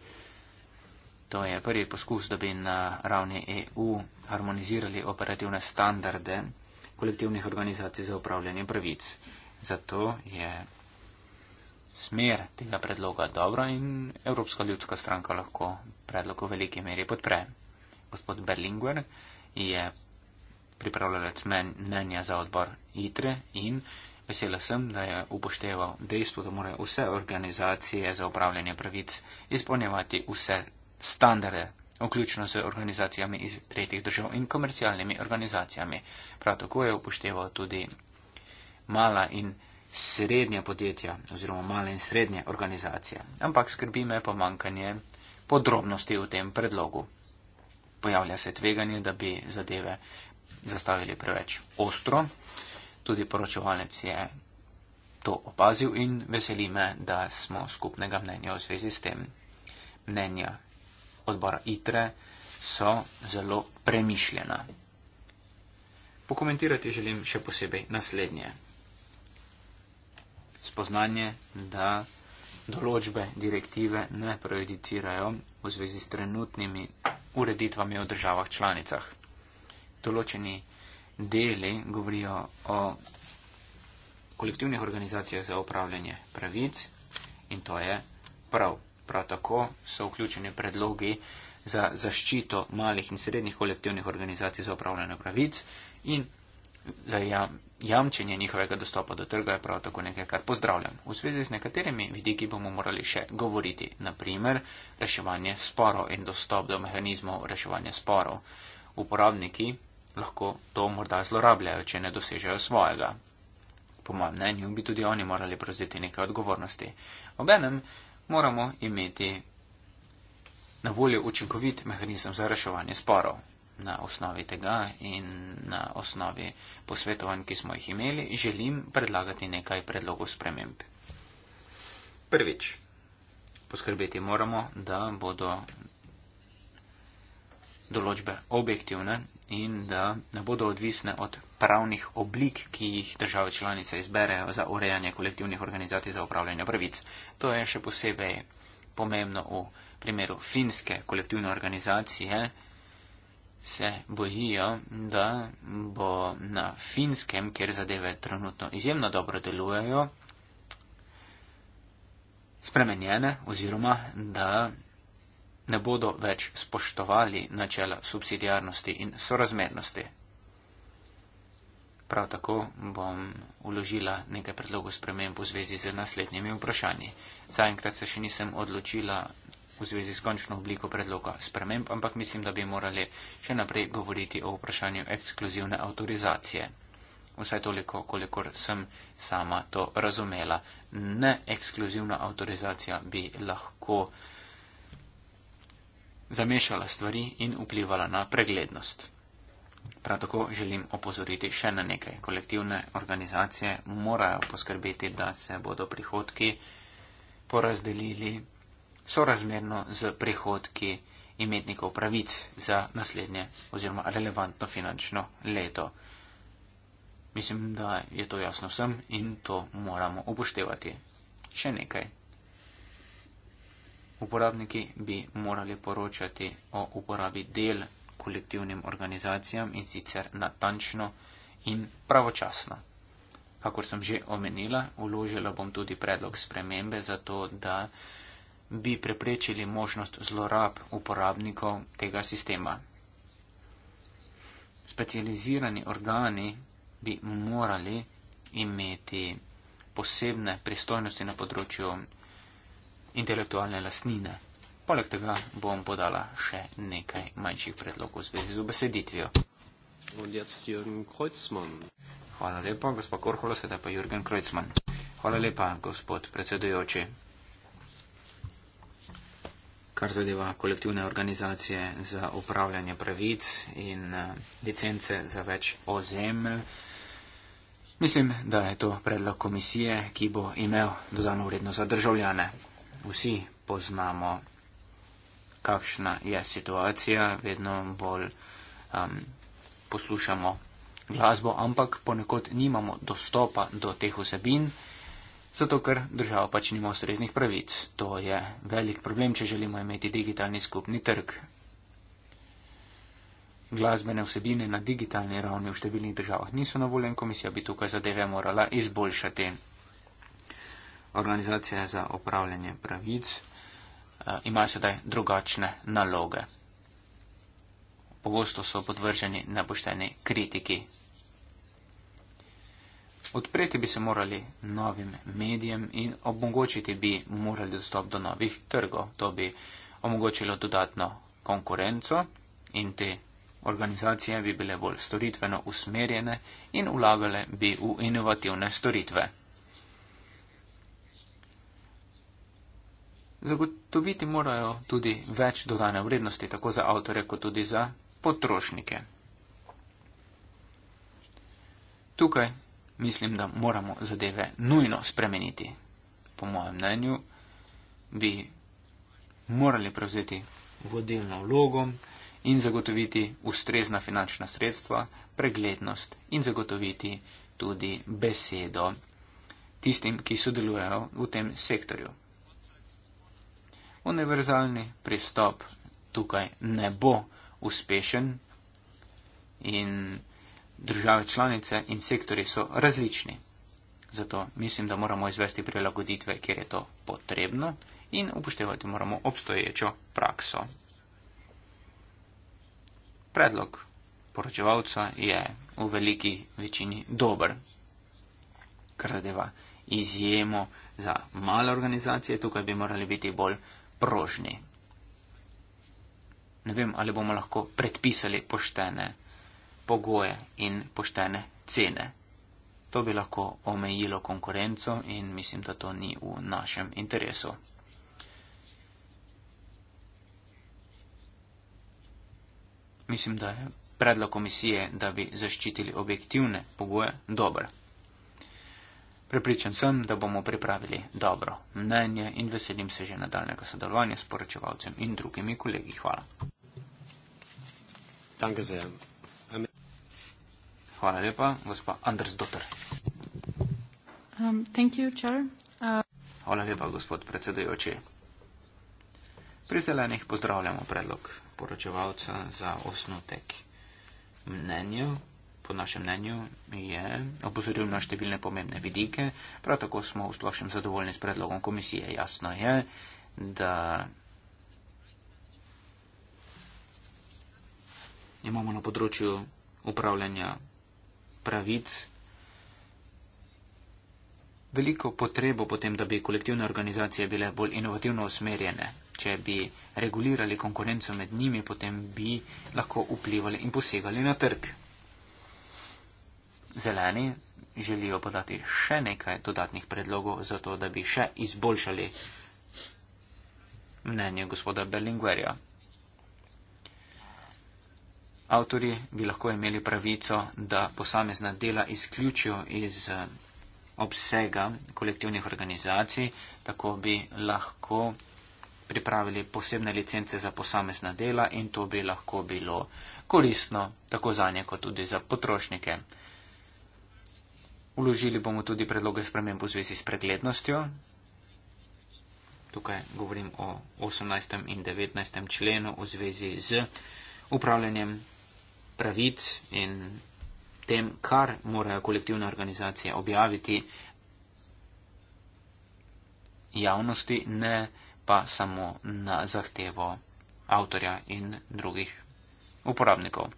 To je prvi poskus, da bi na ravni EU harmonizirali operativne standarde kolektivnih organizacij za upravljanje pravic. Zato je smer tega predloga dobra in Evropska ljudska stranka lahko predlog v veliki meri podpre. Gospod Berlinguer je pripravljalec mnenja za odbor ITRE in vesela sem, da je upošteval dejstvo, da morajo vse organizacije za upravljanje pravic izpolnjevati vse standarde, vključno z organizacijami iz tretjih držav in komercialnimi organizacijami. Prav tako je upošteval tudi mala in srednja podjetja oziroma male in srednje organizacije. Ampak skrbi me pomankanje podrobnosti v tem predlogu. Pojavlja se tveganje, da bi zadeve zastavili preveč ostro. Tudi poročevalec je to opazil in veseli me, da smo skupnega mnenja v zvezi s tem. Mnenja odbora ITRE so zelo premišljena. Pokomentirati želim še posebej naslednje. Spoznanje, da določbe direktive ne prejudicirajo v zvezi s trenutnimi ureditvami v državah članicah. Določeni deli govorijo o kolektivnih organizacijah za upravljanje pravic in to je prav prav tako so vključeni predlogi za zaščito malih in srednjih kolektivnih organizacij za upravljanje pravic in za jam, jamčenje njihovega dostopa do trga je prav tako nekaj, kar pozdravljam. V zvezi z nekaterimi vidiki bomo morali še govoriti, naprimer reševanje sporov in dostop do mehanizmov reševanja sporov. Uporabniki lahko to morda zlorabljajo, če ne dosežejo svojega. Po mojem mnenju bi tudi oni morali prevzeti nekaj odgovornosti. Obenem, moramo imeti na voljo učinkovit mehanizem za reševanje sporov. Na osnovi tega in na osnovi posvetovanj, ki smo jih imeli, želim predlagati nekaj predlogov sprememb. Prvič, poskrbeti moramo, da bodo določbe objektivne in da ne bodo odvisne od pravnih oblik, ki jih države članice izberejo za urejanje kolektivnih organizacij za upravljanje pravic. To je še posebej pomembno v primeru finske kolektivne organizacije. Se bojijo, da bo na finskem, kjer zadeve trenutno izjemno dobro delujejo, spremenjene oziroma da ne bodo več spoštovali načela subsidijarnosti in sorazmernosti. Prav tako bom uložila nekaj predlogov sprememb v zvezi z naslednjimi vprašanji. Zaenkrat se še nisem odločila v zvezi s končno obliko predloga sprememb, ampak mislim, da bi morali še naprej govoriti o vprašanju ekskluzivne avtorizacije. Vsaj toliko, kolikor sem sama to razumela. Ne ekskluzivna avtorizacija bi lahko zamešala stvari in vplivala na preglednost. Prav tako želim opozoriti še na nekaj. Kolektivne organizacije morajo poskrbeti, da se bodo prihodki porazdelili sorazmerno z prihodki imetnikov pravic za naslednje oziroma relevantno finančno leto. Mislim, da je to jasno vsem in to moramo upoštevati. Še nekaj. Uporabniki bi morali poročati o uporabi del kolektivnim organizacijam in sicer natančno in pravočasno. Kakor sem že omenila, uložila bom tudi predlog spremembe za to, da bi preprečili možnost zlorab uporabnikov tega sistema. Specializirani organi bi morali imeti posebne pristojnosti na področju intelektualne lastnine. Poleg tega bom podala še nekaj manjših predlogov v zvezi z obeseditvijo. Hvala lepa, gospod Korholo, sedaj pa Jürgen Kreuzmann. Hvala lepa, gospod predsedujoči. Kar zadeva kolektivne organizacije za upravljanje pravic in eh, licence za več ozemelj, mislim, da je to predlog komisije, ki bo imel dodano vredno za državljane. Vsi poznamo kakšna je situacija, vedno bolj um, poslušamo glasbo, ampak ponekod nimamo dostopa do teh vsebin, zato ker država pač nima ustreznih pravic. To je velik problem, če želimo imeti digitalni skupni trg. Glasbene vsebine na digitalni ravni v številnih državah niso na voljo in komisija bi tukaj zadeve morala izboljšati. Organizacija za upravljanje pravic Eh, imajo sedaj drugačne naloge. Pogosto so podvrženi nepošteni kritiki. Odpreti bi se morali novim medijem in omogočiti bi morali dostop do novih trgov. To bi omogočilo dodatno konkurenco in te organizacije bi bile bolj storitveno usmerjene in ulagale bi v inovativne storitve. Zagotoviti morajo tudi več dodane vrednosti, tako za avtore, kot tudi za potrošnike. Tukaj mislim, da moramo zadeve nujno spremeniti. Po mojem mnenju bi morali prevzeti vodilno vlogo in zagotoviti ustrezna finančna sredstva, preglednost in zagotoviti tudi besedo tistim, ki sodelujejo v tem sektorju univerzalni pristop tukaj ne bo uspešen in države članice in sektori so različni. Zato mislim, da moramo izvesti prilagoditve, kjer je to potrebno in upoštevati moramo obstoječo prakso. Predlog poročevalca je v veliki večini dober, kar zadeva izjemo za male organizacije, tukaj bi morali biti bolj prožni. Ne vem, ali bomo lahko predpisali poštene pogoje in poštene cene. To bi lahko omejilo konkurenco in mislim, da to ni v našem interesu. Mislim, da je predlog komisije, da bi zaščitili objektivne pogoje, dobro. Pripričan sem, da bomo pripravili dobro mnenje in veselim se že nadaljnega sodelovanja s poročevalcem in drugimi kolegi. Hvala. Hvala lepa, gospa Anders Dotter. Um, uh, Hvala lepa, gospod predsedujoči. Pri zelenih pozdravljamo predlog poročevalca za osnutek mnenja po našem mnenju je opozoril na številne pomembne vidike, prav tako smo v splošnem zadovoljni s predlogom komisije. Jasno je, da imamo na področju upravljanja pravic veliko potrebo potem, da bi kolektivne organizacije bile bolj inovativno usmerjene. Če bi regulirali konkurenco med njimi, potem bi lahko vplivali in posegali na trg zeleni želijo podati še nekaj dodatnih predlogov za to, da bi še izboljšali mnenje gospoda Berlingverja. Avtori bi lahko imeli pravico, da posamezna dela izključijo iz eh, obsega kolektivnih organizacij, tako bi lahko pripravili posebne licence za posamezna dela in to bi lahko bilo koristno tako za nje kot tudi za potrošnike. Uložili bomo tudi predloge sprememb v zvezi s preglednostjo. Tukaj govorim o 18. in 19. členu v zvezi z upravljanjem pravic in tem, kar morajo kolektivne organizacije objaviti javnosti, ne pa samo na zahtevo avtorja in drugih uporabnikov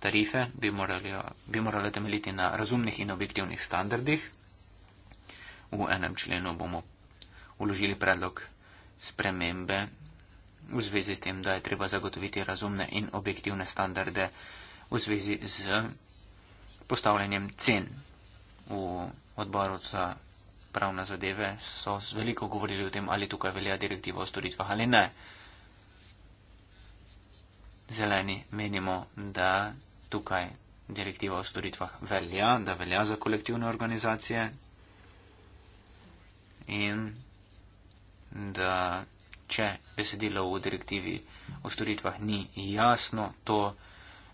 tarife bi morali, bi morali temeljiti na razumnih in objektivnih standardih. V enem členu bomo uložili predlog spremembe v zvezi s tem, da je treba zagotoviti razumne in objektivne standarde v zvezi z postavljanjem cen. V odboru za pravne zadeve so veliko govorili o tem, ali tukaj velja direktiva o storitvah ali ne. Zeleni menimo, da tukaj direktiva o storitvah velja, da velja za kolektivne organizacije in da če besedilo v direktivi o storitvah ni jasno, to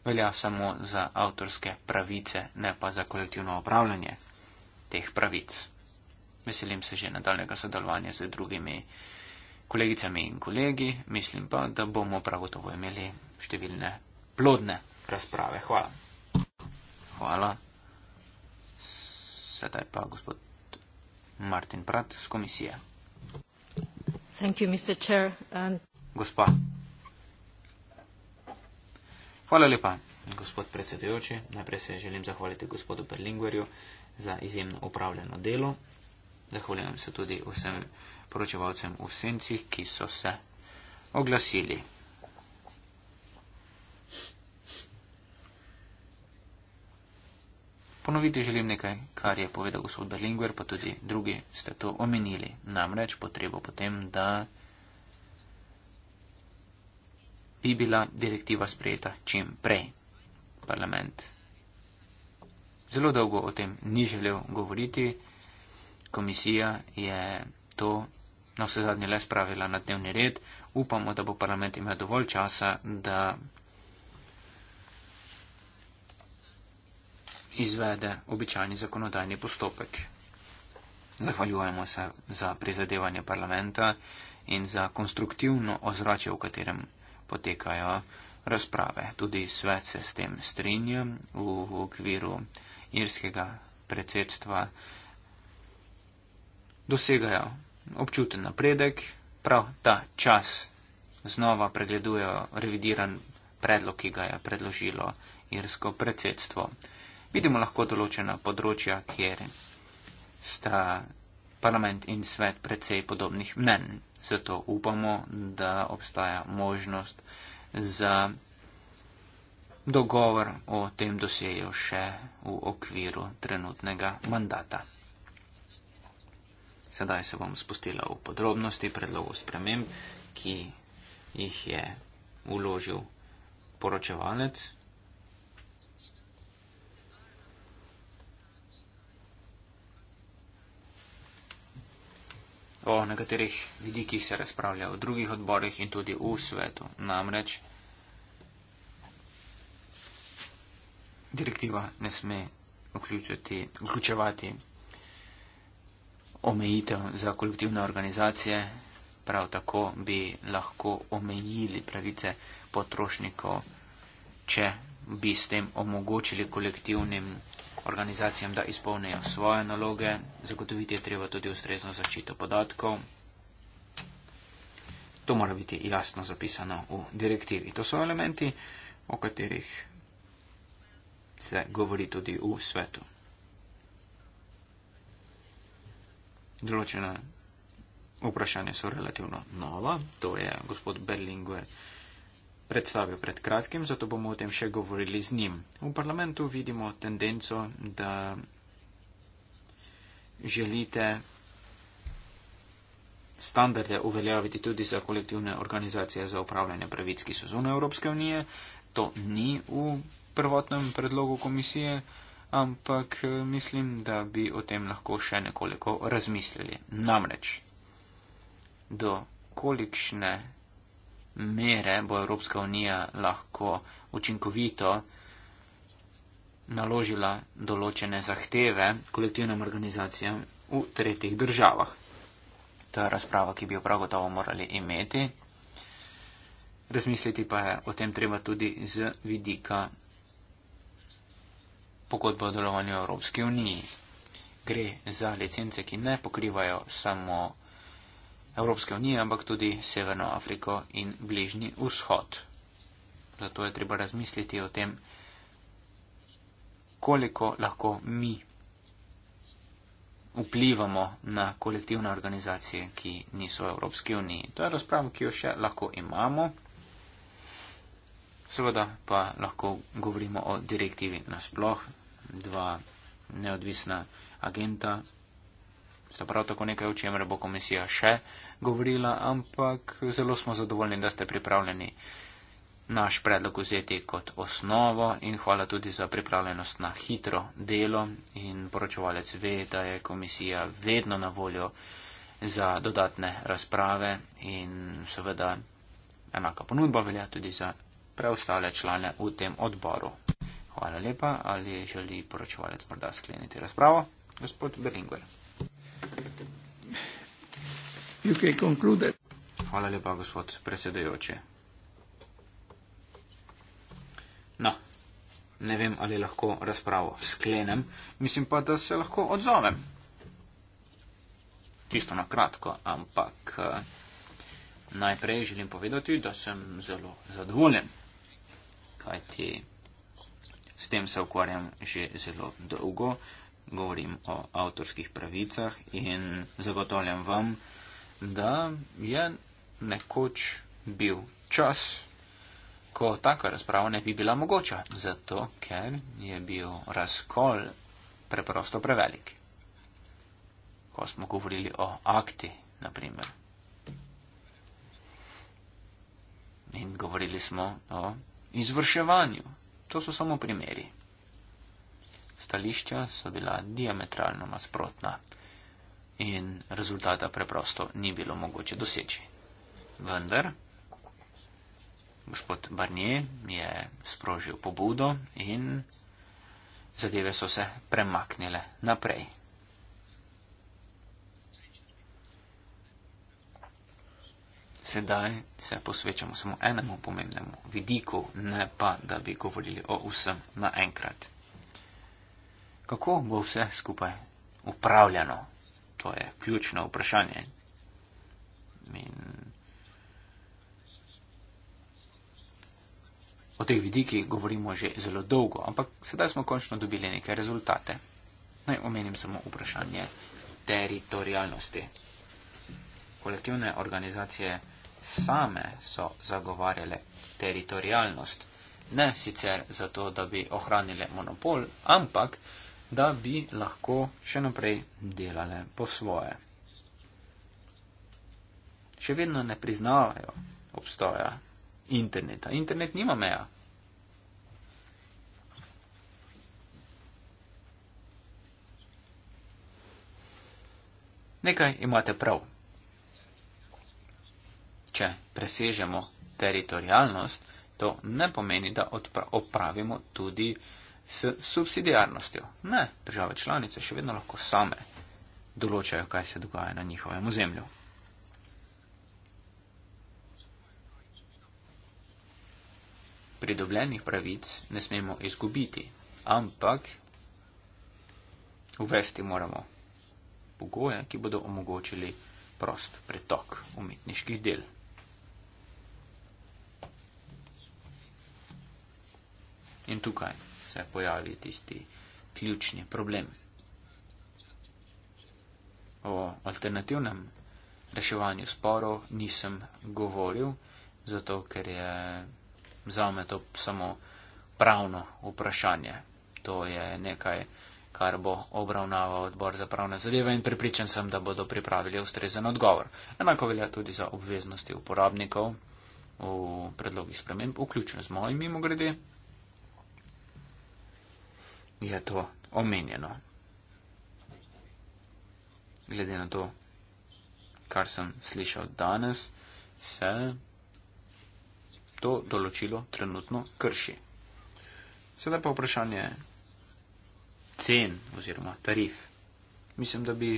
velja samo za avtorske pravice, ne pa za kolektivno upravljanje teh pravic. Veselim se že nadaljnega sodelovanja z drugimi kolegicami in kolegi, mislim pa, da bomo prav gotovo imeli številne plodne razprave. Hvala. Hvala. Sedaj pa gospod Martin Prat z komisije. You, Chair, and... Gospa. Hvala lepa, gospod predsedujoči. Najprej se želim zahvaliti gospodu Berlingerju za izjemno upravljeno delo. Zahvaljujem se tudi vsem poročevalcem v Sencih, ki so se oglasili. Ponoviti želim nekaj, kar je povedal gospod Berlinguer, pa tudi drugi ste to omenili. Namreč potrebo potem, da bi bila direktiva sprejeta čim prej. Parlament zelo dolgo o tem ni želel govoriti. Komisija je to na vse zadnje le spravila na dnevni red. Upamo, da bo parlament imel dovolj časa, da izvede običajni zakonodajni postopek. Zahvaljujemo se za prizadevanje parlamenta in za konstruktivno ozračje, v katerem potekajo razprave. Tudi svet se s tem strinja v okviru irskega predsedstva. Dosegajo občuten napredek, prav ta čas znova pregledujejo revidiran predlog, ki ga je predložilo irsko predsedstvo vidimo lahko določena področja, kjer sta parlament in svet precej podobnih mnen. Zato upamo, da obstaja možnost za dogovor o tem dosejo še v okviru trenutnega mandata. Sedaj se bom spustila v podrobnosti predlogov sprememb, ki jih je uložil poročevalec o nekaterih vidikih se razpravlja v drugih odborih in tudi v svetu. Namreč direktiva ne sme vključevati omejitev za kolektivne organizacije, prav tako bi lahko omejili pravice potrošnikov, če bi s tem omogočili kolektivnim organizacijam, da izpolnejo svoje naloge, zagotoviti je treba tudi ustrezno zaščito podatkov. To mora biti jasno zapisano v direktivi. To so elementi, o katerih se govori tudi v svetu. Določena vprašanja so relativno nova, to je gospod Berlinguer predstavil pred kratkim, zato bomo o tem še govorili z njim. V parlamentu vidimo tendenco, da želite standarde uveljaviti tudi za kolektivne organizacije za upravljanje pravic, ki so zunaj Evropske unije. To ni v prvotnem predlogu komisije, ampak eh, mislim, da bi o tem lahko še nekoliko razmislili. Namreč, do kolikšne mere bo Evropska unija lahko učinkovito naložila določene zahteve kolektivnim organizacijam v tretjih državah. To je razprava, ki bi jo prav gotovo morali imeti. Razmisliti pa je o tem treba tudi z vidika pogodbo o delovanju Evropske unije. Gre za licence, ki ne pokrivajo samo Evropske unije, ampak tudi Severno Afriko in Bližnji vzhod. Zato je treba razmisliti o tem, koliko lahko mi vplivamo na kolektivne organizacije, ki niso v Evropski uniji. To je razprava, ki jo še lahko imamo. Seveda pa lahko govorimo o direktivi nasploh. Dva neodvisna agenta se prav tako nekaj, o čemer bo komisija še govorila, ampak zelo smo zadovoljni, da ste pripravljeni naš predlog vzeti kot osnovo in hvala tudi za pripravljenost na hitro delo in poročevalec ve, da je komisija vedno na voljo za dodatne razprave in seveda enaka ponudba velja tudi za preostale člane v tem odboru. Hvala lepa, ali želi poročevalec morda skleniti razpravo? Gospod Berlinguer. Hvala lepa, gospod predsedajoče. No, ne vem, ali lahko razpravo sklenem, mislim pa, da se lahko odzovem. Čisto na kratko, ampak eh, najprej želim povedati, da sem zelo zadovoljen, kajti s tem se ukvarjam že zelo dolgo govorim o avtorskih pravicah in zagotavljam vam, da je nekoč bil čas, ko taka razprava ne bi bila mogoča, zato ker je bil razkol preprosto prevelik. Ko smo govorili o akti, naprimer. In govorili smo o izvrševanju. To so samo primeri stališča so bila diametralno nasprotna in rezultata preprosto ni bilo mogoče doseči. Vendar gospod Barnier je sprožil pobudo in zadeve so se premaknile naprej. Sedaj se posvečamo samo enemu pomembnemu vidiku, ne pa, da bi govorili o vsem naenkrat kako bo vse skupaj upravljano. To je ključno vprašanje. In o teh vidikih govorimo že zelo dolgo, ampak sedaj smo končno dobili neke rezultate. Naj omenim samo vprašanje teritorijalnosti. Kolektivne organizacije same so zagovarjale teritorijalnost, ne sicer zato, da bi ohranile monopol, ampak da bi lahko še naprej delale po svoje. Še vedno ne priznavajo obstoja interneta. Internet nima meja. Nekaj imate prav. Če presežemo teritorijalnost, to ne pomeni, da opravimo tudi uh, s subsidiarnostjo. Ne, države članice še vedno lahko same določajo, kaj se dogaja na njihovem ozemlju. Pridobljenih pravic ne smemo izgubiti, ampak uvesti moramo pogoje, ki bodo omogočili prost pretok umetniških del. In tukaj se pojavi tisti ključni problem. O alternativnem reševanju sporov nisem govoril, zato ker je za me to samo pravno vprašanje. To je nekaj, kar bo obravnaval odbor za pravne zadeve in pripričan sem, da bodo pripravili ustrezen odgovor. Enako velja tudi za obveznosti uporabnikov v predlogih sprememb, vključno z mojimi mogredi je to omenjeno. Glede na to, kar sem slišal danes, se to določilo trenutno krši. Sedaj pa vprašanje cen oziroma tarif. Mislim, da bi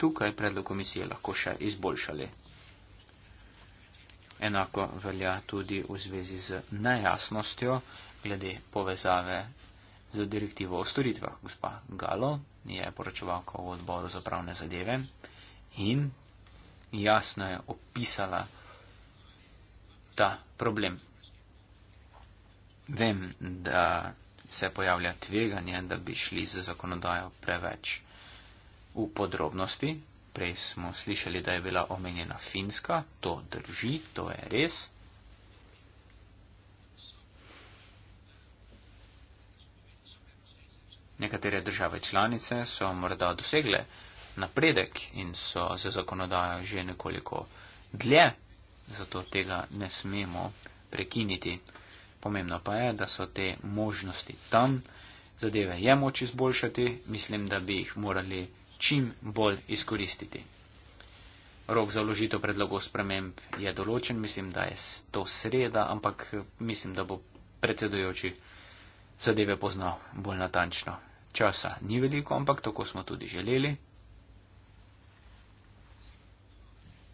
tukaj predlog komisije lahko še izboljšali. Enako velja tudi v zvezi z nejasnostjo glede povezave za direktivo o storitvah. Gospa Galo je poročevalka v odboru za pravne zadeve in jasno je opisala ta problem. Vem, da se pojavlja tveganje, da bi šli z zakonodajo preveč v podrobnosti. Prej smo slišali, da je bila omenjena Finska, to drži, to je res. Nekatere države članice so morda dosegle napredek in so za zakonodajo že nekoliko dlje, zato tega ne smemo prekiniti. Pomembno pa je, da so te možnosti tam, zadeve je moč izboljšati, mislim, da bi jih morali čim bolj izkoristiti. Rok za vložitev predlogov sprememb je določen, mislim, da je to sreda, ampak mislim, da bo predsedujoči zadeve poznal bolj natančno časa ni veliko, ampak tako smo tudi želeli.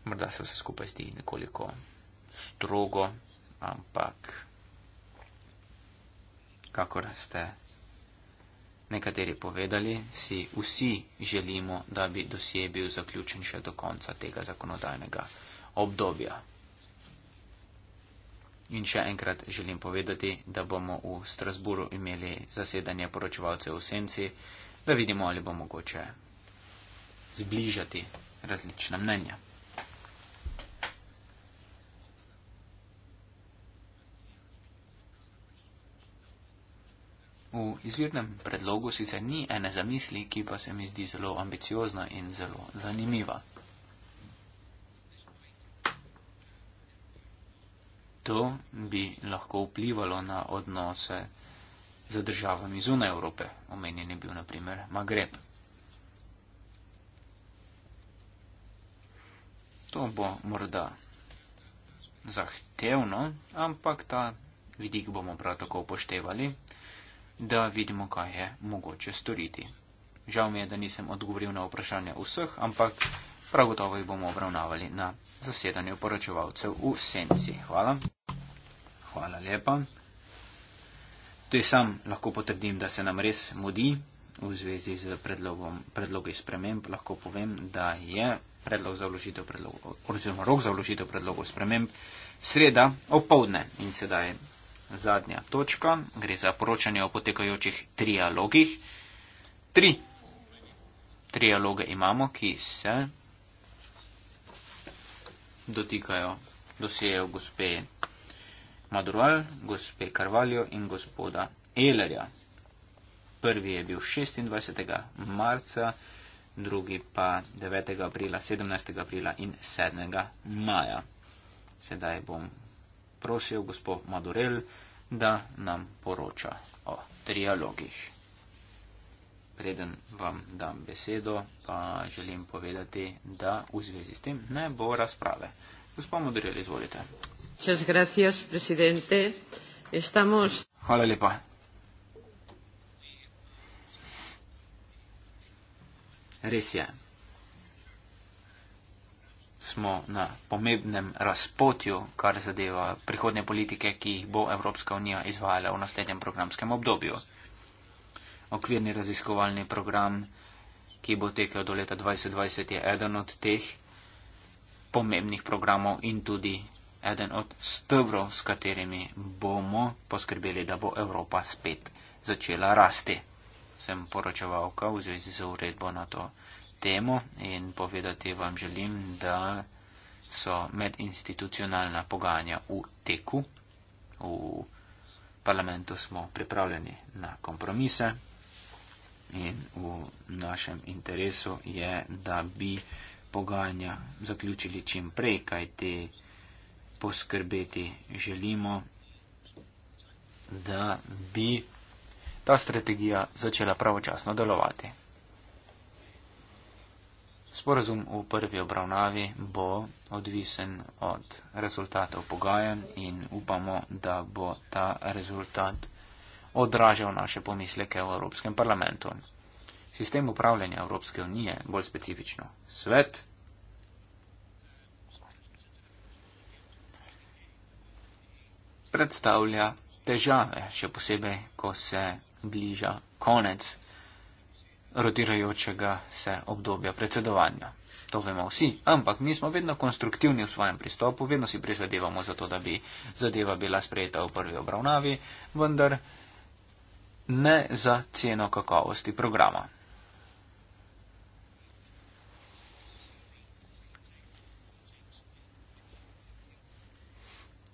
Morda se vse skupaj zdi nekoliko strogo, ampak kakor ste nekateri povedali, si vsi želimo, da bi dosje bil zaključen še do konca tega zakonodajnega obdobja. In še enkrat želim povedati, da bomo v Strasburu imeli zasedanje poročevalcev v senci, da vidimo, ali bo mogoče zbližati različna mnenja. V izvirnem predlogu sicer ni ene zamisli, ki pa se mi zdi zelo ambiciozna in zelo zanimiva. To bi lahko vplivalo na odnose z državami zunaj Evrope. Omenjen je bil naprimer Magreb. To bo morda zahtevno, ampak ta vidik bomo prav tako upoštevali, da vidimo, kaj je mogoče storiti. Žal mi je, da nisem odgovoril na vprašanje vseh, ampak prav gotovo jih bomo obravnavali na zasedanju poročevalcev v senci. Hvala. Hvala lepa. Tudi sam lahko potrdim, da se nam res mudi v zvezi z predlogom, predlogi sprememb. Lahko povem, da je predlog za vložitev predlogov, oziroma rok za vložitev predlogov sprememb sreda opovdne in sedaj zadnja točka. Gre za poročanje o potekajočih trialogih. Tri trialoge imamo, ki se dotikajo dosejev gospe Madural, gospe Karvaljo in gospoda Elerja. Prvi je bil 26. marca, drugi pa 9. aprila, 17. aprila in 7. maja. Sedaj bom prosil gospod Madurel, da nam poroča o trialogih preden vam dam besedo, pa želim povedati, da v zvezi s tem ne bo razprave. Gospod Modrijel, izvolite. Hvala lepa. Res je. Smo na pomembnem razpotju, kar zadeva prihodne politike, ki jih bo Evropska unija izvajala v naslednjem programskem obdobju okvirni raziskovalni program, ki bo tekel do leta 2020, je eden od teh pomembnih programov in tudi eden od stebrov, s katerimi bomo poskrbeli, da bo Evropa spet začela rasti. Sem poročevalka v zvezi z uredbo na to temo in povedati vam želim, da so medinstitucionalna pogajanja v teku. V parlamentu smo pripravljeni na kompromise in v našem interesu je, da bi pogajanja zaključili čim prej, kaj te poskrbeti želimo, da bi ta strategija začela pravočasno delovati. Sporazum v prvi obravnavi bo odvisen od rezultatov pogajanj in upamo, da bo ta rezultat odražal naše pomisleke v Evropskem parlamentu. Sistem upravljanja Evropske unije, bolj specifično svet. predstavlja težave, še posebej, ko se bliža konec rotirajočega se obdobja predsedovanja. To vemo vsi, ampak mi smo vedno konstruktivni v svojem pristopu, vedno si prizadevamo za to, da bi zadeva bila sprejeta v prvi obravnavi, vendar ne za ceno kakovosti programa.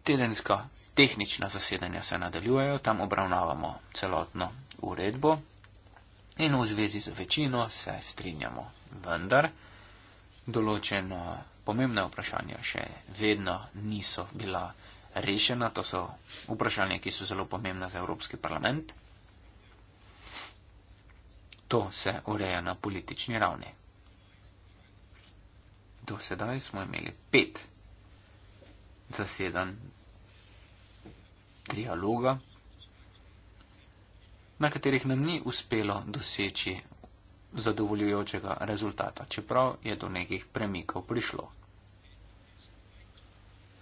Tedenska tehnična zasedanja se nadaljujejo, tam obravnavamo celotno uredbo in v zvezi z večino se strinjamo, vendar določeno pomembne vprašanja še vedno niso bila rešena, to so vprašanja, ki so zelo pomembna za Evropski parlament. To se ureja na politični ravni. Do sedaj smo imeli pet zasedanj dialoga, na katerih nam ni uspelo doseči zadovoljujočega rezultata, čeprav je do nekih premikov prišlo.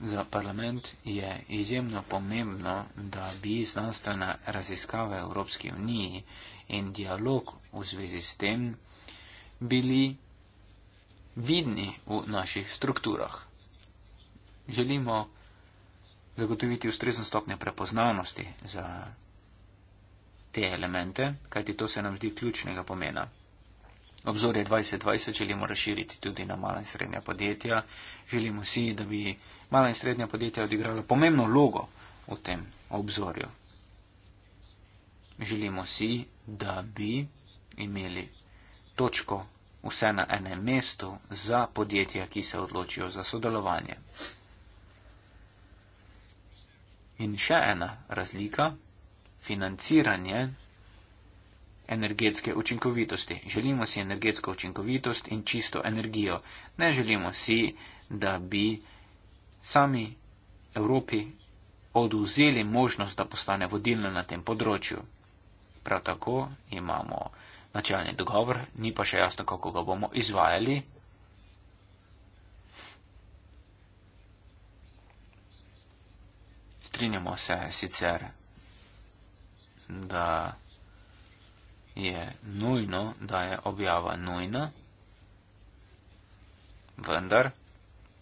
Za parlament je izjemno pomembno, da bi znanstvene raziskave Evropske unije in dialog v zvezi s tem bili vidni v naših strukturah. Želimo zagotoviti ustrezno stopnje prepoznavnosti za te elemente, kajti to se nam zdi ključnega pomena. Obzorje 2020 želimo razširiti tudi na mala in srednja podjetja. Želimo si, da bi mala in srednja podjetja odigrala pomembno logo v tem obzorju. Želimo si, da bi imeli točko vse na enem mestu za podjetja, ki se odločijo za sodelovanje. In še ena razlika, financiranje energetske učinkovitosti. Želimo si energetsko učinkovitost in čisto energijo. Ne želimo si, da bi sami Evropi oduzeli možnost, da postane vodilna na tem področju. Prav tako imamo načelni dogovor, ni pa še jasno, kako ga bomo izvajali. Strinjamo se sicer, da je nujno, da je objava nujna, vendar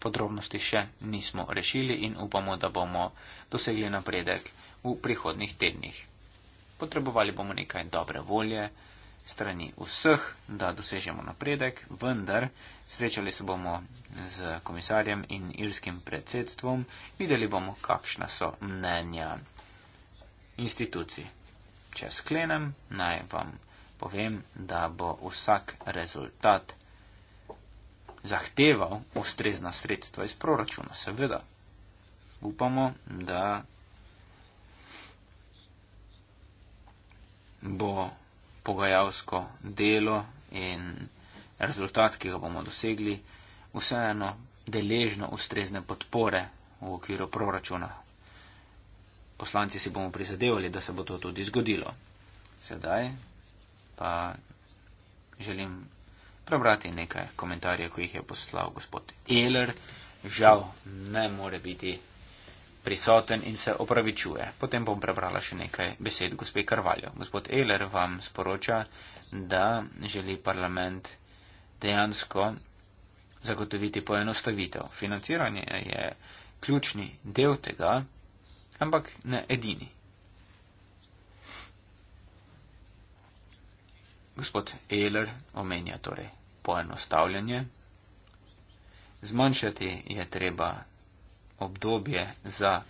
podrobnosti še nismo rešili in upamo, da bomo dosegli napredek v prihodnih tednih. Potrebovali bomo nekaj dobre volje strani vseh, da dosežemo napredek, vendar srečali se bomo z komisarjem in irskim predsedstvom, videli bomo, kakšna so mnenja institucij. Če sklenem, naj vam povem, da bo vsak rezultat zahteval ustrezna sredstva iz proračuna, seveda. Upamo, da bo pogajalsko delo in rezultat, ki ga bomo dosegli, vseeno deležno ustrezne podpore v okviru proračuna. Poslanci si bomo prizadevali, da se bo to tudi zgodilo. Sedaj pa želim prebrati nekaj komentarjev, ki jih je poslal gospod Eler. Žal ne more biti prisoten in se opravičuje. Potem bom prebrala še nekaj besed gospe Karvaljo. Gospod Eler vam sporoča, da želi parlament dejansko zagotoviti poenostavitev. Financiranje je ključni del tega, ampak ne edini. gospod Ehler omenja torej poenostavljanje. Zmanjšati je treba obdobje za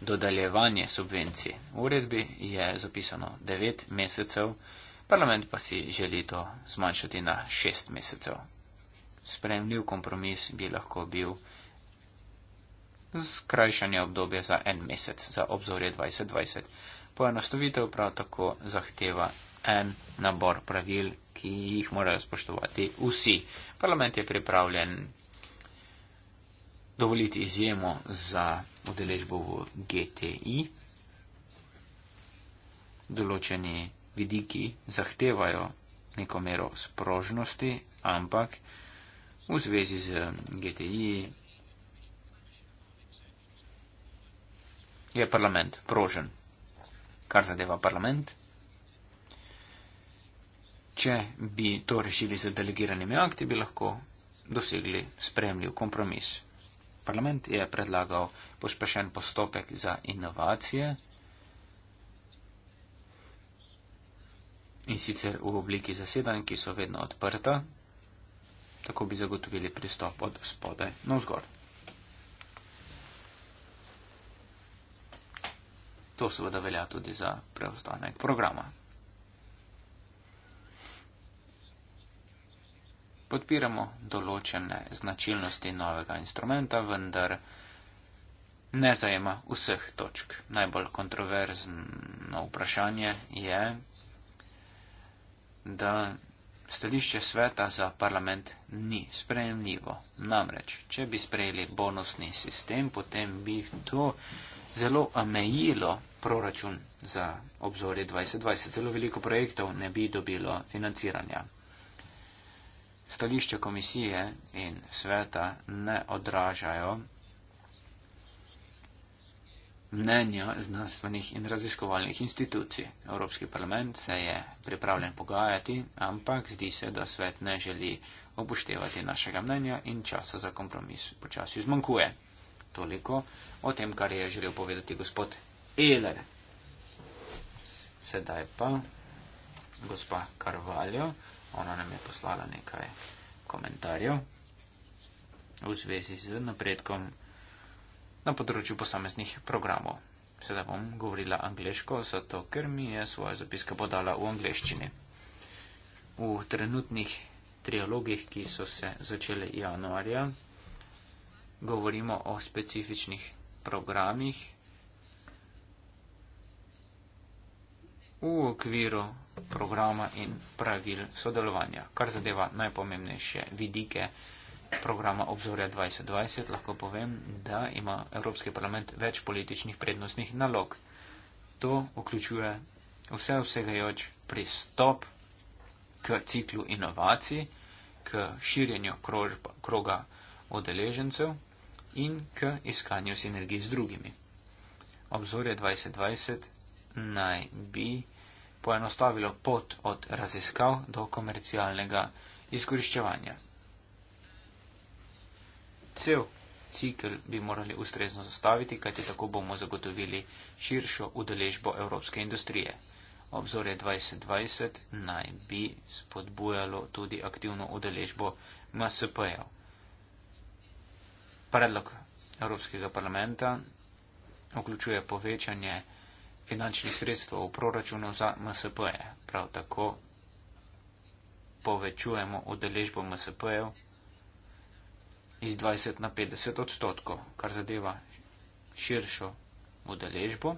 dodaljevanje subvencij. V uredbi je zapisano 9 mesecev, parlament pa si želi to zmanjšati na 6 mesecev. Spremljiv kompromis bi lahko bil skrajšanje obdobja za en mesec za obzorje 2020. Poenostavitev prav tako zahteva en nabor pravil, ki jih morajo spoštovati vsi. Parlament je pripravljen dovoliti izjemo za udeležbo v GTI. Določeni vidiki zahtevajo neko mero sprožnosti, ampak v zvezi z GTI je parlament prožen. Kar zadeva parlament, če bi to rešili z delegiranimi akti, bi lahko dosegli spremljiv kompromis. Parlament je predlagal pospešen postopek za inovacije in sicer v obliki zasedanj, ki so vedno odprta, tako bi zagotovili pristop od spode navzgor. To seveda velja tudi za preostanek programa. podpiramo določene značilnosti novega instrumenta, vendar ne zajema vseh točk. Najbolj kontroverzno vprašanje je, da stališče sveta za parlament ni sprejemljivo. Namreč, če bi sprejeli bonusni sistem, potem bi to zelo omejilo proračun za obzorje 2020. Zelo veliko projektov ne bi dobilo financiranja stališče komisije in sveta ne odražajo mnenja znanstvenih in raziskovalnih institucij. Evropski parlament se je pripravljen pogajati, ampak zdi se, da svet ne želi upoštevati našega mnenja in časa za kompromis počasi zmanjkuje. Toliko o tem, kar je želel povedati gospod Ehler. Sedaj pa gospa Karvaljo ona nam je poslala nekaj komentarjev v zvezi z napredkom na področju posameznih programov. Sedaj bom govorila angliško, zato ker mi je svoje zapiske podala v angliščini. V trenutnih trialogih, ki so se začele januarja, govorimo o specifičnih programih v okviru programa in pravil sodelovanja. Kar zadeva najpomembnejše vidike programa obzorja 2020, lahko povem, da ima Evropski parlament več političnih prednostnih nalog. To vključuje vse vsegajoč pristop k ciklu inovacij, k širjenju krožba, kroga odeležencev in k iskanju sinergij z drugimi. Obzorje 2020 naj bi poenostavilo pot od raziskav do komercialnega izkoriščevanja. Cel cikl bi morali ustrezno zastaviti, kajti tako bomo zagotovili širšo udeležbo evropske industrije. Obzorje 2020 naj bi spodbujalo tudi aktivno udeležbo MSP-jev. Predlog Evropskega parlamenta vključuje povečanje finančnih sredstev v proračunu za MSP-je. Prav tako povečujemo udeležbo MSP-jev iz 20 na 50 odstotkov, kar zadeva širšo udeležbo.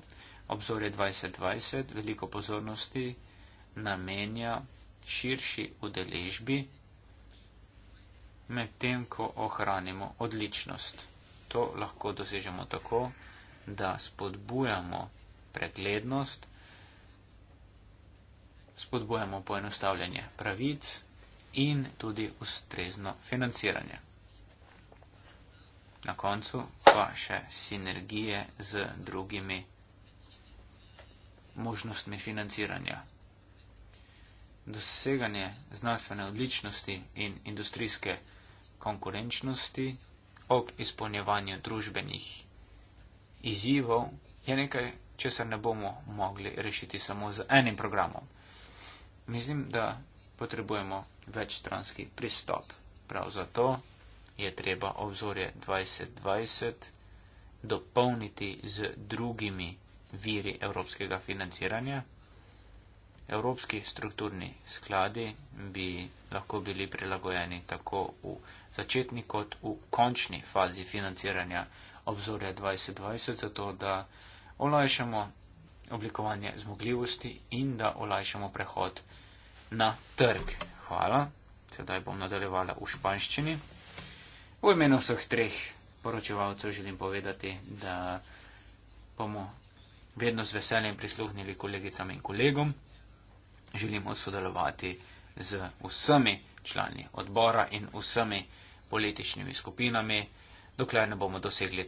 Obzorje 2020 veliko pozornosti namenja širši udeležbi, medtem ko ohranimo odličnost. To lahko dosežemo tako, da spodbujamo preglednost, spodbujamo poenostavljanje pravic in tudi ustrezno financiranje. Na koncu pa še sinergije z drugimi možnostmi financiranja. Doseganje znanstvene odličnosti in industrijske konkurenčnosti ob izpolnjevanju družbenih izzivov je nekaj, česar ne bomo mogli rešiti samo z enim programom. Mislim, da potrebujemo večstranski pristop. Prav zato je treba obzorje 2020 dopolniti z drugimi viri evropskega financiranja. Evropski strukturni skladi bi lahko bili prilagojeni tako v začetni kot v končni fazi financiranja obzorja 2020, zato da olajšamo oblikovanje zmogljivosti in da olajšamo prehod na trg. Hvala. Sedaj bom nadaljevala v španščini. V imenu vseh treh poročevalcev želim povedati, da bomo vedno z veseljem prisluhnili kolegicam in kolegom. Želimo sodelovati z vsemi člani odbora in vsemi političnimi skupinami, dokler ne bomo dosegli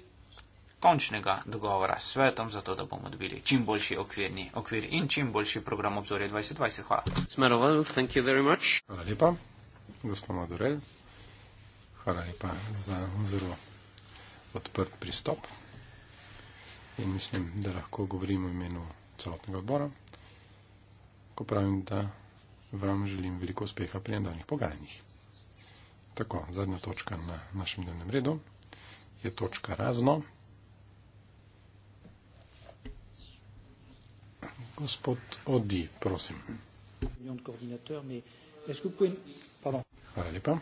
končnega dogovora s svetom, zato da bomo dobili čim boljši okvirni okvir in čim boljši program obzorja 2020. Hvala. Smerovel, thank you very much. Hvala lepa, gospod Madurel. Hvala lepa za zelo odprt pristop. In mislim, da lahko govorim v imenu celotnega odbora, ko pravim, da vam želim veliko uspeha pri nadaljnih pogajanjih. Tako, zadnja točka na našem dnevnem redu je točka razno. Gospod Odi, prosim. Hvala lepa.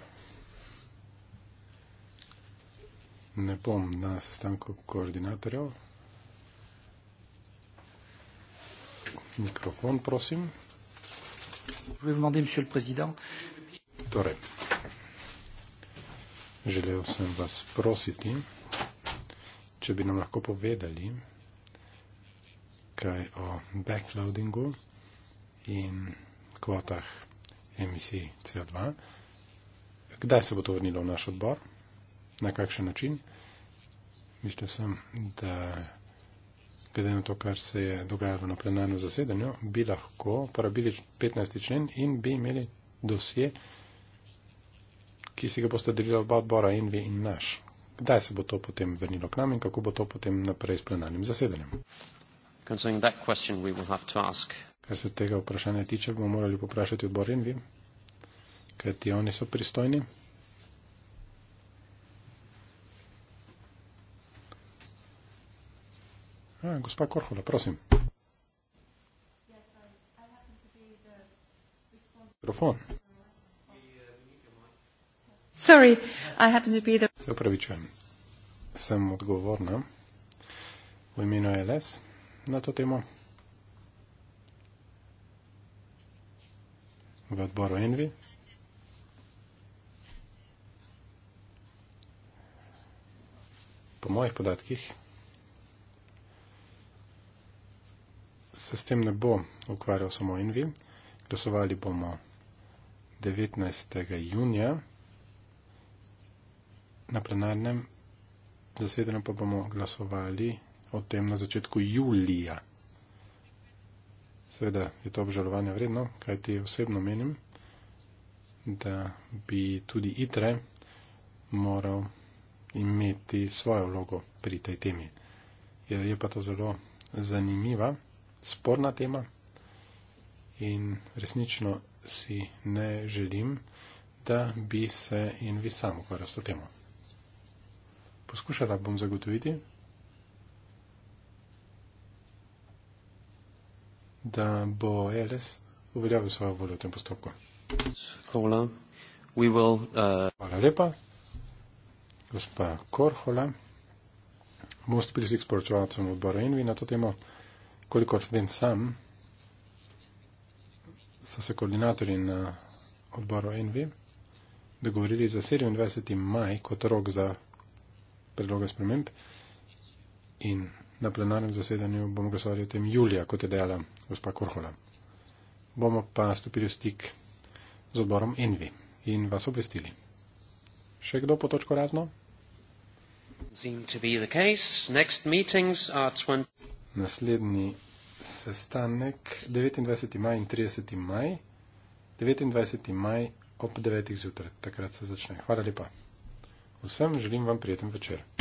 Ne bom na sestanku koordinatorjev. Mikrofon, prosim. Torej, želel sem vas prositi, če bi nam lahko povedali, nekaj o backloadingu in kvotah emisij CO2. Kdaj se bo to vrnilo v naš odbor? Na kakšen način? Mislil sem, da glede na to, kar se je dogajalo na plenarnem zasedanju, bi lahko uporabili 15. člen in bi imeli dosje, ki si ga boste delili oba odbora in vi in naš. Kdaj se bo to potem vrnilo k nam in kako bo to potem naprej s plenarnim zasedanjem? Concerning that question we will have to ask. Kar se tega vprašanja tiče, bomo morali poprašati odbor in vi, kaj ti oni so pristojni. A, gospa Korhola, prosim. Mikrofon. Sorry, I happen to be the... Se upravičujem. Sem odgovorna. V imenu LS na to temo v odboru Envi. Po mojih podatkih se s tem ne bo ukvarjal samo Envi. Glasovali bomo 19. junija na plenarnem zasedanju pa bomo glasovali o tem na začetku julija. Seveda je to obžalovanje vredno, kaj ti osebno menim, da bi tudi ITRE moral imeti svojo vlogo pri tej temi. Je pa to zelo zanimiva, sporna tema in resnično si ne želim, da bi se in vi sam ukvarjali s to temo. Poskušala bom zagotoviti, da bo LS uveljavil svojo voljo v tem postopku. Hvala. Will, uh... Hvala lepa. Gospa Korhola, most pri stik s poročevalcem odbora Envi na to temo, koliko vem sam, so se koordinatorji na odboru Envi dogovorili za 27. maj kot rok za predloge sprememb in na plenarnem zasedanju bomo glasovali o tem julija, kot je dejala gospa Korhola. Bomo pa stopili v stik z odborom Envi in vas obvestili. Še kdo po točko razno? To Naslednji sestanek 29. maj in 30. maj. 29. maj ob 9. zjutraj. Takrat se začne. Hvala lepa. Vsem želim vam prijeten večer.